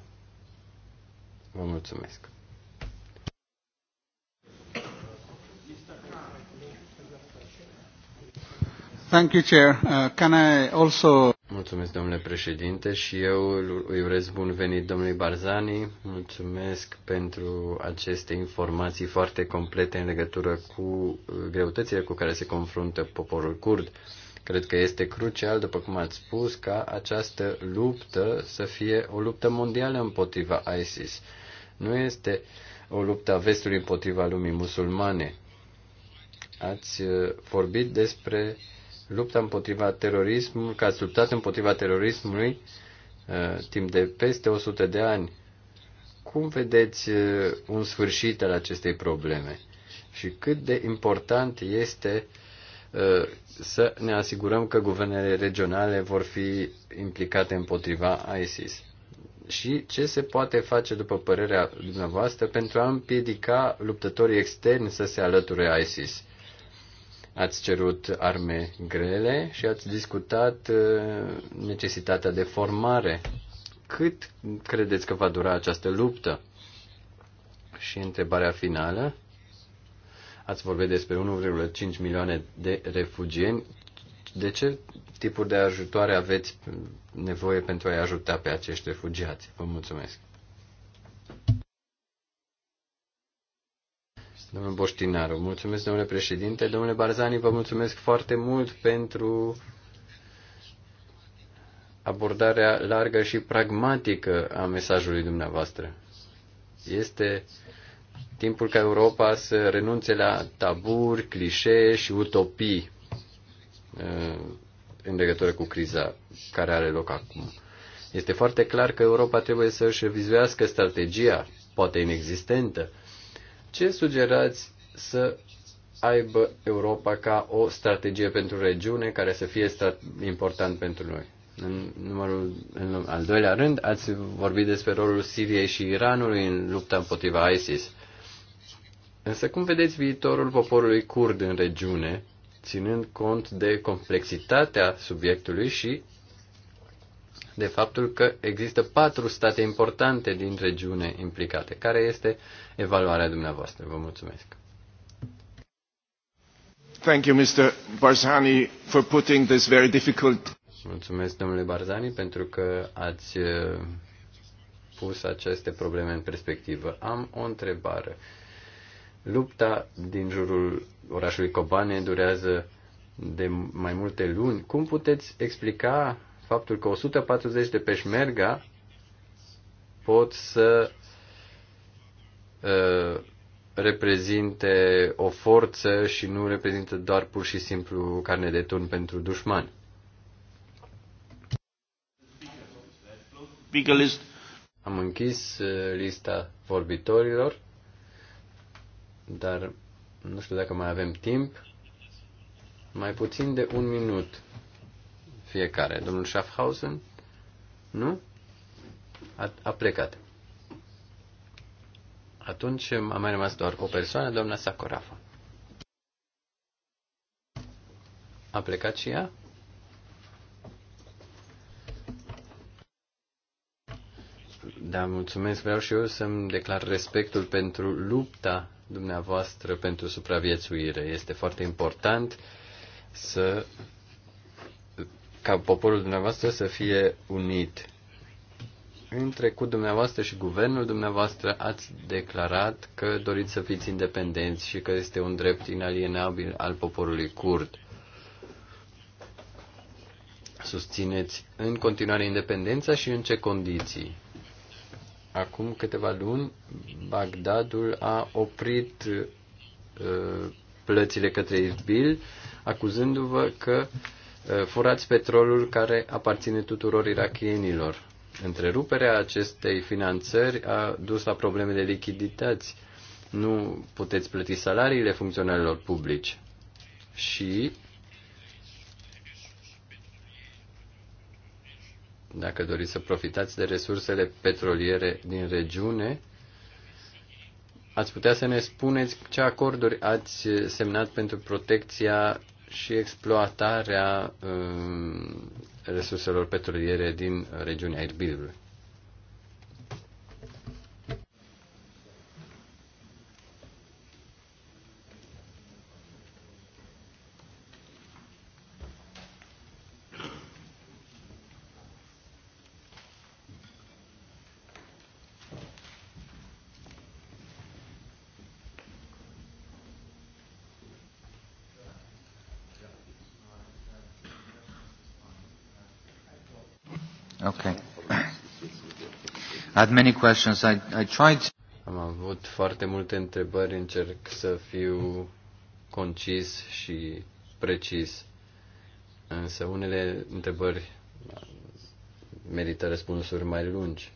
Vă mulțumesc. Thank you, Chair. Uh, can I also... Mulțumesc, domnule președinte, și eu îi urez bun venit domnului Barzani. Mulțumesc pentru aceste informații foarte complete în legătură cu uh, greutățile cu care se confruntă poporul curd. Cred că este crucial, după cum ați spus, ca această luptă să fie o luptă mondială împotriva ISIS. Nu este o luptă a vestului împotriva lumii musulmane. Ați uh, vorbit despre uh, Lupta împotriva terorismului, că ați luptat împotriva terorismului uh, timp de peste 100 de ani. Cum vedeți uh, un sfârșit al acestei probleme? Și cât de important este uh, să ne asigurăm că guvernele regionale vor fi implicate împotriva ISIS? și ce se poate face, după părerea dumneavoastră, pentru a împiedica luptătorii externi să se alăture ISIS ați cerut arme grele și ați discutat uh, necesitatea de formare. Cât credeți că va dura această luptă? Și întrebarea finală, ați vorbit despre 1,5 milioane de refugieni. De ce tipuri de ajutoare aveți nevoie pentru a-i ajuta pe acești refugiați? Vă mulțumesc. Domnul Boștinaru, mulțumesc, domnule președinte. Domnule Barzani, vă mulțumesc foarte mult pentru abordarea largă și pragmatică a mesajului dumneavoastră. Este timpul ca Europa să renunțe la taburi, clișee și utopii uh, în legătură cu criza care are loc acum. Este foarte clar că Europa trebuie să își revizuiască strategia, poate inexistentă, ce sugerați să aibă Europa ca o strategie pentru regiune care să fie important pentru noi? În, numărul, în al doilea rând, ați vorbit despre rolul Siriei și Iranului în lupta împotriva ISIS. Însă cum vedeți viitorul poporului kurd în regiune, ținând cont de complexitatea subiectului și de faptul că există patru state importante din regiune implicate. Care este evaluarea dumneavoastră? Vă mulțumesc. Thank you, Mr. Barzani, for putting this very difficult... Mulțumesc, domnule Barzani, pentru că ați uh, pus aceste probleme în perspectivă. Am o întrebare. Lupta din jurul orașului Kobane durează de mai multe luni. Cum puteți explica faptul că 140 de peșmerga pot să uh, reprezinte o forță și nu reprezintă doar pur și simplu carne de tun pentru dușmani. Am închis ă, lista vorbitorilor, dar nu știu dacă mai avem timp. Mai puțin de un minut fiecare. Domnul Schaffhausen? Nu? A, a plecat. Atunci a mai rămas doar o persoană, doamna Sacorafa. A plecat și ea? Da, mulțumesc. Vreau și eu să-mi declar respectul pentru lupta dumneavoastră pentru supraviețuire. Este foarte important să ca poporul dumneavoastră să fie unit. În trecut, dumneavoastră și guvernul dumneavoastră ați declarat că doriți să fiți independenți și că este un drept inalienabil al poporului curd. Susțineți în continuare independența și în ce condiții? Acum câteva luni, Bagdadul a oprit uh, plățile către Irbil, acuzându-vă că uh, Uh, furați petrolul care aparține tuturor irachienilor. Întreruperea acestei finanțări a dus la probleme de lichidități. Nu puteți plăti salariile funcționarilor publici. Și dacă doriți să profitați de resursele petroliere din regiune, ați putea să ne spuneți ce acorduri ați semnat pentru protecția și exploatarea um, resurselor petroliere din regiunea Irbilului. had many questions. I, I tried. Am avut foarte multe întrebări, încerc să fiu concis și precis. Însă unele întrebări merită răspunsuri mai lungi.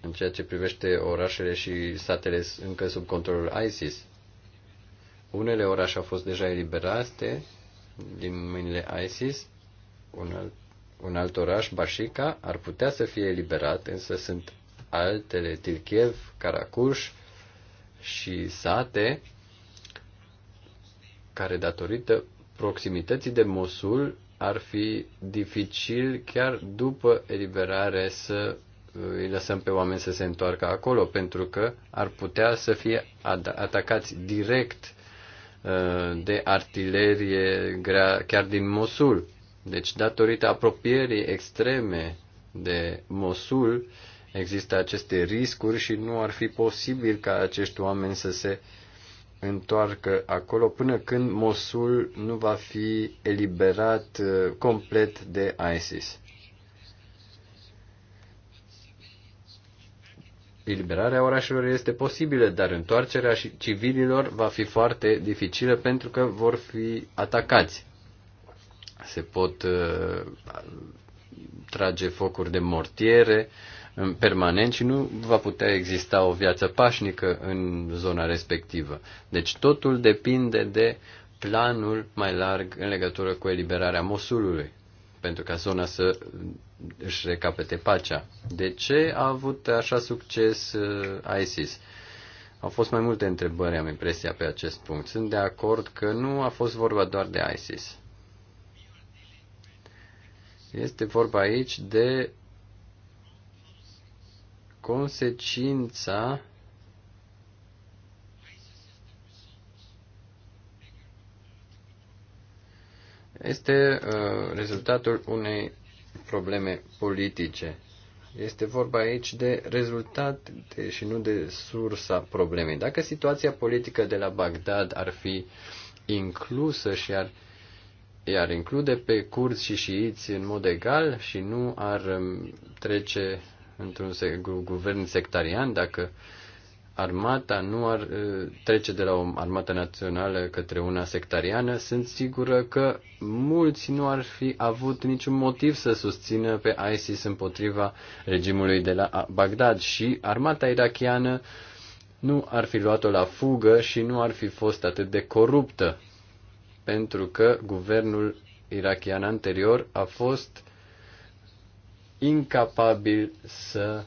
În ceea ce privește orașele și satele încă sub controlul ISIS, unele orașe au fost deja eliberate din mâinile ISIS, un alt un alt oraș, Bașica, ar putea să fie eliberat, însă sunt altele, Tilchev, Caracuș și sate, care datorită proximității de Mosul ar fi dificil chiar după eliberare să îi lăsăm pe oameni să se întoarcă acolo, pentru că ar putea să fie atacați direct uh, de artilerie grea, chiar din Mosul. Deci, datorită apropierii extreme de Mosul, există aceste riscuri și nu ar fi posibil ca acești oameni să se întoarcă acolo până când Mosul nu va fi eliberat uh, complet de ISIS. Eliberarea orașelor este posibilă, dar întoarcerea civililor va fi foarte dificilă pentru că vor fi atacați se pot uh, trage focuri de mortiere um, permanent și nu va putea exista o viață pașnică în zona respectivă. Deci totul depinde de planul mai larg în legătură cu eliberarea Mosulului, pentru ca zona să își recapete pacea. De ce a avut așa succes uh, ISIS? Au fost mai multe întrebări, am impresia, pe acest punct. Sunt de acord că nu a fost vorba doar de ISIS. Este vorba aici de consecința este uh, rezultatul unei probleme politice. Este vorba aici de rezultat de, și nu de sursa problemei. Dacă situația politică de la Bagdad ar fi inclusă și ar i-ar include pe curzi și șiiți în mod egal și nu ar um, trece într-un guvern sectarian dacă armata nu ar uh, trece de la o armată națională către una sectariană, sunt sigură că mulți nu ar fi avut niciun motiv să susțină pe ISIS împotriva regimului de la Bagdad și armata irachiană nu ar fi luat-o la fugă și nu ar fi fost atât de coruptă pentru că guvernul irachian anterior a fost incapabil să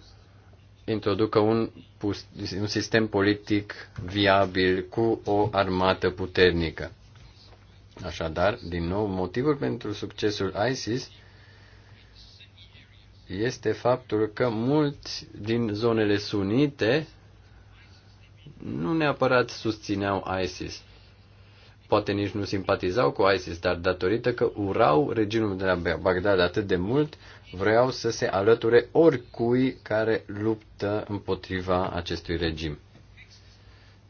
introducă un, un sistem politic viabil cu o armată puternică. Așadar, din nou, motivul pentru succesul ISIS este faptul că mulți din zonele sunite nu neapărat susțineau ISIS poate nici nu simpatizau cu ISIS, dar datorită că urau regimul de la Bagdad atât de mult, vreau să se alăture oricui care luptă împotriva acestui regim.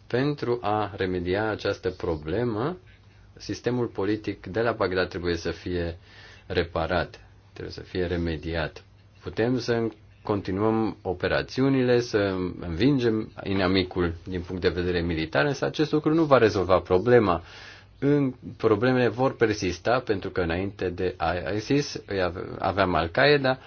Pentru a remedia această problemă, sistemul politic de la Bagdad trebuie să fie reparat, trebuie să fie remediat. Putem să continuăm operațiunile, să învingem inamicul din punct de vedere militar, însă acest lucru nu va rezolva problema în, problemele vor persista pentru că înainte de ISIS aveam Al-Qaeda,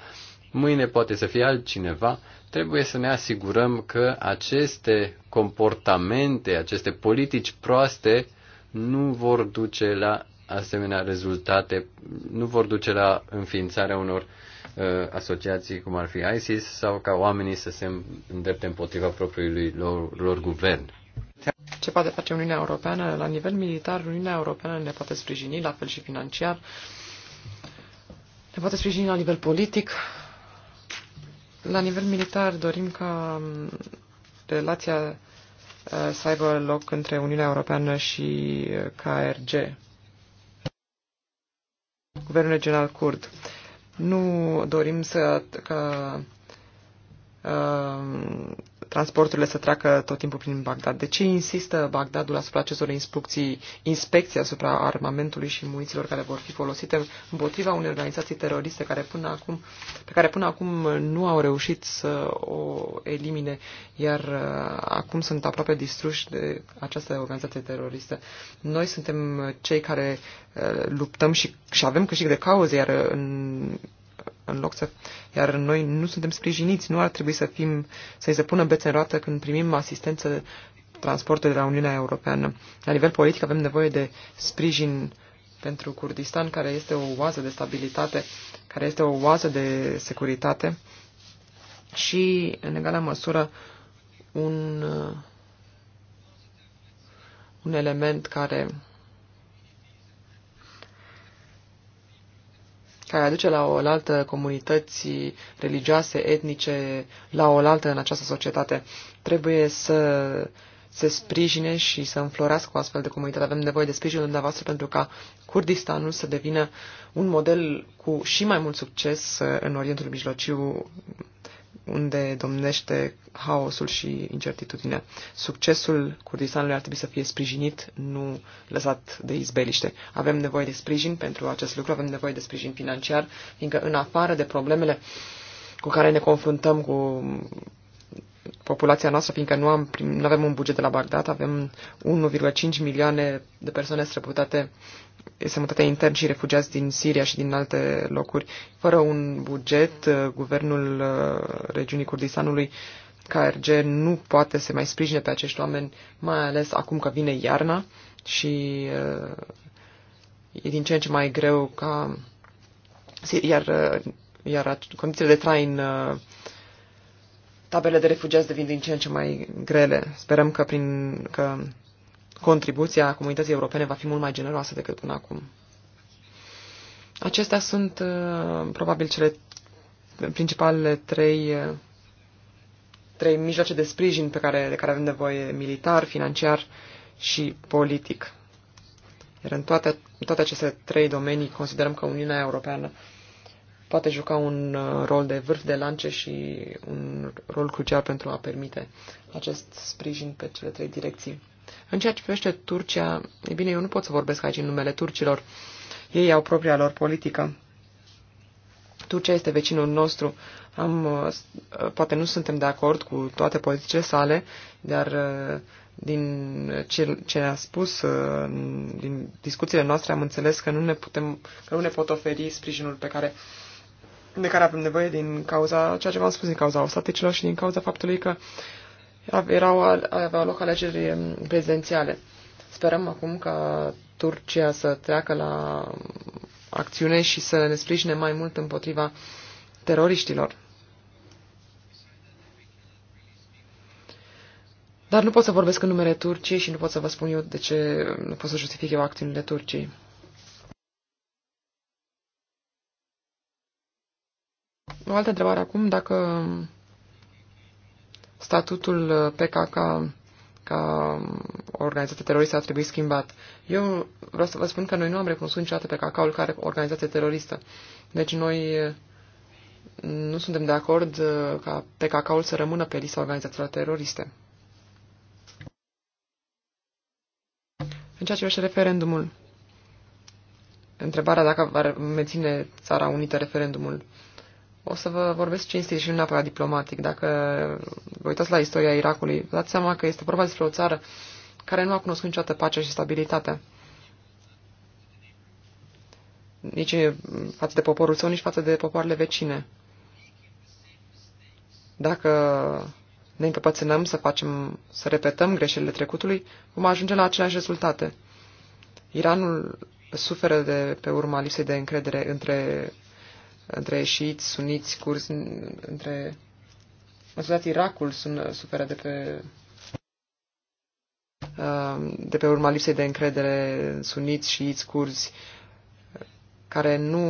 mâine poate să fie altcineva, trebuie să ne asigurăm că aceste comportamente, aceste politici proaste nu vor duce la asemenea rezultate, nu vor duce la înființarea unor uh, asociații cum ar fi ISIS sau ca oamenii să se îndrepte împotriva propriului lor, lor guvern. Ce poate face Uniunea Europeană? La nivel militar, Uniunea Europeană ne poate sprijini, la fel și financiar. Ne poate sprijini la nivel politic. La nivel militar dorim ca mm, relația uh, să aibă loc între Uniunea Europeană și uh, KRG, Guvernul Regional Kurd. Nu dorim să, ca uh, transporturile să treacă tot timpul prin Bagdad. De ce insistă Bagdadul asupra acestor instrucții, inspecții asupra armamentului și muniților care vor fi folosite împotriva unei organizații teroriste care până acum, pe care până acum nu au reușit să o elimine, iar uh, acum sunt aproape distruși de această organizație teroristă. Noi suntem cei care uh, luptăm și, și avem câștig de cauze, iar în în loc să... Iar noi nu suntem sprijiniți, nu ar trebui să fim, să-i se pună bețe în roată când primim asistență transportul de la Uniunea Europeană. La nivel politic avem nevoie de sprijin pentru Kurdistan, care este o oază de stabilitate, care este o oază de securitate și, în egală măsură, un, uh, un element care care aduce la o oaltă comunității religioase, etnice, la o oaltă în această societate. Trebuie să se sprijine și să înflorească o astfel de comunitate. Avem nevoie de sprijinul dumneavoastră pentru ca Kurdistanul să devină un model cu și mai mult succes în Orientul Mijlociu unde domnește haosul și incertitudinea. Succesul Kurdistanului ar trebui să fie sprijinit, nu lăsat de izbeliște. Avem nevoie de sprijin pentru acest lucru, avem nevoie de sprijin financiar, fiindcă în afară de problemele cu care ne confruntăm cu populația noastră, fiindcă nu, am, nu avem un buget de la Bagdad, avem 1,5 milioane de persoane străputate, strămutate intern și refugiați din Siria și din alte locuri. Fără un buget, uh, guvernul uh, regiunii Kurdistanului KRG nu poate să mai sprijine pe acești oameni, mai ales acum că vine iarna și uh, e din ce în ce mai greu ca... Iar, iar condițiile de trai în tabele de refugiați devin din ce în ce mai grele. Sperăm că, prin, că contribuția comunității europene va fi mult mai generoasă decât până acum. Acestea sunt uh, probabil cele principalele trei, uh, trei mijloace de sprijin pe care, de care avem nevoie militar, financiar și politic. Iar în toate, toate aceste trei domenii considerăm că Uniunea Europeană poate juca un uh, rol de vârf de lance și un rol crucial pentru a permite acest sprijin pe cele trei direcții. În ceea ce privește Turcia, e bine, eu nu pot să vorbesc aici în numele turcilor. Ei au propria lor politică. Turcia este vecinul nostru. Am, uh, uh, poate nu suntem de acord cu toate politicile sale, dar din ce, ce a spus, din discuțiile noastre, am înțeles că nu ne, putem, că nu ne pot oferi sprijinul pe care uh, de care avem nevoie din cauza, ceea ce v-am spus, din cauza ostaticilor și din cauza faptului că erau, aveau loc alegeri prezidențiale. Sperăm acum ca Turcia să treacă la acțiune și să ne sprijine mai mult împotriva teroriștilor. Dar nu pot să vorbesc în numele Turciei și nu pot să vă spun eu de ce nu pot să justific eu acțiunile Turciei. O altă întrebare acum, dacă statutul PKK ca organizație teroristă ar trebui schimbat. Eu vreau să vă spun că noi nu am recunoscut niciodată PKK-ul ca organizație teroristă. Deci noi nu suntem de acord uh, ca PKK-ul să rămână pe lista organizațiilor teroriste. În ceea ce privește referendumul, întrebarea dacă va menține Țara Unită referendumul, o să vă vorbesc cinstit și nu neapărat diplomatic. Dacă vă uitați la istoria Irakului, vă dați seama că este vorba despre o țară care nu a cunoscut niciodată pacea și stabilitatea. Nici față de poporul său, nici față de popoarele vecine. Dacă ne încăpățânăm să facem, să repetăm greșelile trecutului, vom ajunge la aceleași rezultate. Iranul suferă de pe urma lipsei de încredere între între șiiți, suniți, curzi, între... Mă scuzați, Irakul sunt uh, supera de pe uh, de pe urma lipsei de încredere suniți și curzi care nu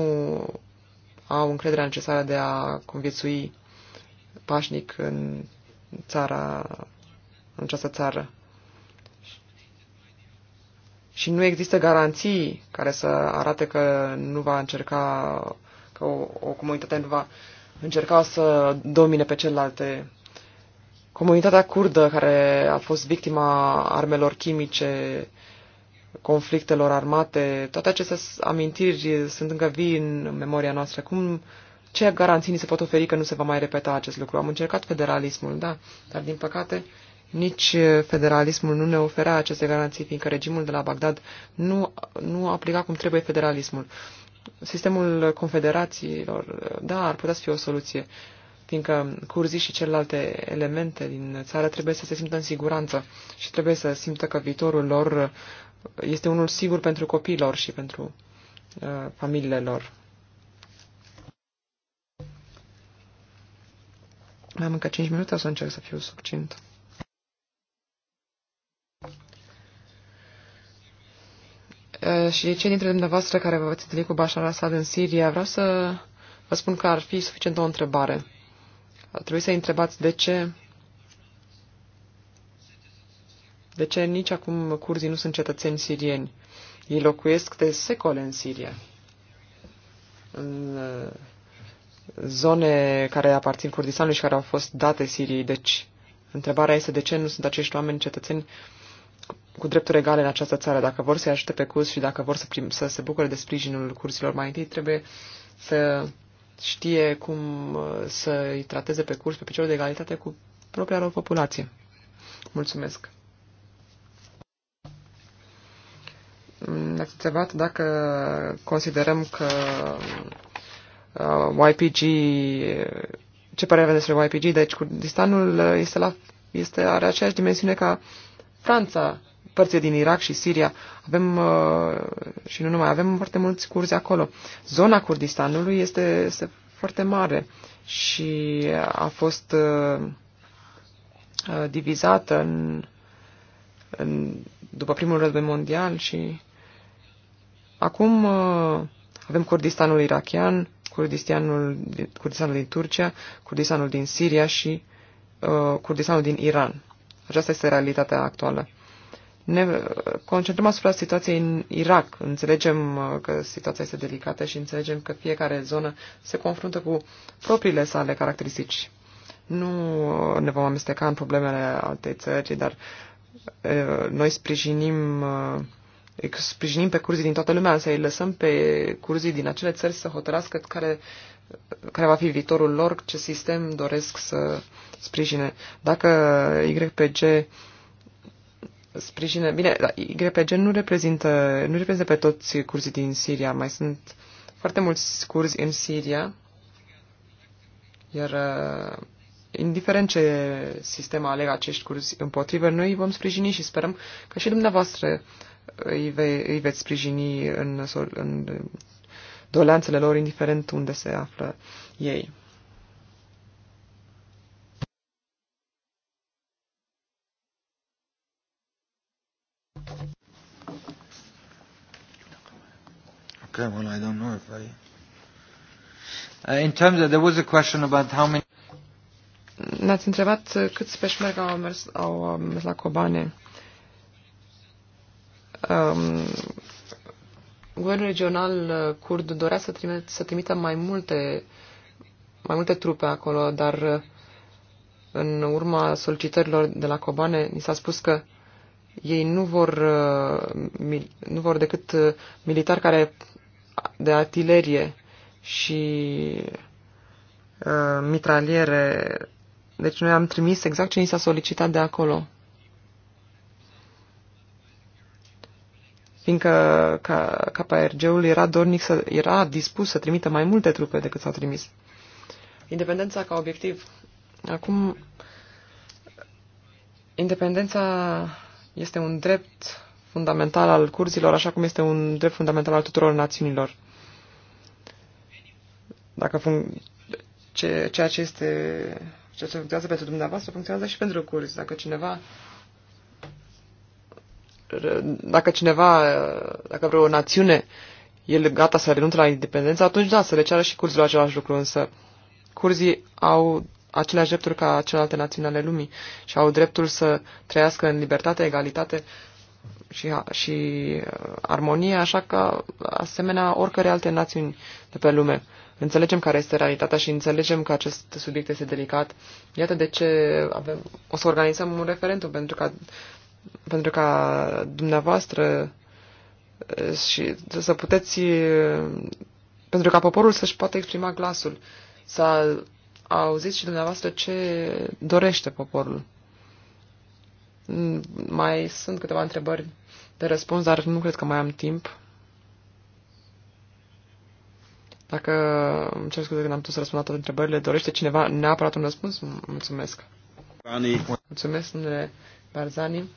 au încrederea necesară de a conviețui pașnic în țara, în această țară. Și nu există garanții care să arate că nu va încerca că o, o comunitate nu va încerca să domine pe celelalte. Comunitatea curdă care a fost victima armelor chimice, conflictelor armate, toate aceste amintiri sunt încă vii în memoria noastră. Cum, ce garanții ni se pot oferi că nu se va mai repeta acest lucru? Am încercat federalismul, da, dar din păcate nici federalismul nu ne oferea aceste garanții, fiindcă regimul de la Bagdad nu, nu aplica cum trebuie federalismul sistemul confederațiilor, da, ar putea să fie o soluție, fiindcă curzii și celelalte elemente din țară trebuie să se simtă în siguranță și trebuie să simtă că viitorul lor este unul sigur pentru copiilor și pentru uh, familiile lor. Mai am încă 5 minute, o să încerc să fiu succint. Eh, și cei dintre dumneavoastră care vă veți întâlni cu Bashar Assad în Siria, vreau să vă spun că ar fi suficient o întrebare. Ar trebui să întrebați de ce de ce nici acum curzii nu sunt cetățeni sirieni. Ei locuiesc de secole în Siria. În eh, zone care aparțin Kurdistanului și care au fost date Siriei. Deci, întrebarea este de ce nu sunt acești oameni cetățeni uh, cu drepturi egale în această țară. Dacă vor să-i ajute pe curs și dacă vor să, prim, să se bucure de sprijinul cursilor, mai întâi trebuie să știe cum uh, să-i trateze pe curs pe picior de egalitate cu propria lor populație. Mulțumesc! Ați întrebat dacă considerăm că uh, YPG, ce părere avem despre YPG, deci Kurdistanul uh, este la, este, are aceeași dimensiune ca Franța părțile din Irak și Siria. Avem, uh, și nu numai, avem foarte mulți curzi acolo. Zona Kurdistanului este, este foarte mare și a fost uh, divizată în, în, după primul război mondial și acum uh, avem Kurdistanul irachian, Kurdistanul, Kurdistanul din Turcia, Kurdistanul din Siria și uh, Kurdistanul din Iran. Aceasta este realitatea actuală ne concentrăm asupra situației în Irak. Înțelegem uh, că situația este delicată și înțelegem că fiecare zonă se confruntă cu propriile sale caracteristici. Nu uh, ne vom amesteca în problemele altei țări, dar uh, noi sprijinim, sprijinim pe curzii din toată lumea, să îi lăsăm pe curzii din acele țări să hotărască care, care va fi viitorul lor, ce sistem doresc să sprijine. Dacă YPG sprijină. Bine, da, YPG nu reprezintă, nu reprezintă pe toți curzii din Siria. Mai sunt foarte mulți curzi în Siria. Iar uh, indiferent ce sistem aleg acești curzi împotrivă, noi vom sprijini și sperăm că și dumneavoastră îi, ve, îi veți sprijini în, în doleanțele lor, indiferent unde se află ei. Okay, well, I don't know if I... Uh, in terms of, there was a question about how many... Ne-ați întrebat uh, câți peșmerg au mers, au uh, mers la Kobane. Um, guvernul regional kurd uh, dorea să, trimit, să trimită mai multe, mai multe trupe acolo, dar în urma solicitărilor de la Kobane ni s-a spus că ei nu vor, nu vor decât militari care de artilerie și uh, mitraliere. Deci noi am trimis exact ce ni s-a solicitat de acolo. Fiindcă kprg ul era dornic să, era dispus să trimită mai multe trupe decât s-au trimis. Independența ca obiectiv. Acum, independența este un drept fundamental al curzilor, așa cum este un drept fundamental al tuturor națiunilor. Dacă func- ce, ceea ce este ceea ce funcționează pentru dumneavoastră funcționează și pentru curzi. Dacă cineva dacă cineva, dacă vreo națiune e gata să renunțe la independență, atunci da, să le ceară și curzilor același lucru, însă curzii au aceleași drepturi ca celelalte națiuni ale lumii și au dreptul să trăiască în libertate, egalitate, și, și uh, armonie, așa că asemenea oricare alte națiuni de pe lume. Înțelegem care este realitatea și înțelegem că acest subiect este delicat. Iată de ce avem, o să organizăm un referendum pentru ca, pentru ca dumneavoastră uh, și să puteți, uh, pentru ca poporul să-și poată exprima glasul, să auziți și dumneavoastră ce dorește poporul. Mai sunt câteva întrebări de răspuns, dar nu cred că mai am timp. Dacă îmi cer scuze că n-am putut să răspund la toate întrebările, dorește cineva neapărat un răspuns? Mulțumesc. Bani. Mulțumesc, domnule Barzani.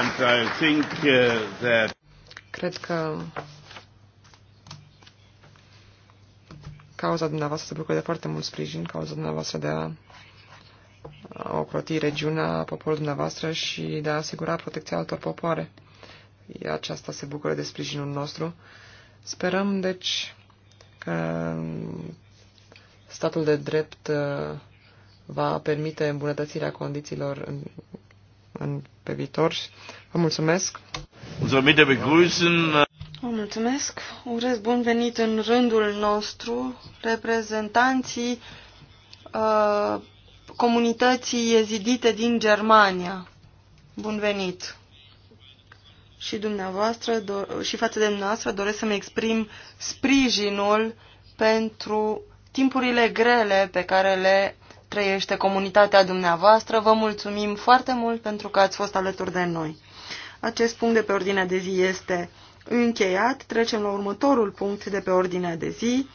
And I think, uh, that... Cred că cauza dumneavoastră se bucură de foarte mult sprijin, cauza dumneavoastră de a a ocroti regiunea, poporului dumneavoastră și de a asigura protecția altor popoare. Aceasta se bucură de sprijinul nostru. Sperăm, deci, că statul de drept uh, va permite îmbunătățirea condițiilor în, în, pe viitor. Vă mulțumesc! Vă mulțumesc! Urez bun venit în rândul nostru reprezentanții uh, comunității ezidite din Germania. Bun venit! Și dumneavoastră do- și față de dumneavoastră doresc să-mi exprim sprijinul pentru timpurile grele pe care le trăiește comunitatea dumneavoastră. Vă mulțumim foarte mult pentru că ați fost alături de noi. Acest punct de pe ordinea de zi este încheiat. Trecem la următorul punct de pe ordinea de zi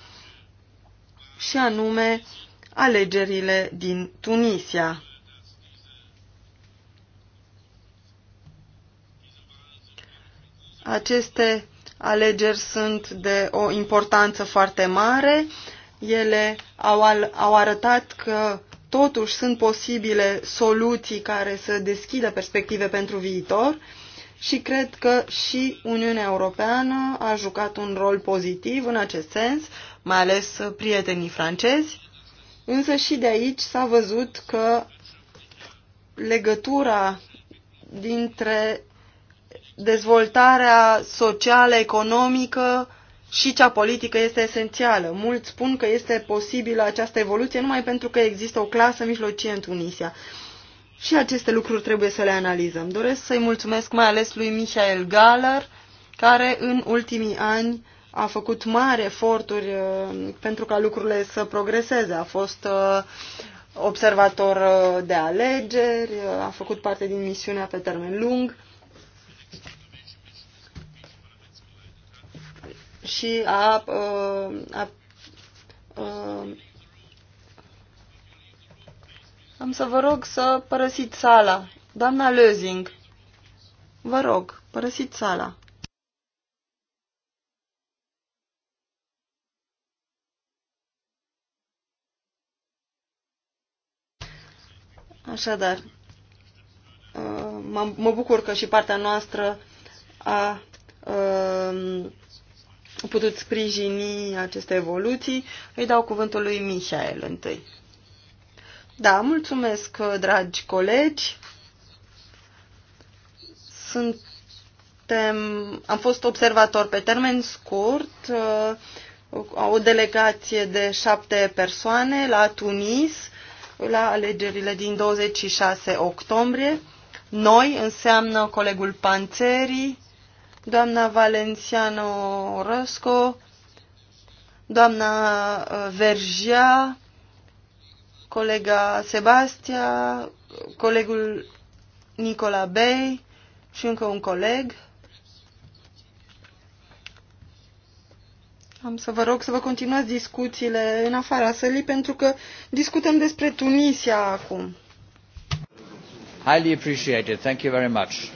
și anume alegerile din Tunisia. Aceste alegeri sunt de o importanță foarte mare. Ele au, al, au arătat că totuși sunt posibile soluții care să deschidă perspective pentru viitor și cred că și Uniunea Europeană a jucat un rol pozitiv în acest sens, mai ales prietenii francezi. Însă și de aici s-a văzut că legătura dintre dezvoltarea socială, economică și cea politică este esențială. Mulți spun că este posibilă această evoluție numai pentru că există o clasă mijlocie în Tunisia. Și aceste lucruri trebuie să le analizăm. Doresc să-i mulțumesc mai ales lui Michael Galler, care în ultimii ani a făcut mari eforturi uh, pentru ca lucrurile să progreseze. A fost uh, observator uh, de alegeri, a făcut parte din misiunea pe termen lung și a, a, a am să vă rog să părăsiți sala. Doamna Lezing, vă rog, părăsiți sala. Așadar, uh, mă bucur că și partea noastră a um, putut sprijini aceste evoluții. Îi dau cuvântul lui Mihail întâi. Da, mulțumesc, dragi colegi. Suntem, am fost observator pe termen scurt, uh, o delegație de șapte persoane la Tunis, la alegerile din 26 octombrie. Noi înseamnă colegul Panțeri, doamna Valenciano Rosco, doamna uh, Vergia, colega Sebastia, colegul Nicola Bey și încă un coleg. Am să vă rog să vă continuați discuțiile în afara sălii, pentru că discutăm despre Tunisia acum. Highly appreciated. Thank you very much.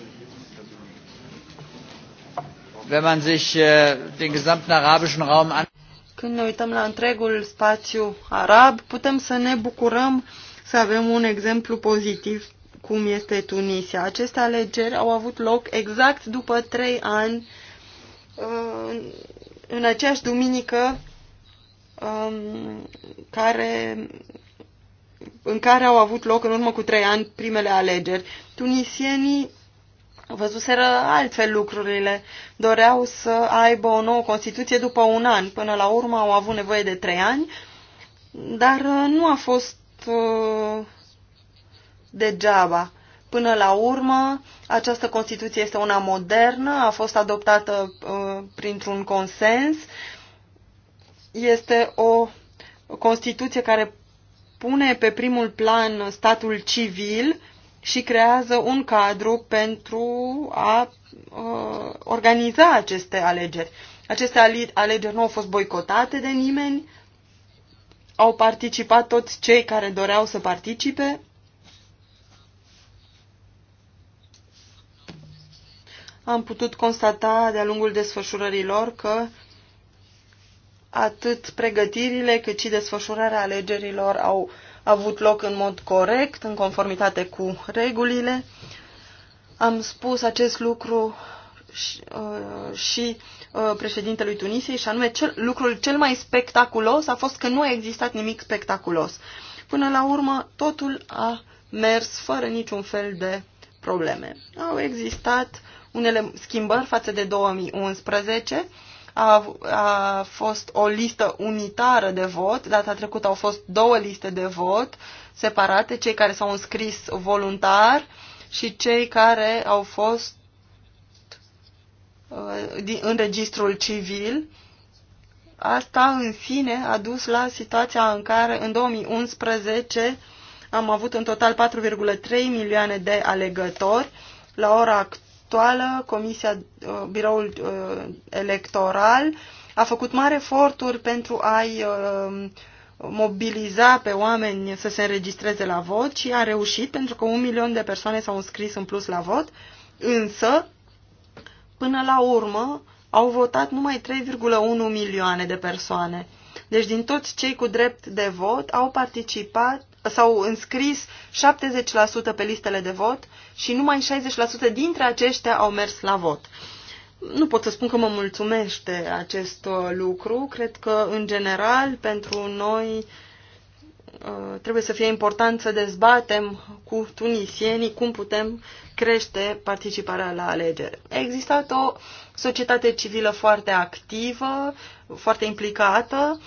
Wenn man sich äh, den gesamten arabischen Raum an Când ne uităm la întregul spațiu arab, putem să ne bucurăm să avem un exemplu pozitiv cum este Tunisia. Aceste alegeri au avut loc exact după trei ani uh, în aceeași duminică um, care, în care au avut loc în urmă cu trei ani primele alegeri. Tunisienii văzuseră altfel lucrurile. Doreau să aibă o nouă Constituție după un an. Până la urmă au avut nevoie de trei ani, dar uh, nu a fost uh, degeaba. Până la urmă, această Constituție este una modernă, a fost adoptată uh, printr-un consens. Este o Constituție care pune pe primul plan statul civil și creează un cadru pentru a uh, organiza aceste alegeri. Aceste alegeri nu au fost boicotate de nimeni, au participat toți cei care doreau să participe am putut constata de-a lungul desfășurării lor că atât pregătirile cât și desfășurarea alegerilor au avut loc în mod corect, în conformitate cu regulile. Am spus acest lucru și, uh, și uh, președintelui Tunisiei și anume cel, lucrul cel mai spectaculos a fost că nu a existat nimic spectaculos. Până la urmă, totul a mers fără niciun fel de probleme. Au existat unele schimbări față de 2011. A, a fost o listă unitară de vot, data trecută au fost două liste de vot separate, cei care s-au înscris voluntar și cei care au fost uh, în registrul civil. Asta în sine a dus la situația în care în 2011 am avut în total 4,3 milioane de alegători. La ora actuală actuală, Comisia, uh, Biroul uh, Electoral, a făcut mari eforturi pentru a-i uh, mobiliza pe oameni să se înregistreze la vot și a reușit pentru că un milion de persoane s-au înscris în plus la vot, însă, până la urmă, au votat numai 3,1 milioane de persoane. Deci din toți cei cu drept de vot au participat, s-au înscris 70% pe listele de vot și numai 60% dintre aceștia au mers la vot. Nu pot să spun că mă mulțumește acest uh, lucru. Cred că, în general, pentru noi uh, trebuie să fie important să dezbatem cu tunisienii cum putem crește participarea la alegeri. A existat o societate civilă foarte activă, foarte implicată,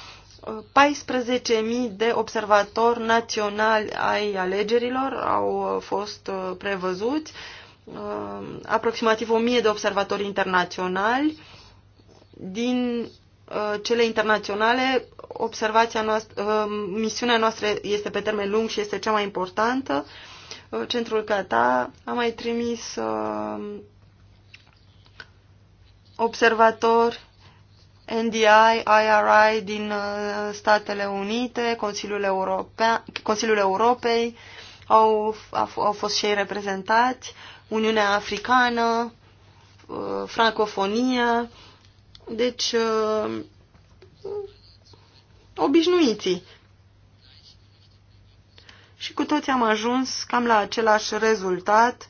14.000 de observatori naționali ai alegerilor au uh, fost uh, prevăzuți, uh, aproximativ 1.000 de observatori internaționali. Din cele internaționale, observația noastră, misiunea noastră este pe termen lung și este cea mai importantă. Centrul Cata a mai trimis observatori NDI, IRI din uh, Statele Unite, Consiliul, Europea, Consiliul Europei, au, au fost și ei reprezentați, Uniunea Africană, uh, Francofonia, deci uh, obișnuiții. Și cu toți am ajuns cam la același rezultat.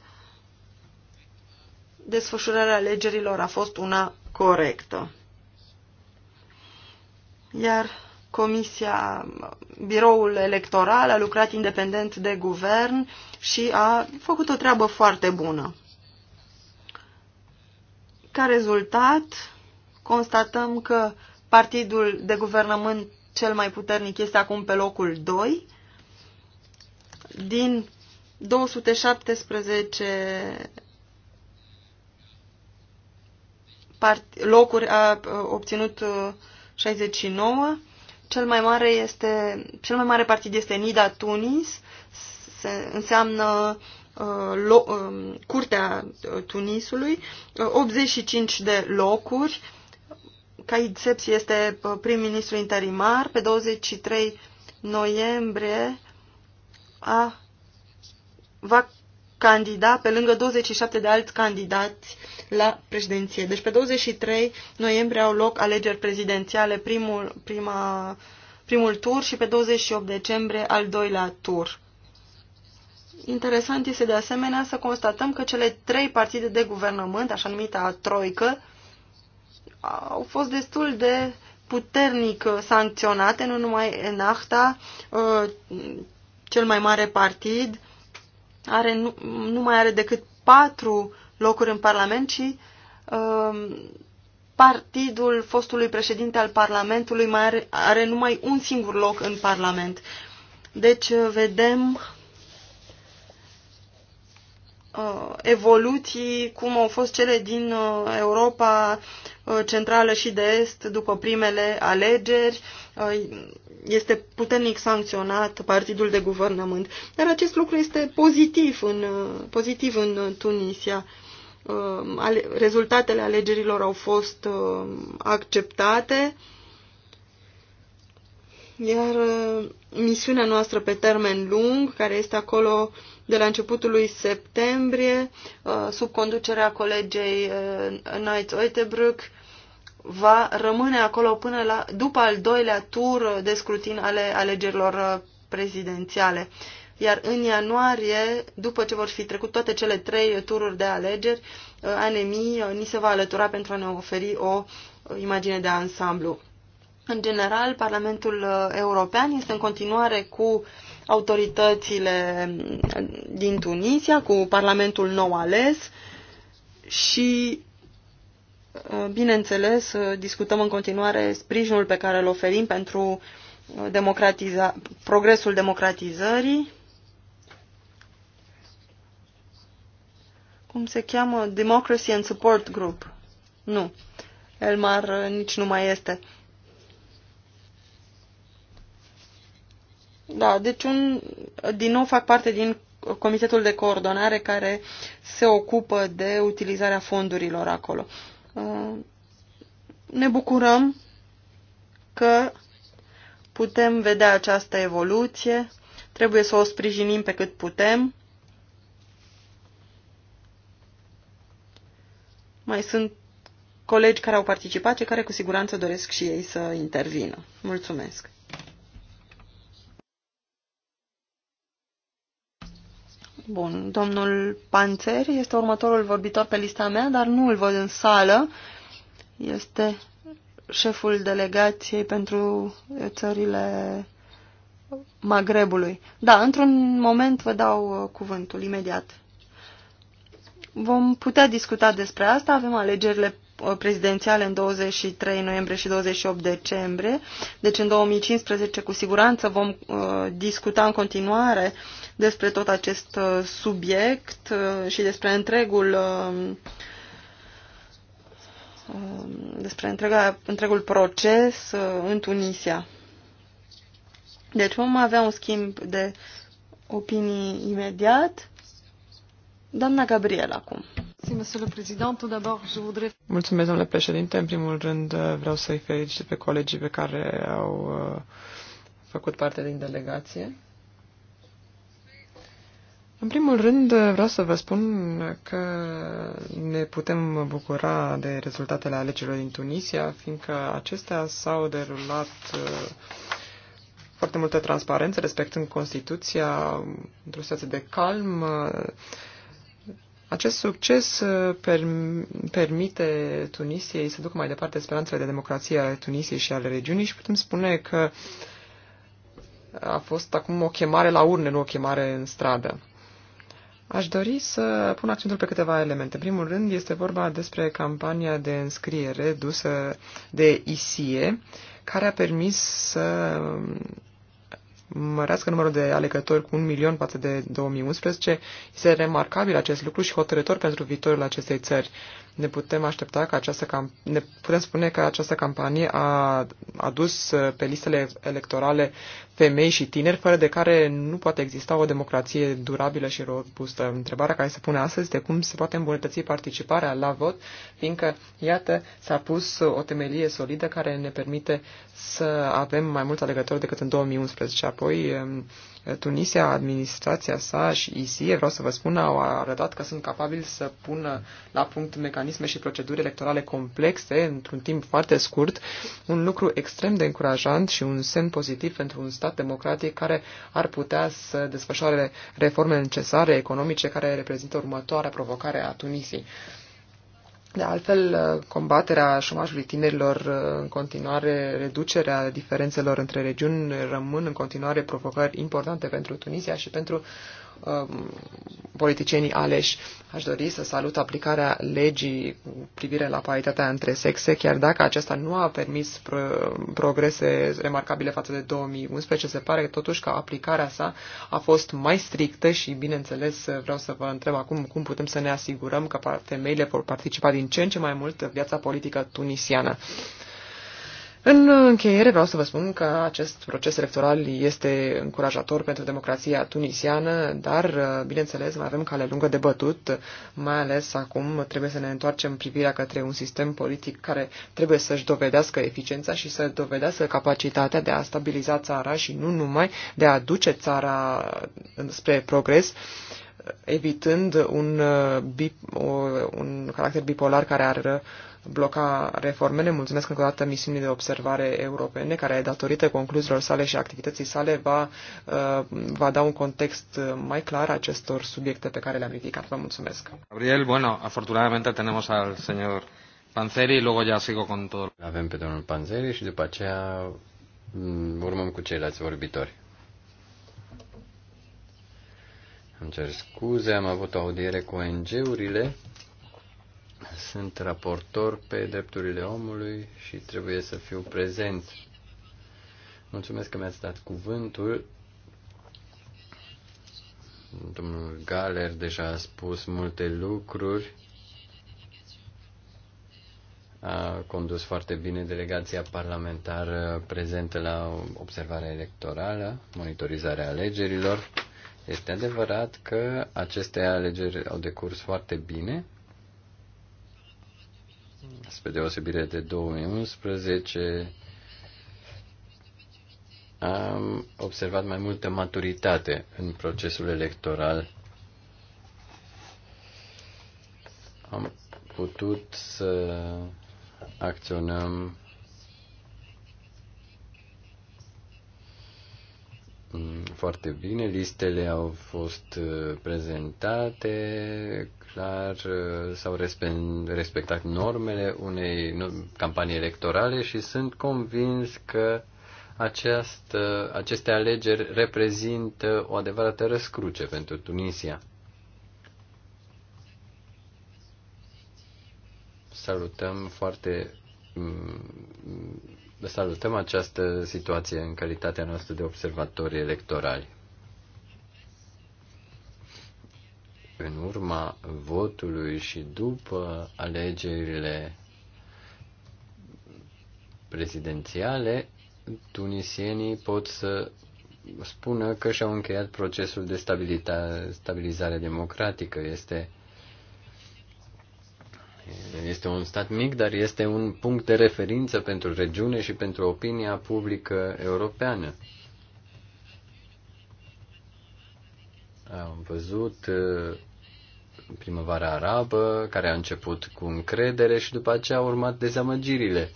Desfășurarea alegerilor a fost una corectă iar Comisia, biroul electoral a lucrat independent de guvern și a făcut o treabă foarte bună. Ca rezultat, constatăm că partidul de guvernământ cel mai puternic este acum pe locul 2. Din 217 locuri a obținut uh, 69. Cel mai mare, este, cel mai mare partid este Nida Tunis, se, înseamnă uh, lo, um, uh, Curtea Tunisului, uh, 85 de locuri. Caid Sepsi este uh, prim-ministru interimar. Pe 23 noiembrie a, va candida pe lângă 27 de alți candidați la președinție. Deci pe 23 noiembrie au loc alegeri prezidențiale, primul, prima, primul tur și pe 28 decembrie al doilea tur. Interesant este de asemenea să constatăm că cele trei partide de guvernământ, așa numita troică, au fost destul de puternic uh, sancționate, nu numai în Ahta, uh, cel mai mare partid, are, nu, nu mai are decât patru locuri în Parlament, ci uh, partidul fostului președinte al Parlamentului mai are, are numai un singur loc în Parlament. Deci uh, vedem uh, evoluții cum au fost cele din uh, Europa uh, Centrală și de Est după primele alegeri. Uh, este puternic sancționat partidul de guvernământ. Dar acest lucru este pozitiv în, pozitiv în Tunisia. Uh, rezultatele alegerilor au fost uh, acceptate, iar uh, misiunea noastră pe termen lung, care este acolo de la începutul lui septembrie, sub conducerea colegei Knight Oitebruck, va rămâne acolo până la, după al doilea tur de scrutin ale alegerilor uh, prezidențiale. Iar în ianuarie, după ce vor fi trecut toate cele trei tururi de alegeri, uh, ANMI uh, ni se va alătura pentru a ne oferi o imagine de ansamblu. În general, Parlamentul European este în continuare cu autoritățile mm, din Tunisia, cu Parlamentul nou ales și Uh, bineînțeles, uh, discutăm în continuare sprijinul pe care îl oferim pentru uh, democratiza progresul democratizării. Cum se cheamă? Democracy and Support Group. Nu. Elmar nici nu mai este. Da, deci un, din nou fac parte din comitetul de coordonare care se ocupă de utilizarea fondurilor acolo. Uh, Uh, ne bucurăm că putem vedea această evoluție, trebuie să o sprijinim pe cât putem. Mai sunt colegi care au participat, cei care cu siguranță doresc și ei să intervină. Mulțumesc! Bun, domnul Panțer este următorul vorbitor pe lista mea, dar nu îl văd în sală. Este șeful delegației pentru țările Magrebului. Da, într-un moment vă dau uh, cuvântul, imediat. Vom putea discuta despre asta, avem alegerile prezidențiale în 23 noiembrie și 28 decembrie. Deci în 2015 cu siguranță vom uh, discuta în continuare despre tot acest uh, subiect uh, și despre întregul um, despre întreaga, întregul proces în Tunisia. Deci vom avea un schimb de opinii imediat. Doamna Gabriel acum. Mulțumesc, domnule președinte. În primul rând, uh, vreau să-i felicit pe colegii pe care au uh, făcut parte din delegație. În primul rând, uh, vreau să vă spun că ne putem bucura de rezultatele alegerilor din Tunisia, fiindcă acestea s-au derulat foarte multă transparență, respectând Constituția, într-o situație de calm, acest succes uh, permite Tunisiei să ducă mai departe speranțele de democrație ale Tunisiei și ale regiunii și putem spune că a fost acum o chemare la urne, nu o chemare în stradă. Aș dori să pun accentul pe câteva elemente. În primul rând este vorba despre campania de înscriere dusă de ISIE, care a permis să mărească numărul de alegători cu un milion față de 2011. Este remarcabil acest lucru și hotărător pentru viitorul acestei țări ne putem aștepta că această camp- ne putem spune că această campanie a adus uh, pe listele electorale femei și tineri, fără de care nu poate exista o democrație durabilă și robustă. Întrebarea care se pune astăzi este cum se poate îmbunătăți participarea la vot, fiindcă, iată, s-a pus o temelie solidă care ne permite să avem mai mulți alegători decât în 2011. Apoi, um, Tunisia, administrația sa și ISIE, vreau să vă spun, au arătat că sunt capabili să pună la punct mecanisme și proceduri electorale complexe într-un timp foarte scurt, un lucru extrem de încurajant și un semn pozitiv pentru un stat democratic care ar putea să desfășoare reforme necesare economice care reprezintă următoarea provocare a Tunisiei. De altfel, combaterea șomajului tinerilor uh, în continuare, reducerea diferențelor între regiuni rămân în continuare provocări importante pentru Tunisia și pentru Um, politicienii aleși. Aș dori să salut aplicarea legii cu privire la paritatea între sexe, chiar dacă aceasta nu a permis progrese remarcabile față de 2011, se pare totuși că aplicarea sa a fost mai strictă și, bineînțeles, vreau să vă întreb acum cum putem să ne asigurăm că femeile vor participa din ce în ce mai mult viața politică tunisiană. Uh, în încheiere vreau să vă spun că acest proces electoral este încurajator pentru democrația tunisiană, dar, uh, bineînțeles, mai avem cale lungă de bătut, mai ales acum trebuie să ne întoarcem privirea către un sistem politic care trebuie să-și dovedească eficiența și să dovedească capacitatea de a stabiliza țara și nu numai de a duce țara spre progres, evitând un, uh, un caracter bipolar care ar uh, bloca reformele. Mulțumesc încă o dată misiunii de observare europene, care, datorită concluziilor sale și activității sale, va, uh, va da un context uh, mai clar acestor subiecte pe care le-am ridicat. Vă mulțumesc. Gabriel, bueno, afortunadamente tenemos al señor Panzeri luego ya sigo con todo. Avem pe domnul Panzeri și după aceea mm, urmăm cu ceilalți vorbitori. Îmi cer scuze, am avut o audiere cu ONG-urile sunt raportor pe drepturile omului și trebuie să fiu prezent. Mulțumesc că mi-ați dat cuvântul. Domnul Galer deja a spus multe lucruri. A condus foarte bine delegația parlamentară prezentă la observarea electorală, monitorizarea alegerilor. Este adevărat că aceste alegeri au decurs foarte bine, spre deosebire de 2011, am observat mai multă maturitate în procesul electoral. Am putut să acționăm foarte bine, listele au fost uh, prezentate, clar uh, s-au respectat normele unei campanii electorale și sunt convins că această, aceste alegeri reprezintă o adevărată răscruce pentru Tunisia. Salutăm foarte mm, salutăm această situație în calitatea noastră de observatori electorali. În urma votului și după alegerile prezidențiale, tunisienii pot să spună că și-au încheiat procesul de stabilizare democratică. Este este un stat mic, dar este un punct de referință pentru regiune și pentru opinia publică europeană. Am văzut uh, primăvara arabă, care a început cu încredere și după aceea a urmat dezamăgirile.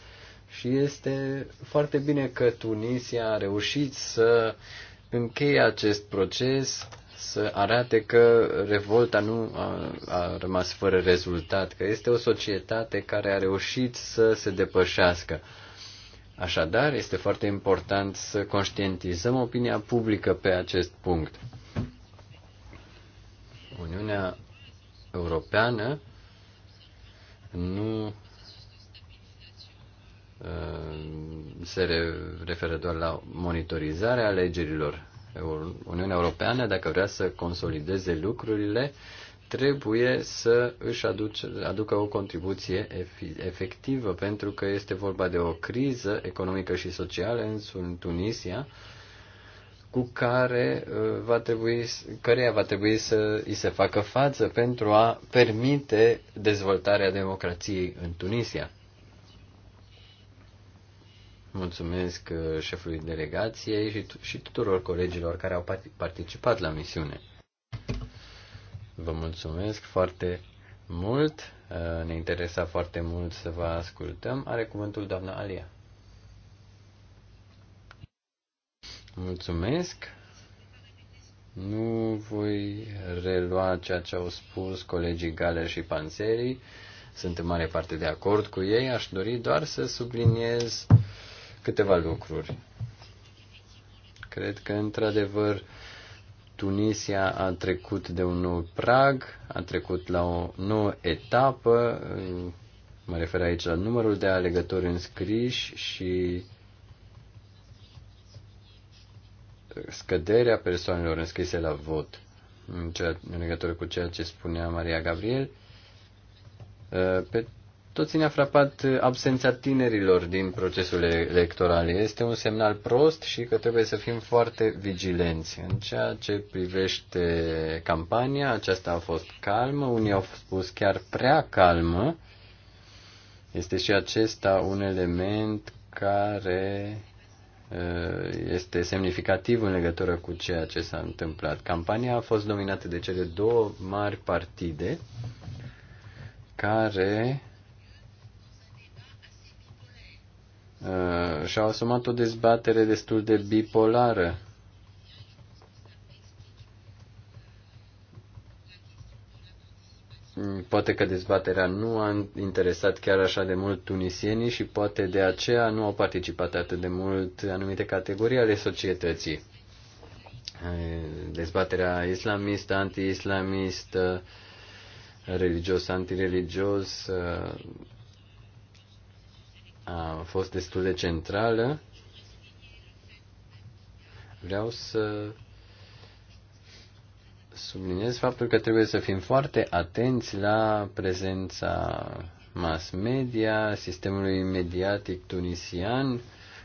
Și este foarte bine că Tunisia a reușit să încheie acest proces să arate că revolta nu a, a rămas fără rezultat, că este o societate care a reușit să se depășească. Așadar, este foarte important să conștientizăm opinia publică pe acest punct. Uniunea Europeană nu uh, se referă doar la monitorizarea alegerilor. Uniunea Europeană, dacă vrea să consolideze lucrurile, trebuie să își aduce, aducă o contribuție efectivă, pentru că este vorba de o criză economică și socială în Tunisia, cu care uh, va trebui, căreia va trebui să îi se facă față pentru a permite dezvoltarea democrației în Tunisia. Mulțumesc uh, șefului delegației și, și tuturor colegilor care au participat la misiune. Vă mulțumesc foarte mult. Uh, ne interesa foarte mult să vă ascultăm. Are cuvântul doamna Alia. Mulțumesc. Nu voi relua ceea ce au spus colegii Galer și Panserii. Sunt în mare parte de acord cu ei. Aș dori doar să subliniez uh, câteva lucruri. Cred că, într-adevăr, Tunisia a trecut de un nou prag, a trecut la o nouă etapă, mă refer aici la numărul de alegători înscriși și scăderea persoanelor înscrise la vot. În, legătură cu ceea ce spunea Maria Gabriel, pe toți ne-a frapat uh, absența tinerilor din procesul electoral. Este un semnal prost și că trebuie să fim foarte vigilenți. În ceea ce privește campania, aceasta a fost calmă, unii au spus chiar prea calmă. Este și acesta un element care uh, este semnificativ în legătură cu ceea ce s-a întâmplat. Campania a fost dominată de cele două mari partide care uh, și-au asumat o dezbatere destul de bipolară. Mm, poate că dezbaterea nu a interesat chiar așa de mult tunisienii și poate de aceea nu au participat atât de mult anumite categorii ale societății. Uh, dezbaterea islamistă, anti-islamistă, religios, antireligios, uh, a fost destul de centrală. Vreau să subliniez faptul că trebuie să fim foarte atenți la prezența mass media, sistemului mediatic tunisian,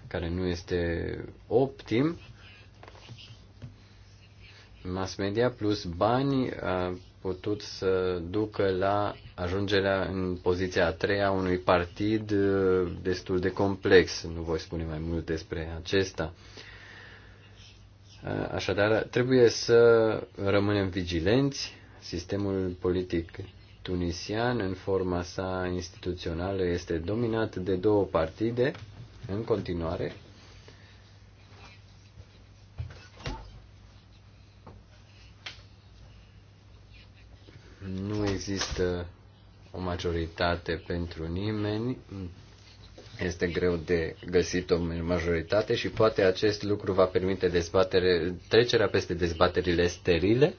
care nu este optim. Mass media plus bani a putut să ducă la ajungerea în poziția a treia unui partid uh, destul de complex. Nu voi spune mai mult despre acesta. Uh, așadar, trebuie să rămânem vigilenți. Sistemul politic tunisian, în forma sa instituțională, este dominat de două partide în continuare nu există o majoritate pentru nimeni, este greu de găsit o majoritate și poate acest lucru va permite dezbatere, trecerea peste dezbaterile sterile.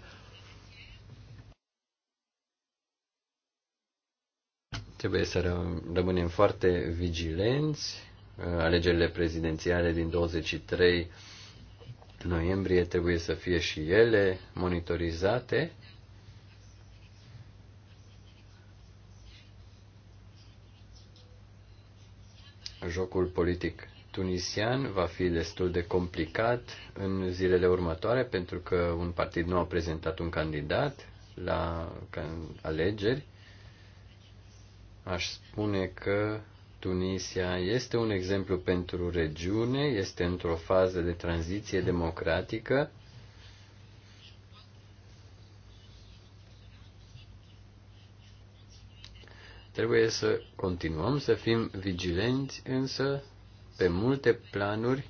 Trebuie să rămânem foarte vigilenți. Alegerile prezidențiale din 23 noiembrie trebuie să fie și ele monitorizate jocul politic tunisian va fi destul de complicat în zilele următoare, pentru că un partid nu a prezentat un candidat la alegeri. Aș spune că Tunisia este un exemplu pentru regiune, este într-o fază de tranziție democratică Trebuie să continuăm să fim vigilenți, însă, pe multe planuri,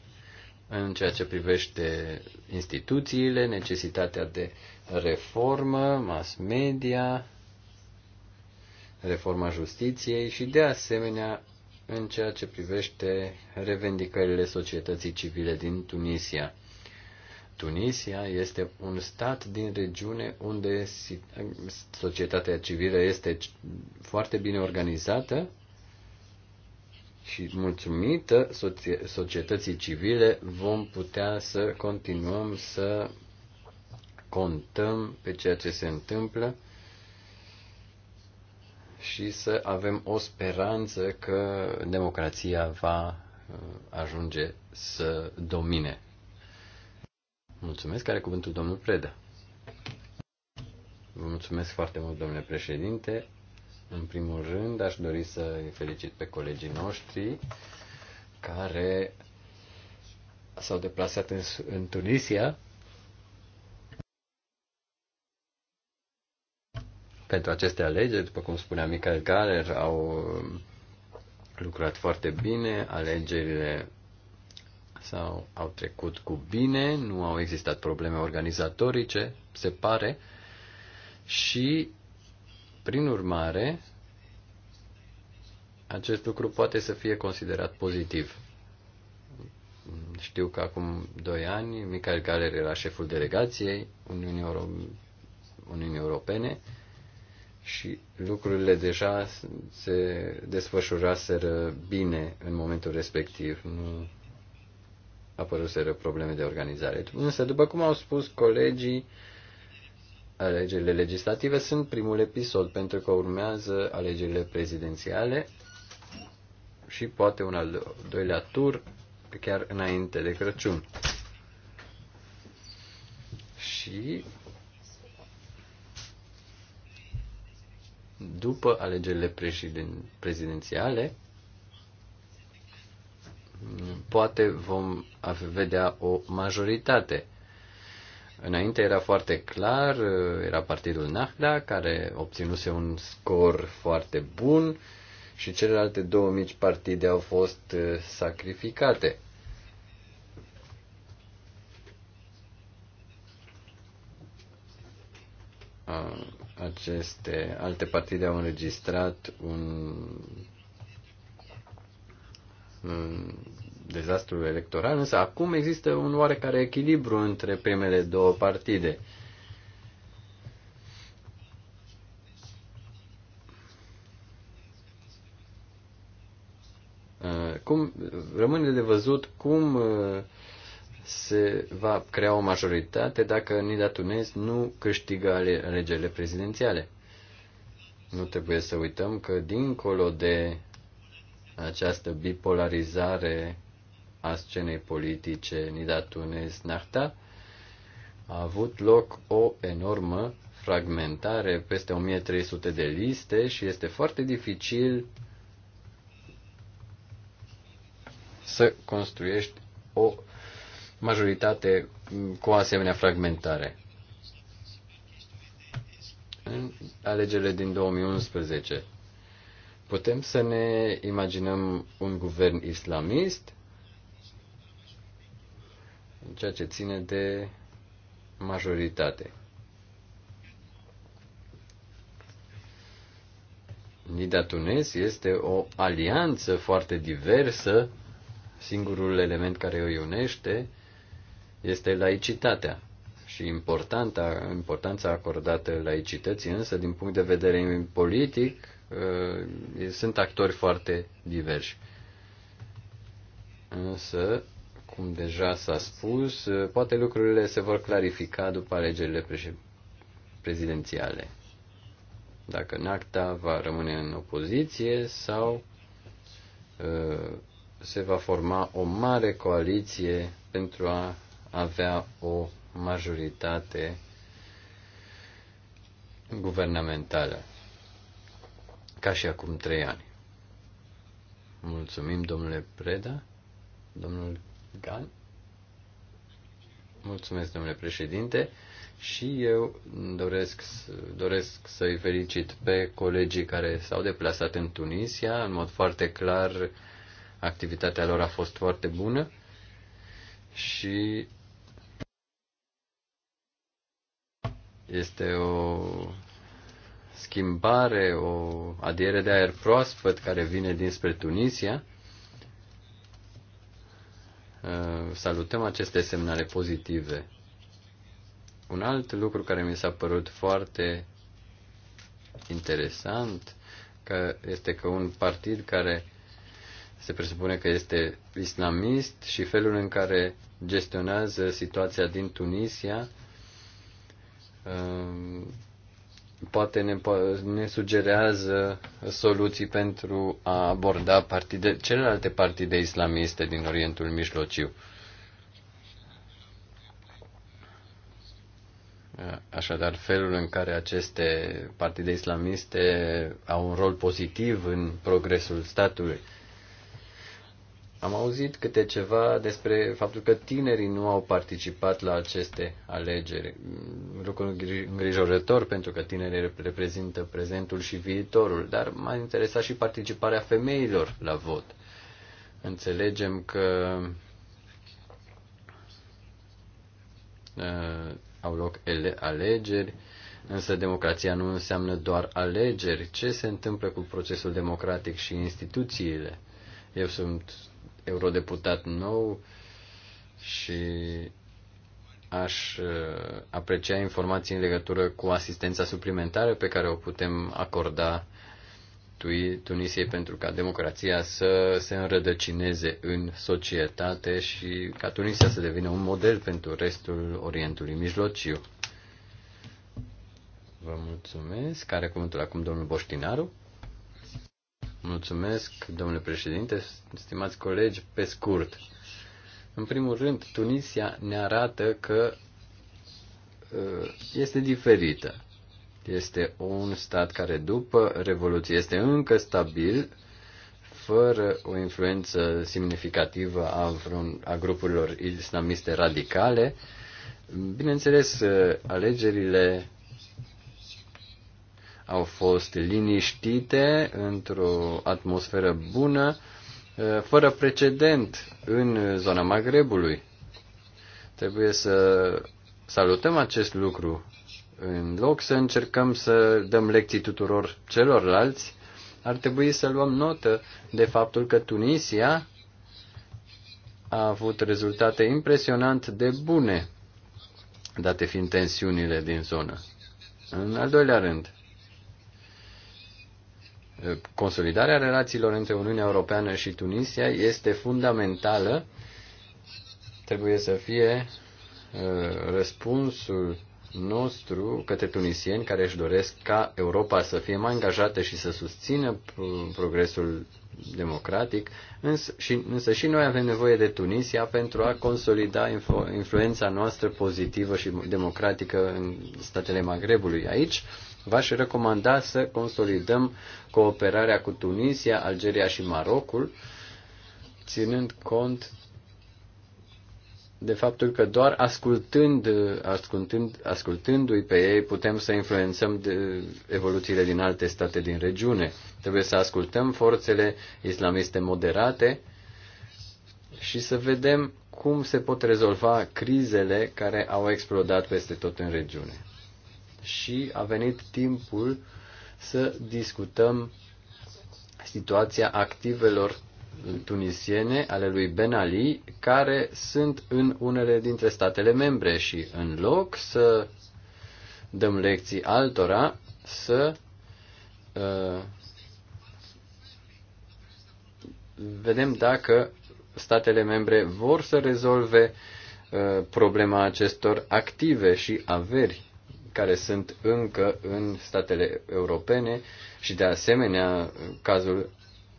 în ceea ce privește instituțiile, necesitatea de reformă, mass media, reforma justiției și, de asemenea, în ceea ce privește revendicările societății civile din Tunisia. Tunisia este un stat din regiune unde societatea civilă este foarte bine organizată și mulțumită societății civile vom putea să continuăm să contăm pe ceea ce se întâmplă și să avem o speranță că democrația va uh, ajunge să domine Mulțumesc. Are cuvântul domnul Preda. Vă mulțumesc foarte mult, domnule președinte. În primul rând, aș dori să îi felicit pe colegii noștri care s-au deplasat în, în Tunisia pentru aceste alegeri, după cum spunea Michael Galler, au lucrat foarte bine, alegerile sau au trecut cu bine, nu au existat probleme organizatorice, se pare, și, prin urmare, acest lucru poate să fie considerat pozitiv. Știu că acum doi ani Michael Galer era șeful delegației Uniunii, Euro- Uniunii Europene și lucrurile deja se desfășuraseră bine în momentul respectiv. Nu apăruseră probleme de organizare. Însă, după cum au spus colegii, alegerile legislative sunt primul episod, pentru că urmează alegerile prezidențiale și poate un al doilea tur chiar înainte de Crăciun. Și după alegerile prezidențiale, poate vom vedea o majoritate. Înainte era foarte clar, era partidul Nahda, care obținuse un scor foarte bun și celelalte două mici partide au fost uh, sacrificate. Aceste alte partide au înregistrat un dezastru electoral, însă acum există un oarecare echilibru între primele două partide. Uh, cum, rămâne de văzut cum uh, se va crea o majoritate dacă Nida Tunes nu câștigă alegerile prezidențiale. Nu trebuie să uităm că dincolo de această bipolarizare a scenei politice nidatunez-nahta, a avut loc o enormă fragmentare, peste 1300 de liste și este foarte dificil să construiești o majoritate cu o asemenea fragmentare. În alegerile din 2011, Putem să ne imaginăm un guvern islamist, în ceea ce ține de majoritate. Nida Tunes este o alianță foarte diversă. Singurul element care o unește este laicitatea și importanța, importanța acordată laicității, însă din punct de vedere politic Uh, sunt actori foarte diversi. Însă, cum deja s-a spus, uh, poate lucrurile se vor clarifica după alegerile prezidențiale. Dacă NACTA va rămâne în opoziție sau uh, se va forma o mare coaliție pentru a avea o majoritate guvernamentală ca și acum trei ani. Mulțumim, domnule Preda. Domnul Gan. Mulțumesc, domnule președinte. Și eu doresc, doresc să-i felicit pe colegii care s-au deplasat în Tunisia. În mod foarte clar, activitatea lor a fost foarte bună și este o schimbare, o adiere de aer proaspăt care vine dinspre Tunisia. Uh, salutăm aceste semnale pozitive. Un alt lucru care mi s-a părut foarte interesant că este că un partid care se presupune că este islamist și felul în care gestionează situația din Tunisia uh, poate ne, ne sugerează soluții pentru a aborda partide, celelalte partide islamiste din Orientul Mijlociu. Așadar, felul în care aceste partide islamiste au un rol pozitiv în progresul statului. Am auzit câte ceva despre faptul că tinerii nu au participat la aceste alegeri. Lucru îngrijorător pentru că tinerii reprezintă prezentul și viitorul, dar m-a interesat și participarea femeilor la vot. Înțelegem că uh, au loc alegeri, însă democrația nu înseamnă doar alegeri. Ce se întâmplă cu procesul democratic și instituțiile? Eu sunt eurodeputat nou și aș uh, aprecia informații în legătură cu asistența suplimentară pe care o putem acorda Tunisiei pentru ca democrația să se înrădăcineze în societate și ca Tunisia să devină un model pentru restul Orientului Mijlociu. Vă mulțumesc. Care cuvântul acum domnul Boștinaru? Mulțumesc, domnule președinte, stimați colegi, pe scurt. În primul rând, Tunisia ne arată că uh, este diferită. Este un stat care după Revoluție este încă stabil, fără o influență semnificativă a, vreun, a grupurilor islamiste radicale. Bineînțeles, uh, alegerile au fost liniștite într-o atmosferă bună, fără precedent în zona Magrebului. Trebuie să salutăm acest lucru în loc să încercăm să dăm lecții tuturor celorlalți, ar trebui să luăm notă de faptul că Tunisia a avut rezultate impresionant de bune, date fiind tensiunile din zonă. În al doilea rând, Consolidarea relațiilor între Uniunea Europeană și Tunisia este fundamentală. Trebuie să fie uh, răspunsul nostru către tunisieni care își doresc ca Europa să fie mai angajată și să susțină progresul democratic, însă și, însă și noi avem nevoie de Tunisia pentru a consolida influența noastră pozitivă și democratică în statele Magrebului. Aici V-aș recomanda să consolidăm cooperarea cu Tunisia, Algeria și Marocul, ținând cont de faptul că doar ascultând, ascultând, ascultându-i pe ei putem să influențăm de evoluțiile din alte state din regiune. Trebuie să ascultăm forțele islamiste moderate și să vedem cum se pot rezolva crizele care au explodat peste tot în regiune și a venit timpul să discutăm situația activelor tunisiene ale lui Ben Ali, care sunt în unele dintre statele membre și în loc să dăm lecții altora, să uh, vedem dacă statele membre vor să rezolve uh, problema acestor active și averi care sunt încă în statele europene și de asemenea cazul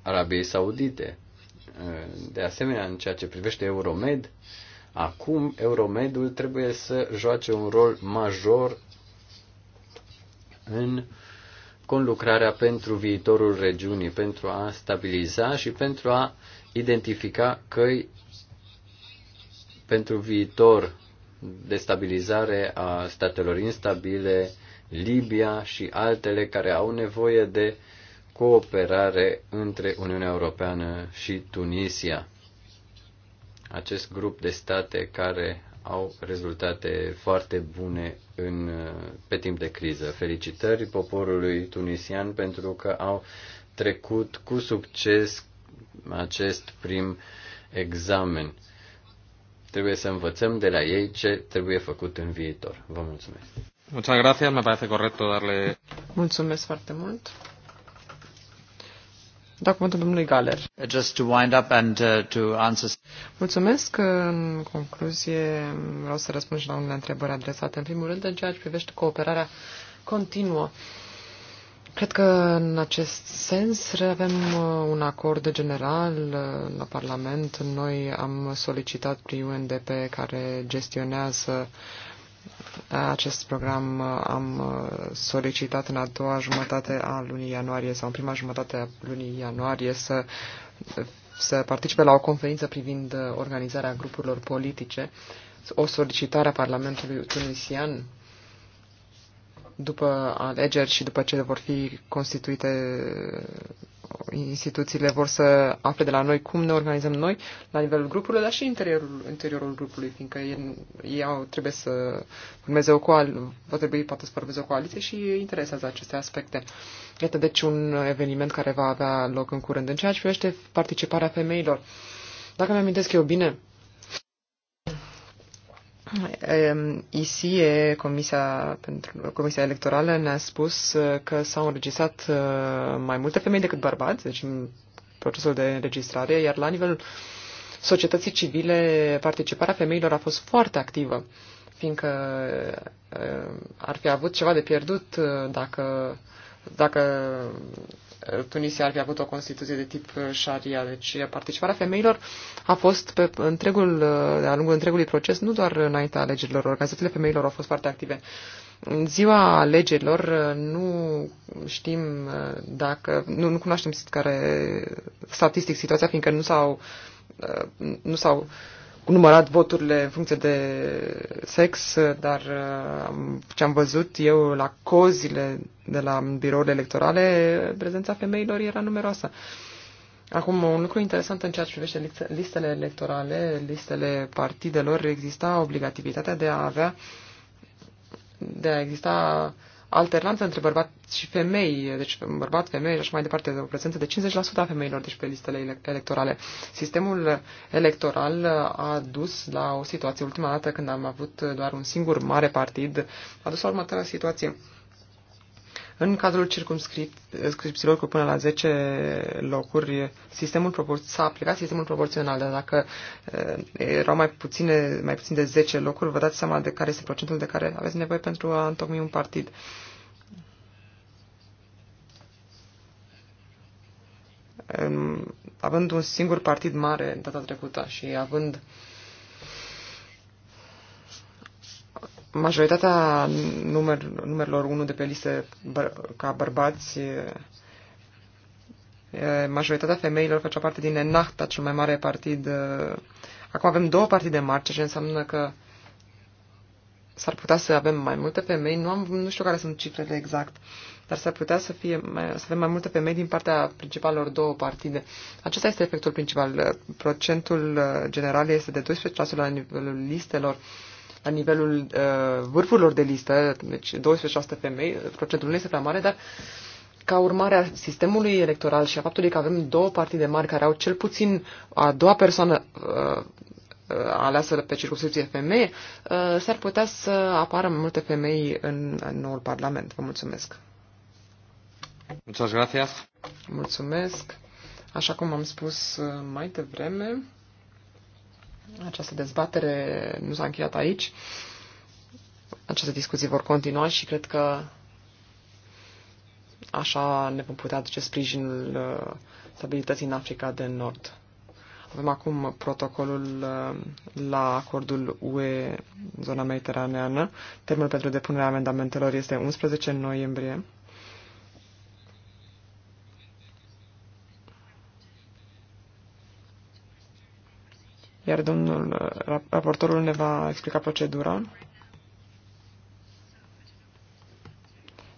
Arabiei Saudite. De asemenea, în ceea ce privește Euromed, acum Euromedul trebuie să joace un rol major în conlucrarea pentru viitorul regiunii, pentru a stabiliza și pentru a identifica căi pentru viitor destabilizare a statelor instabile, Libia și altele care au nevoie de cooperare între Uniunea Europeană și Tunisia. Acest grup de state care au rezultate foarte bune în, pe timp de criză. Felicitări poporului tunisian pentru că au trecut cu succes acest prim examen. Trebuie să învățăm de la ei ce trebuie făcut în viitor. Vă mulțumesc. Muchas gracias, me parece correcto darle... Mulțumesc foarte mult. Da cuvântul domnului Galer. Just to wind up and uh, to answer... Mulțumesc. În concluzie, vreau să răspund și la unele întrebări adresate. În primul rând, în ceea ce privește cooperarea continuă Cred că în acest sens avem uh, un acord general uh, la Parlament. Noi am solicitat prin UNDP care gestionează uh, acest program. Am solicitat în a doua jumătate a lunii ianuarie sau în prima jumătate a lunii ianuarie să, să participe la o conferință privind organizarea grupurilor politice. O solicitare a Parlamentului tunisian după alegeri și după ce vor fi constituite instituțiile, vor să afle de la noi cum ne organizăm noi la nivelul grupului, dar și interiorul, interiorul grupului, fiindcă ei, ei au, trebuie să urmeze o coaliție, va trebui poate să formeze o coaliție și interesează aceste aspecte. Iată deci un eveniment care va avea loc în curând. În ceea ce privește participarea femeilor, dacă mi-amintesc eu bine, ISI, Comisia, pentru, Comisia Electorală, ne-a spus uh, că s-au înregistrat uh, mai multe femei decât bărbați, deci în procesul de înregistrare, iar la nivelul societății civile, participarea femeilor a fost foarte activă, fiindcă uh, ar fi avut ceva de pierdut dacă, dacă Tunisia ar fi avut o Constituție de tip uh, șaria, deci participarea femeilor a fost pe întregul, uh, de-a lungul întregului proces, nu doar înaintea alegerilor, organizațiile femeilor au fost foarte active. În ziua alegerilor uh, nu știm dacă, nu, nu cunoaștem care statistic situația, fiindcă nu s-au, nu s-au uh, numărat voturile în funcție de sex, dar uh, ce am văzut eu la cozile de la birourile electorale, prezența femeilor era numeroasă. Acum, un lucru interesant în ceea ce privește listele electorale, listele partidelor, exista obligativitatea de a avea, de a exista uh, alternanță între bărbați și femei, deci bărbat, femei și așa mai departe, de o prezență de 50% a femeilor deci pe listele electorale. Sistemul electoral a dus la o situație, ultima dată când am avut doar un singur mare partid, a dus la următoarea situație. În cazul circumscripțiilor cu până la 10 locuri, sistemul s-a aplicat sistemul proporțional, dar dacă erau mai, puține, mai puțin de 10 locuri, vă dați seama de care este procentul de care aveți nevoie pentru a întocmi un partid. Având un singur partid mare data trecută și având uh, majoritatea numer, numerelor 1 de pe listă băr, ca bărbați, majoritatea femeilor face parte din Enachta, cel mai mare partid. Acum avem două partide mari, ceea ce înseamnă că s-ar putea să avem mai multe femei, nu, am, nu știu care sunt cifrele exact, dar s-ar putea să, fie mai, să avem mai multe femei din partea principalelor două partide. Acesta este efectul principal. Procentul general este de 12% la nivelul listelor la nivelul uh, vârfurilor de listă, deci 12% femei, procentul nu este prea mare, dar ca urmare a sistemului electoral și a faptului că avem două partide mari care au cel puțin a doua persoană uh, uh aleasă pe circunscripție femeie, uh, s-ar putea să apară mai multe femei în, în noul Parlament. Vă mulțumesc! Muchas gracias. Mulțumesc! Așa cum am spus uh, mai devreme, această dezbatere nu s-a încheiat aici. Aceste discuții vor continua și cred că așa ne vom putea aduce sprijinul uh, stabilității în Africa de Nord. Avem acum protocolul uh, la acordul UE zona mediteraneană. Termenul pentru depunerea amendamentelor este 11 noiembrie. iar domnul uh, raportorul ne va explica procedura.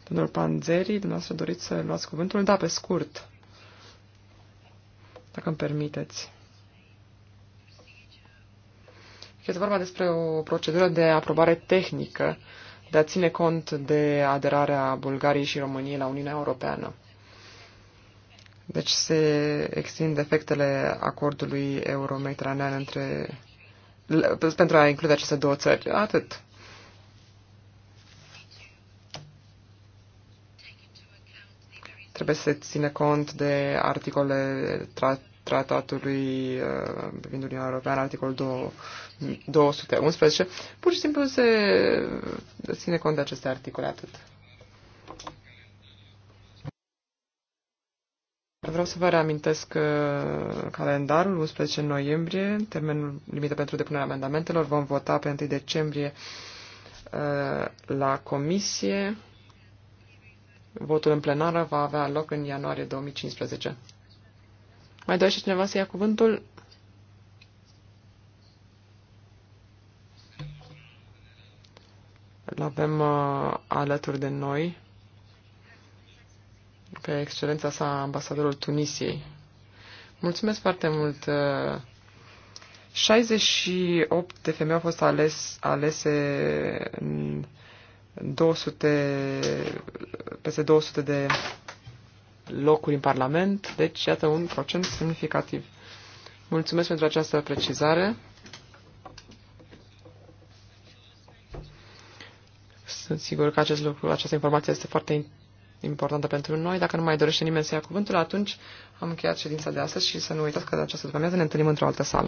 Domnul Panzeri, dumneavoastră doriți să luați cuvântul? Da, pe scurt, dacă îmi permiteți. Deci este vorba despre o procedură de aprobare tehnică de a ține cont de aderarea Bulgariei și României la Uniunea Europeană. Deci se extind efectele acordului euro-mediteranean între, pentru a include aceste două țări. Atât. Trebuie să ține cont de articole tra tratatului uh, privind Uniunea Europeană, articolul 211. Pur și simplu se ține cont de aceste articole. Atât. Vreau să vă reamintesc că uh, calendarul 11 noiembrie, termenul limită pentru depunerea amendamentelor. Vom vota pe 1 decembrie uh, la comisie. Votul în plenară va avea loc în ianuarie 2015. Mai dorește cineva să ia cuvântul? l avem uh, alături de noi pe excelența sa ambasadorul Tunisiei. Mulțumesc foarte mult. 68 de femei au fost ales, alese în 200, peste 200 de locuri în Parlament, deci iată un procent semnificativ. Mulțumesc pentru această precizare. Sunt sigur că acest lucru, această informație este foarte importantă pentru noi. Dacă nu mai dorește nimeni să ia cuvântul, atunci am încheiat ședința de astăzi și să nu uitați că de această după ne întâlnim într-o altă sală.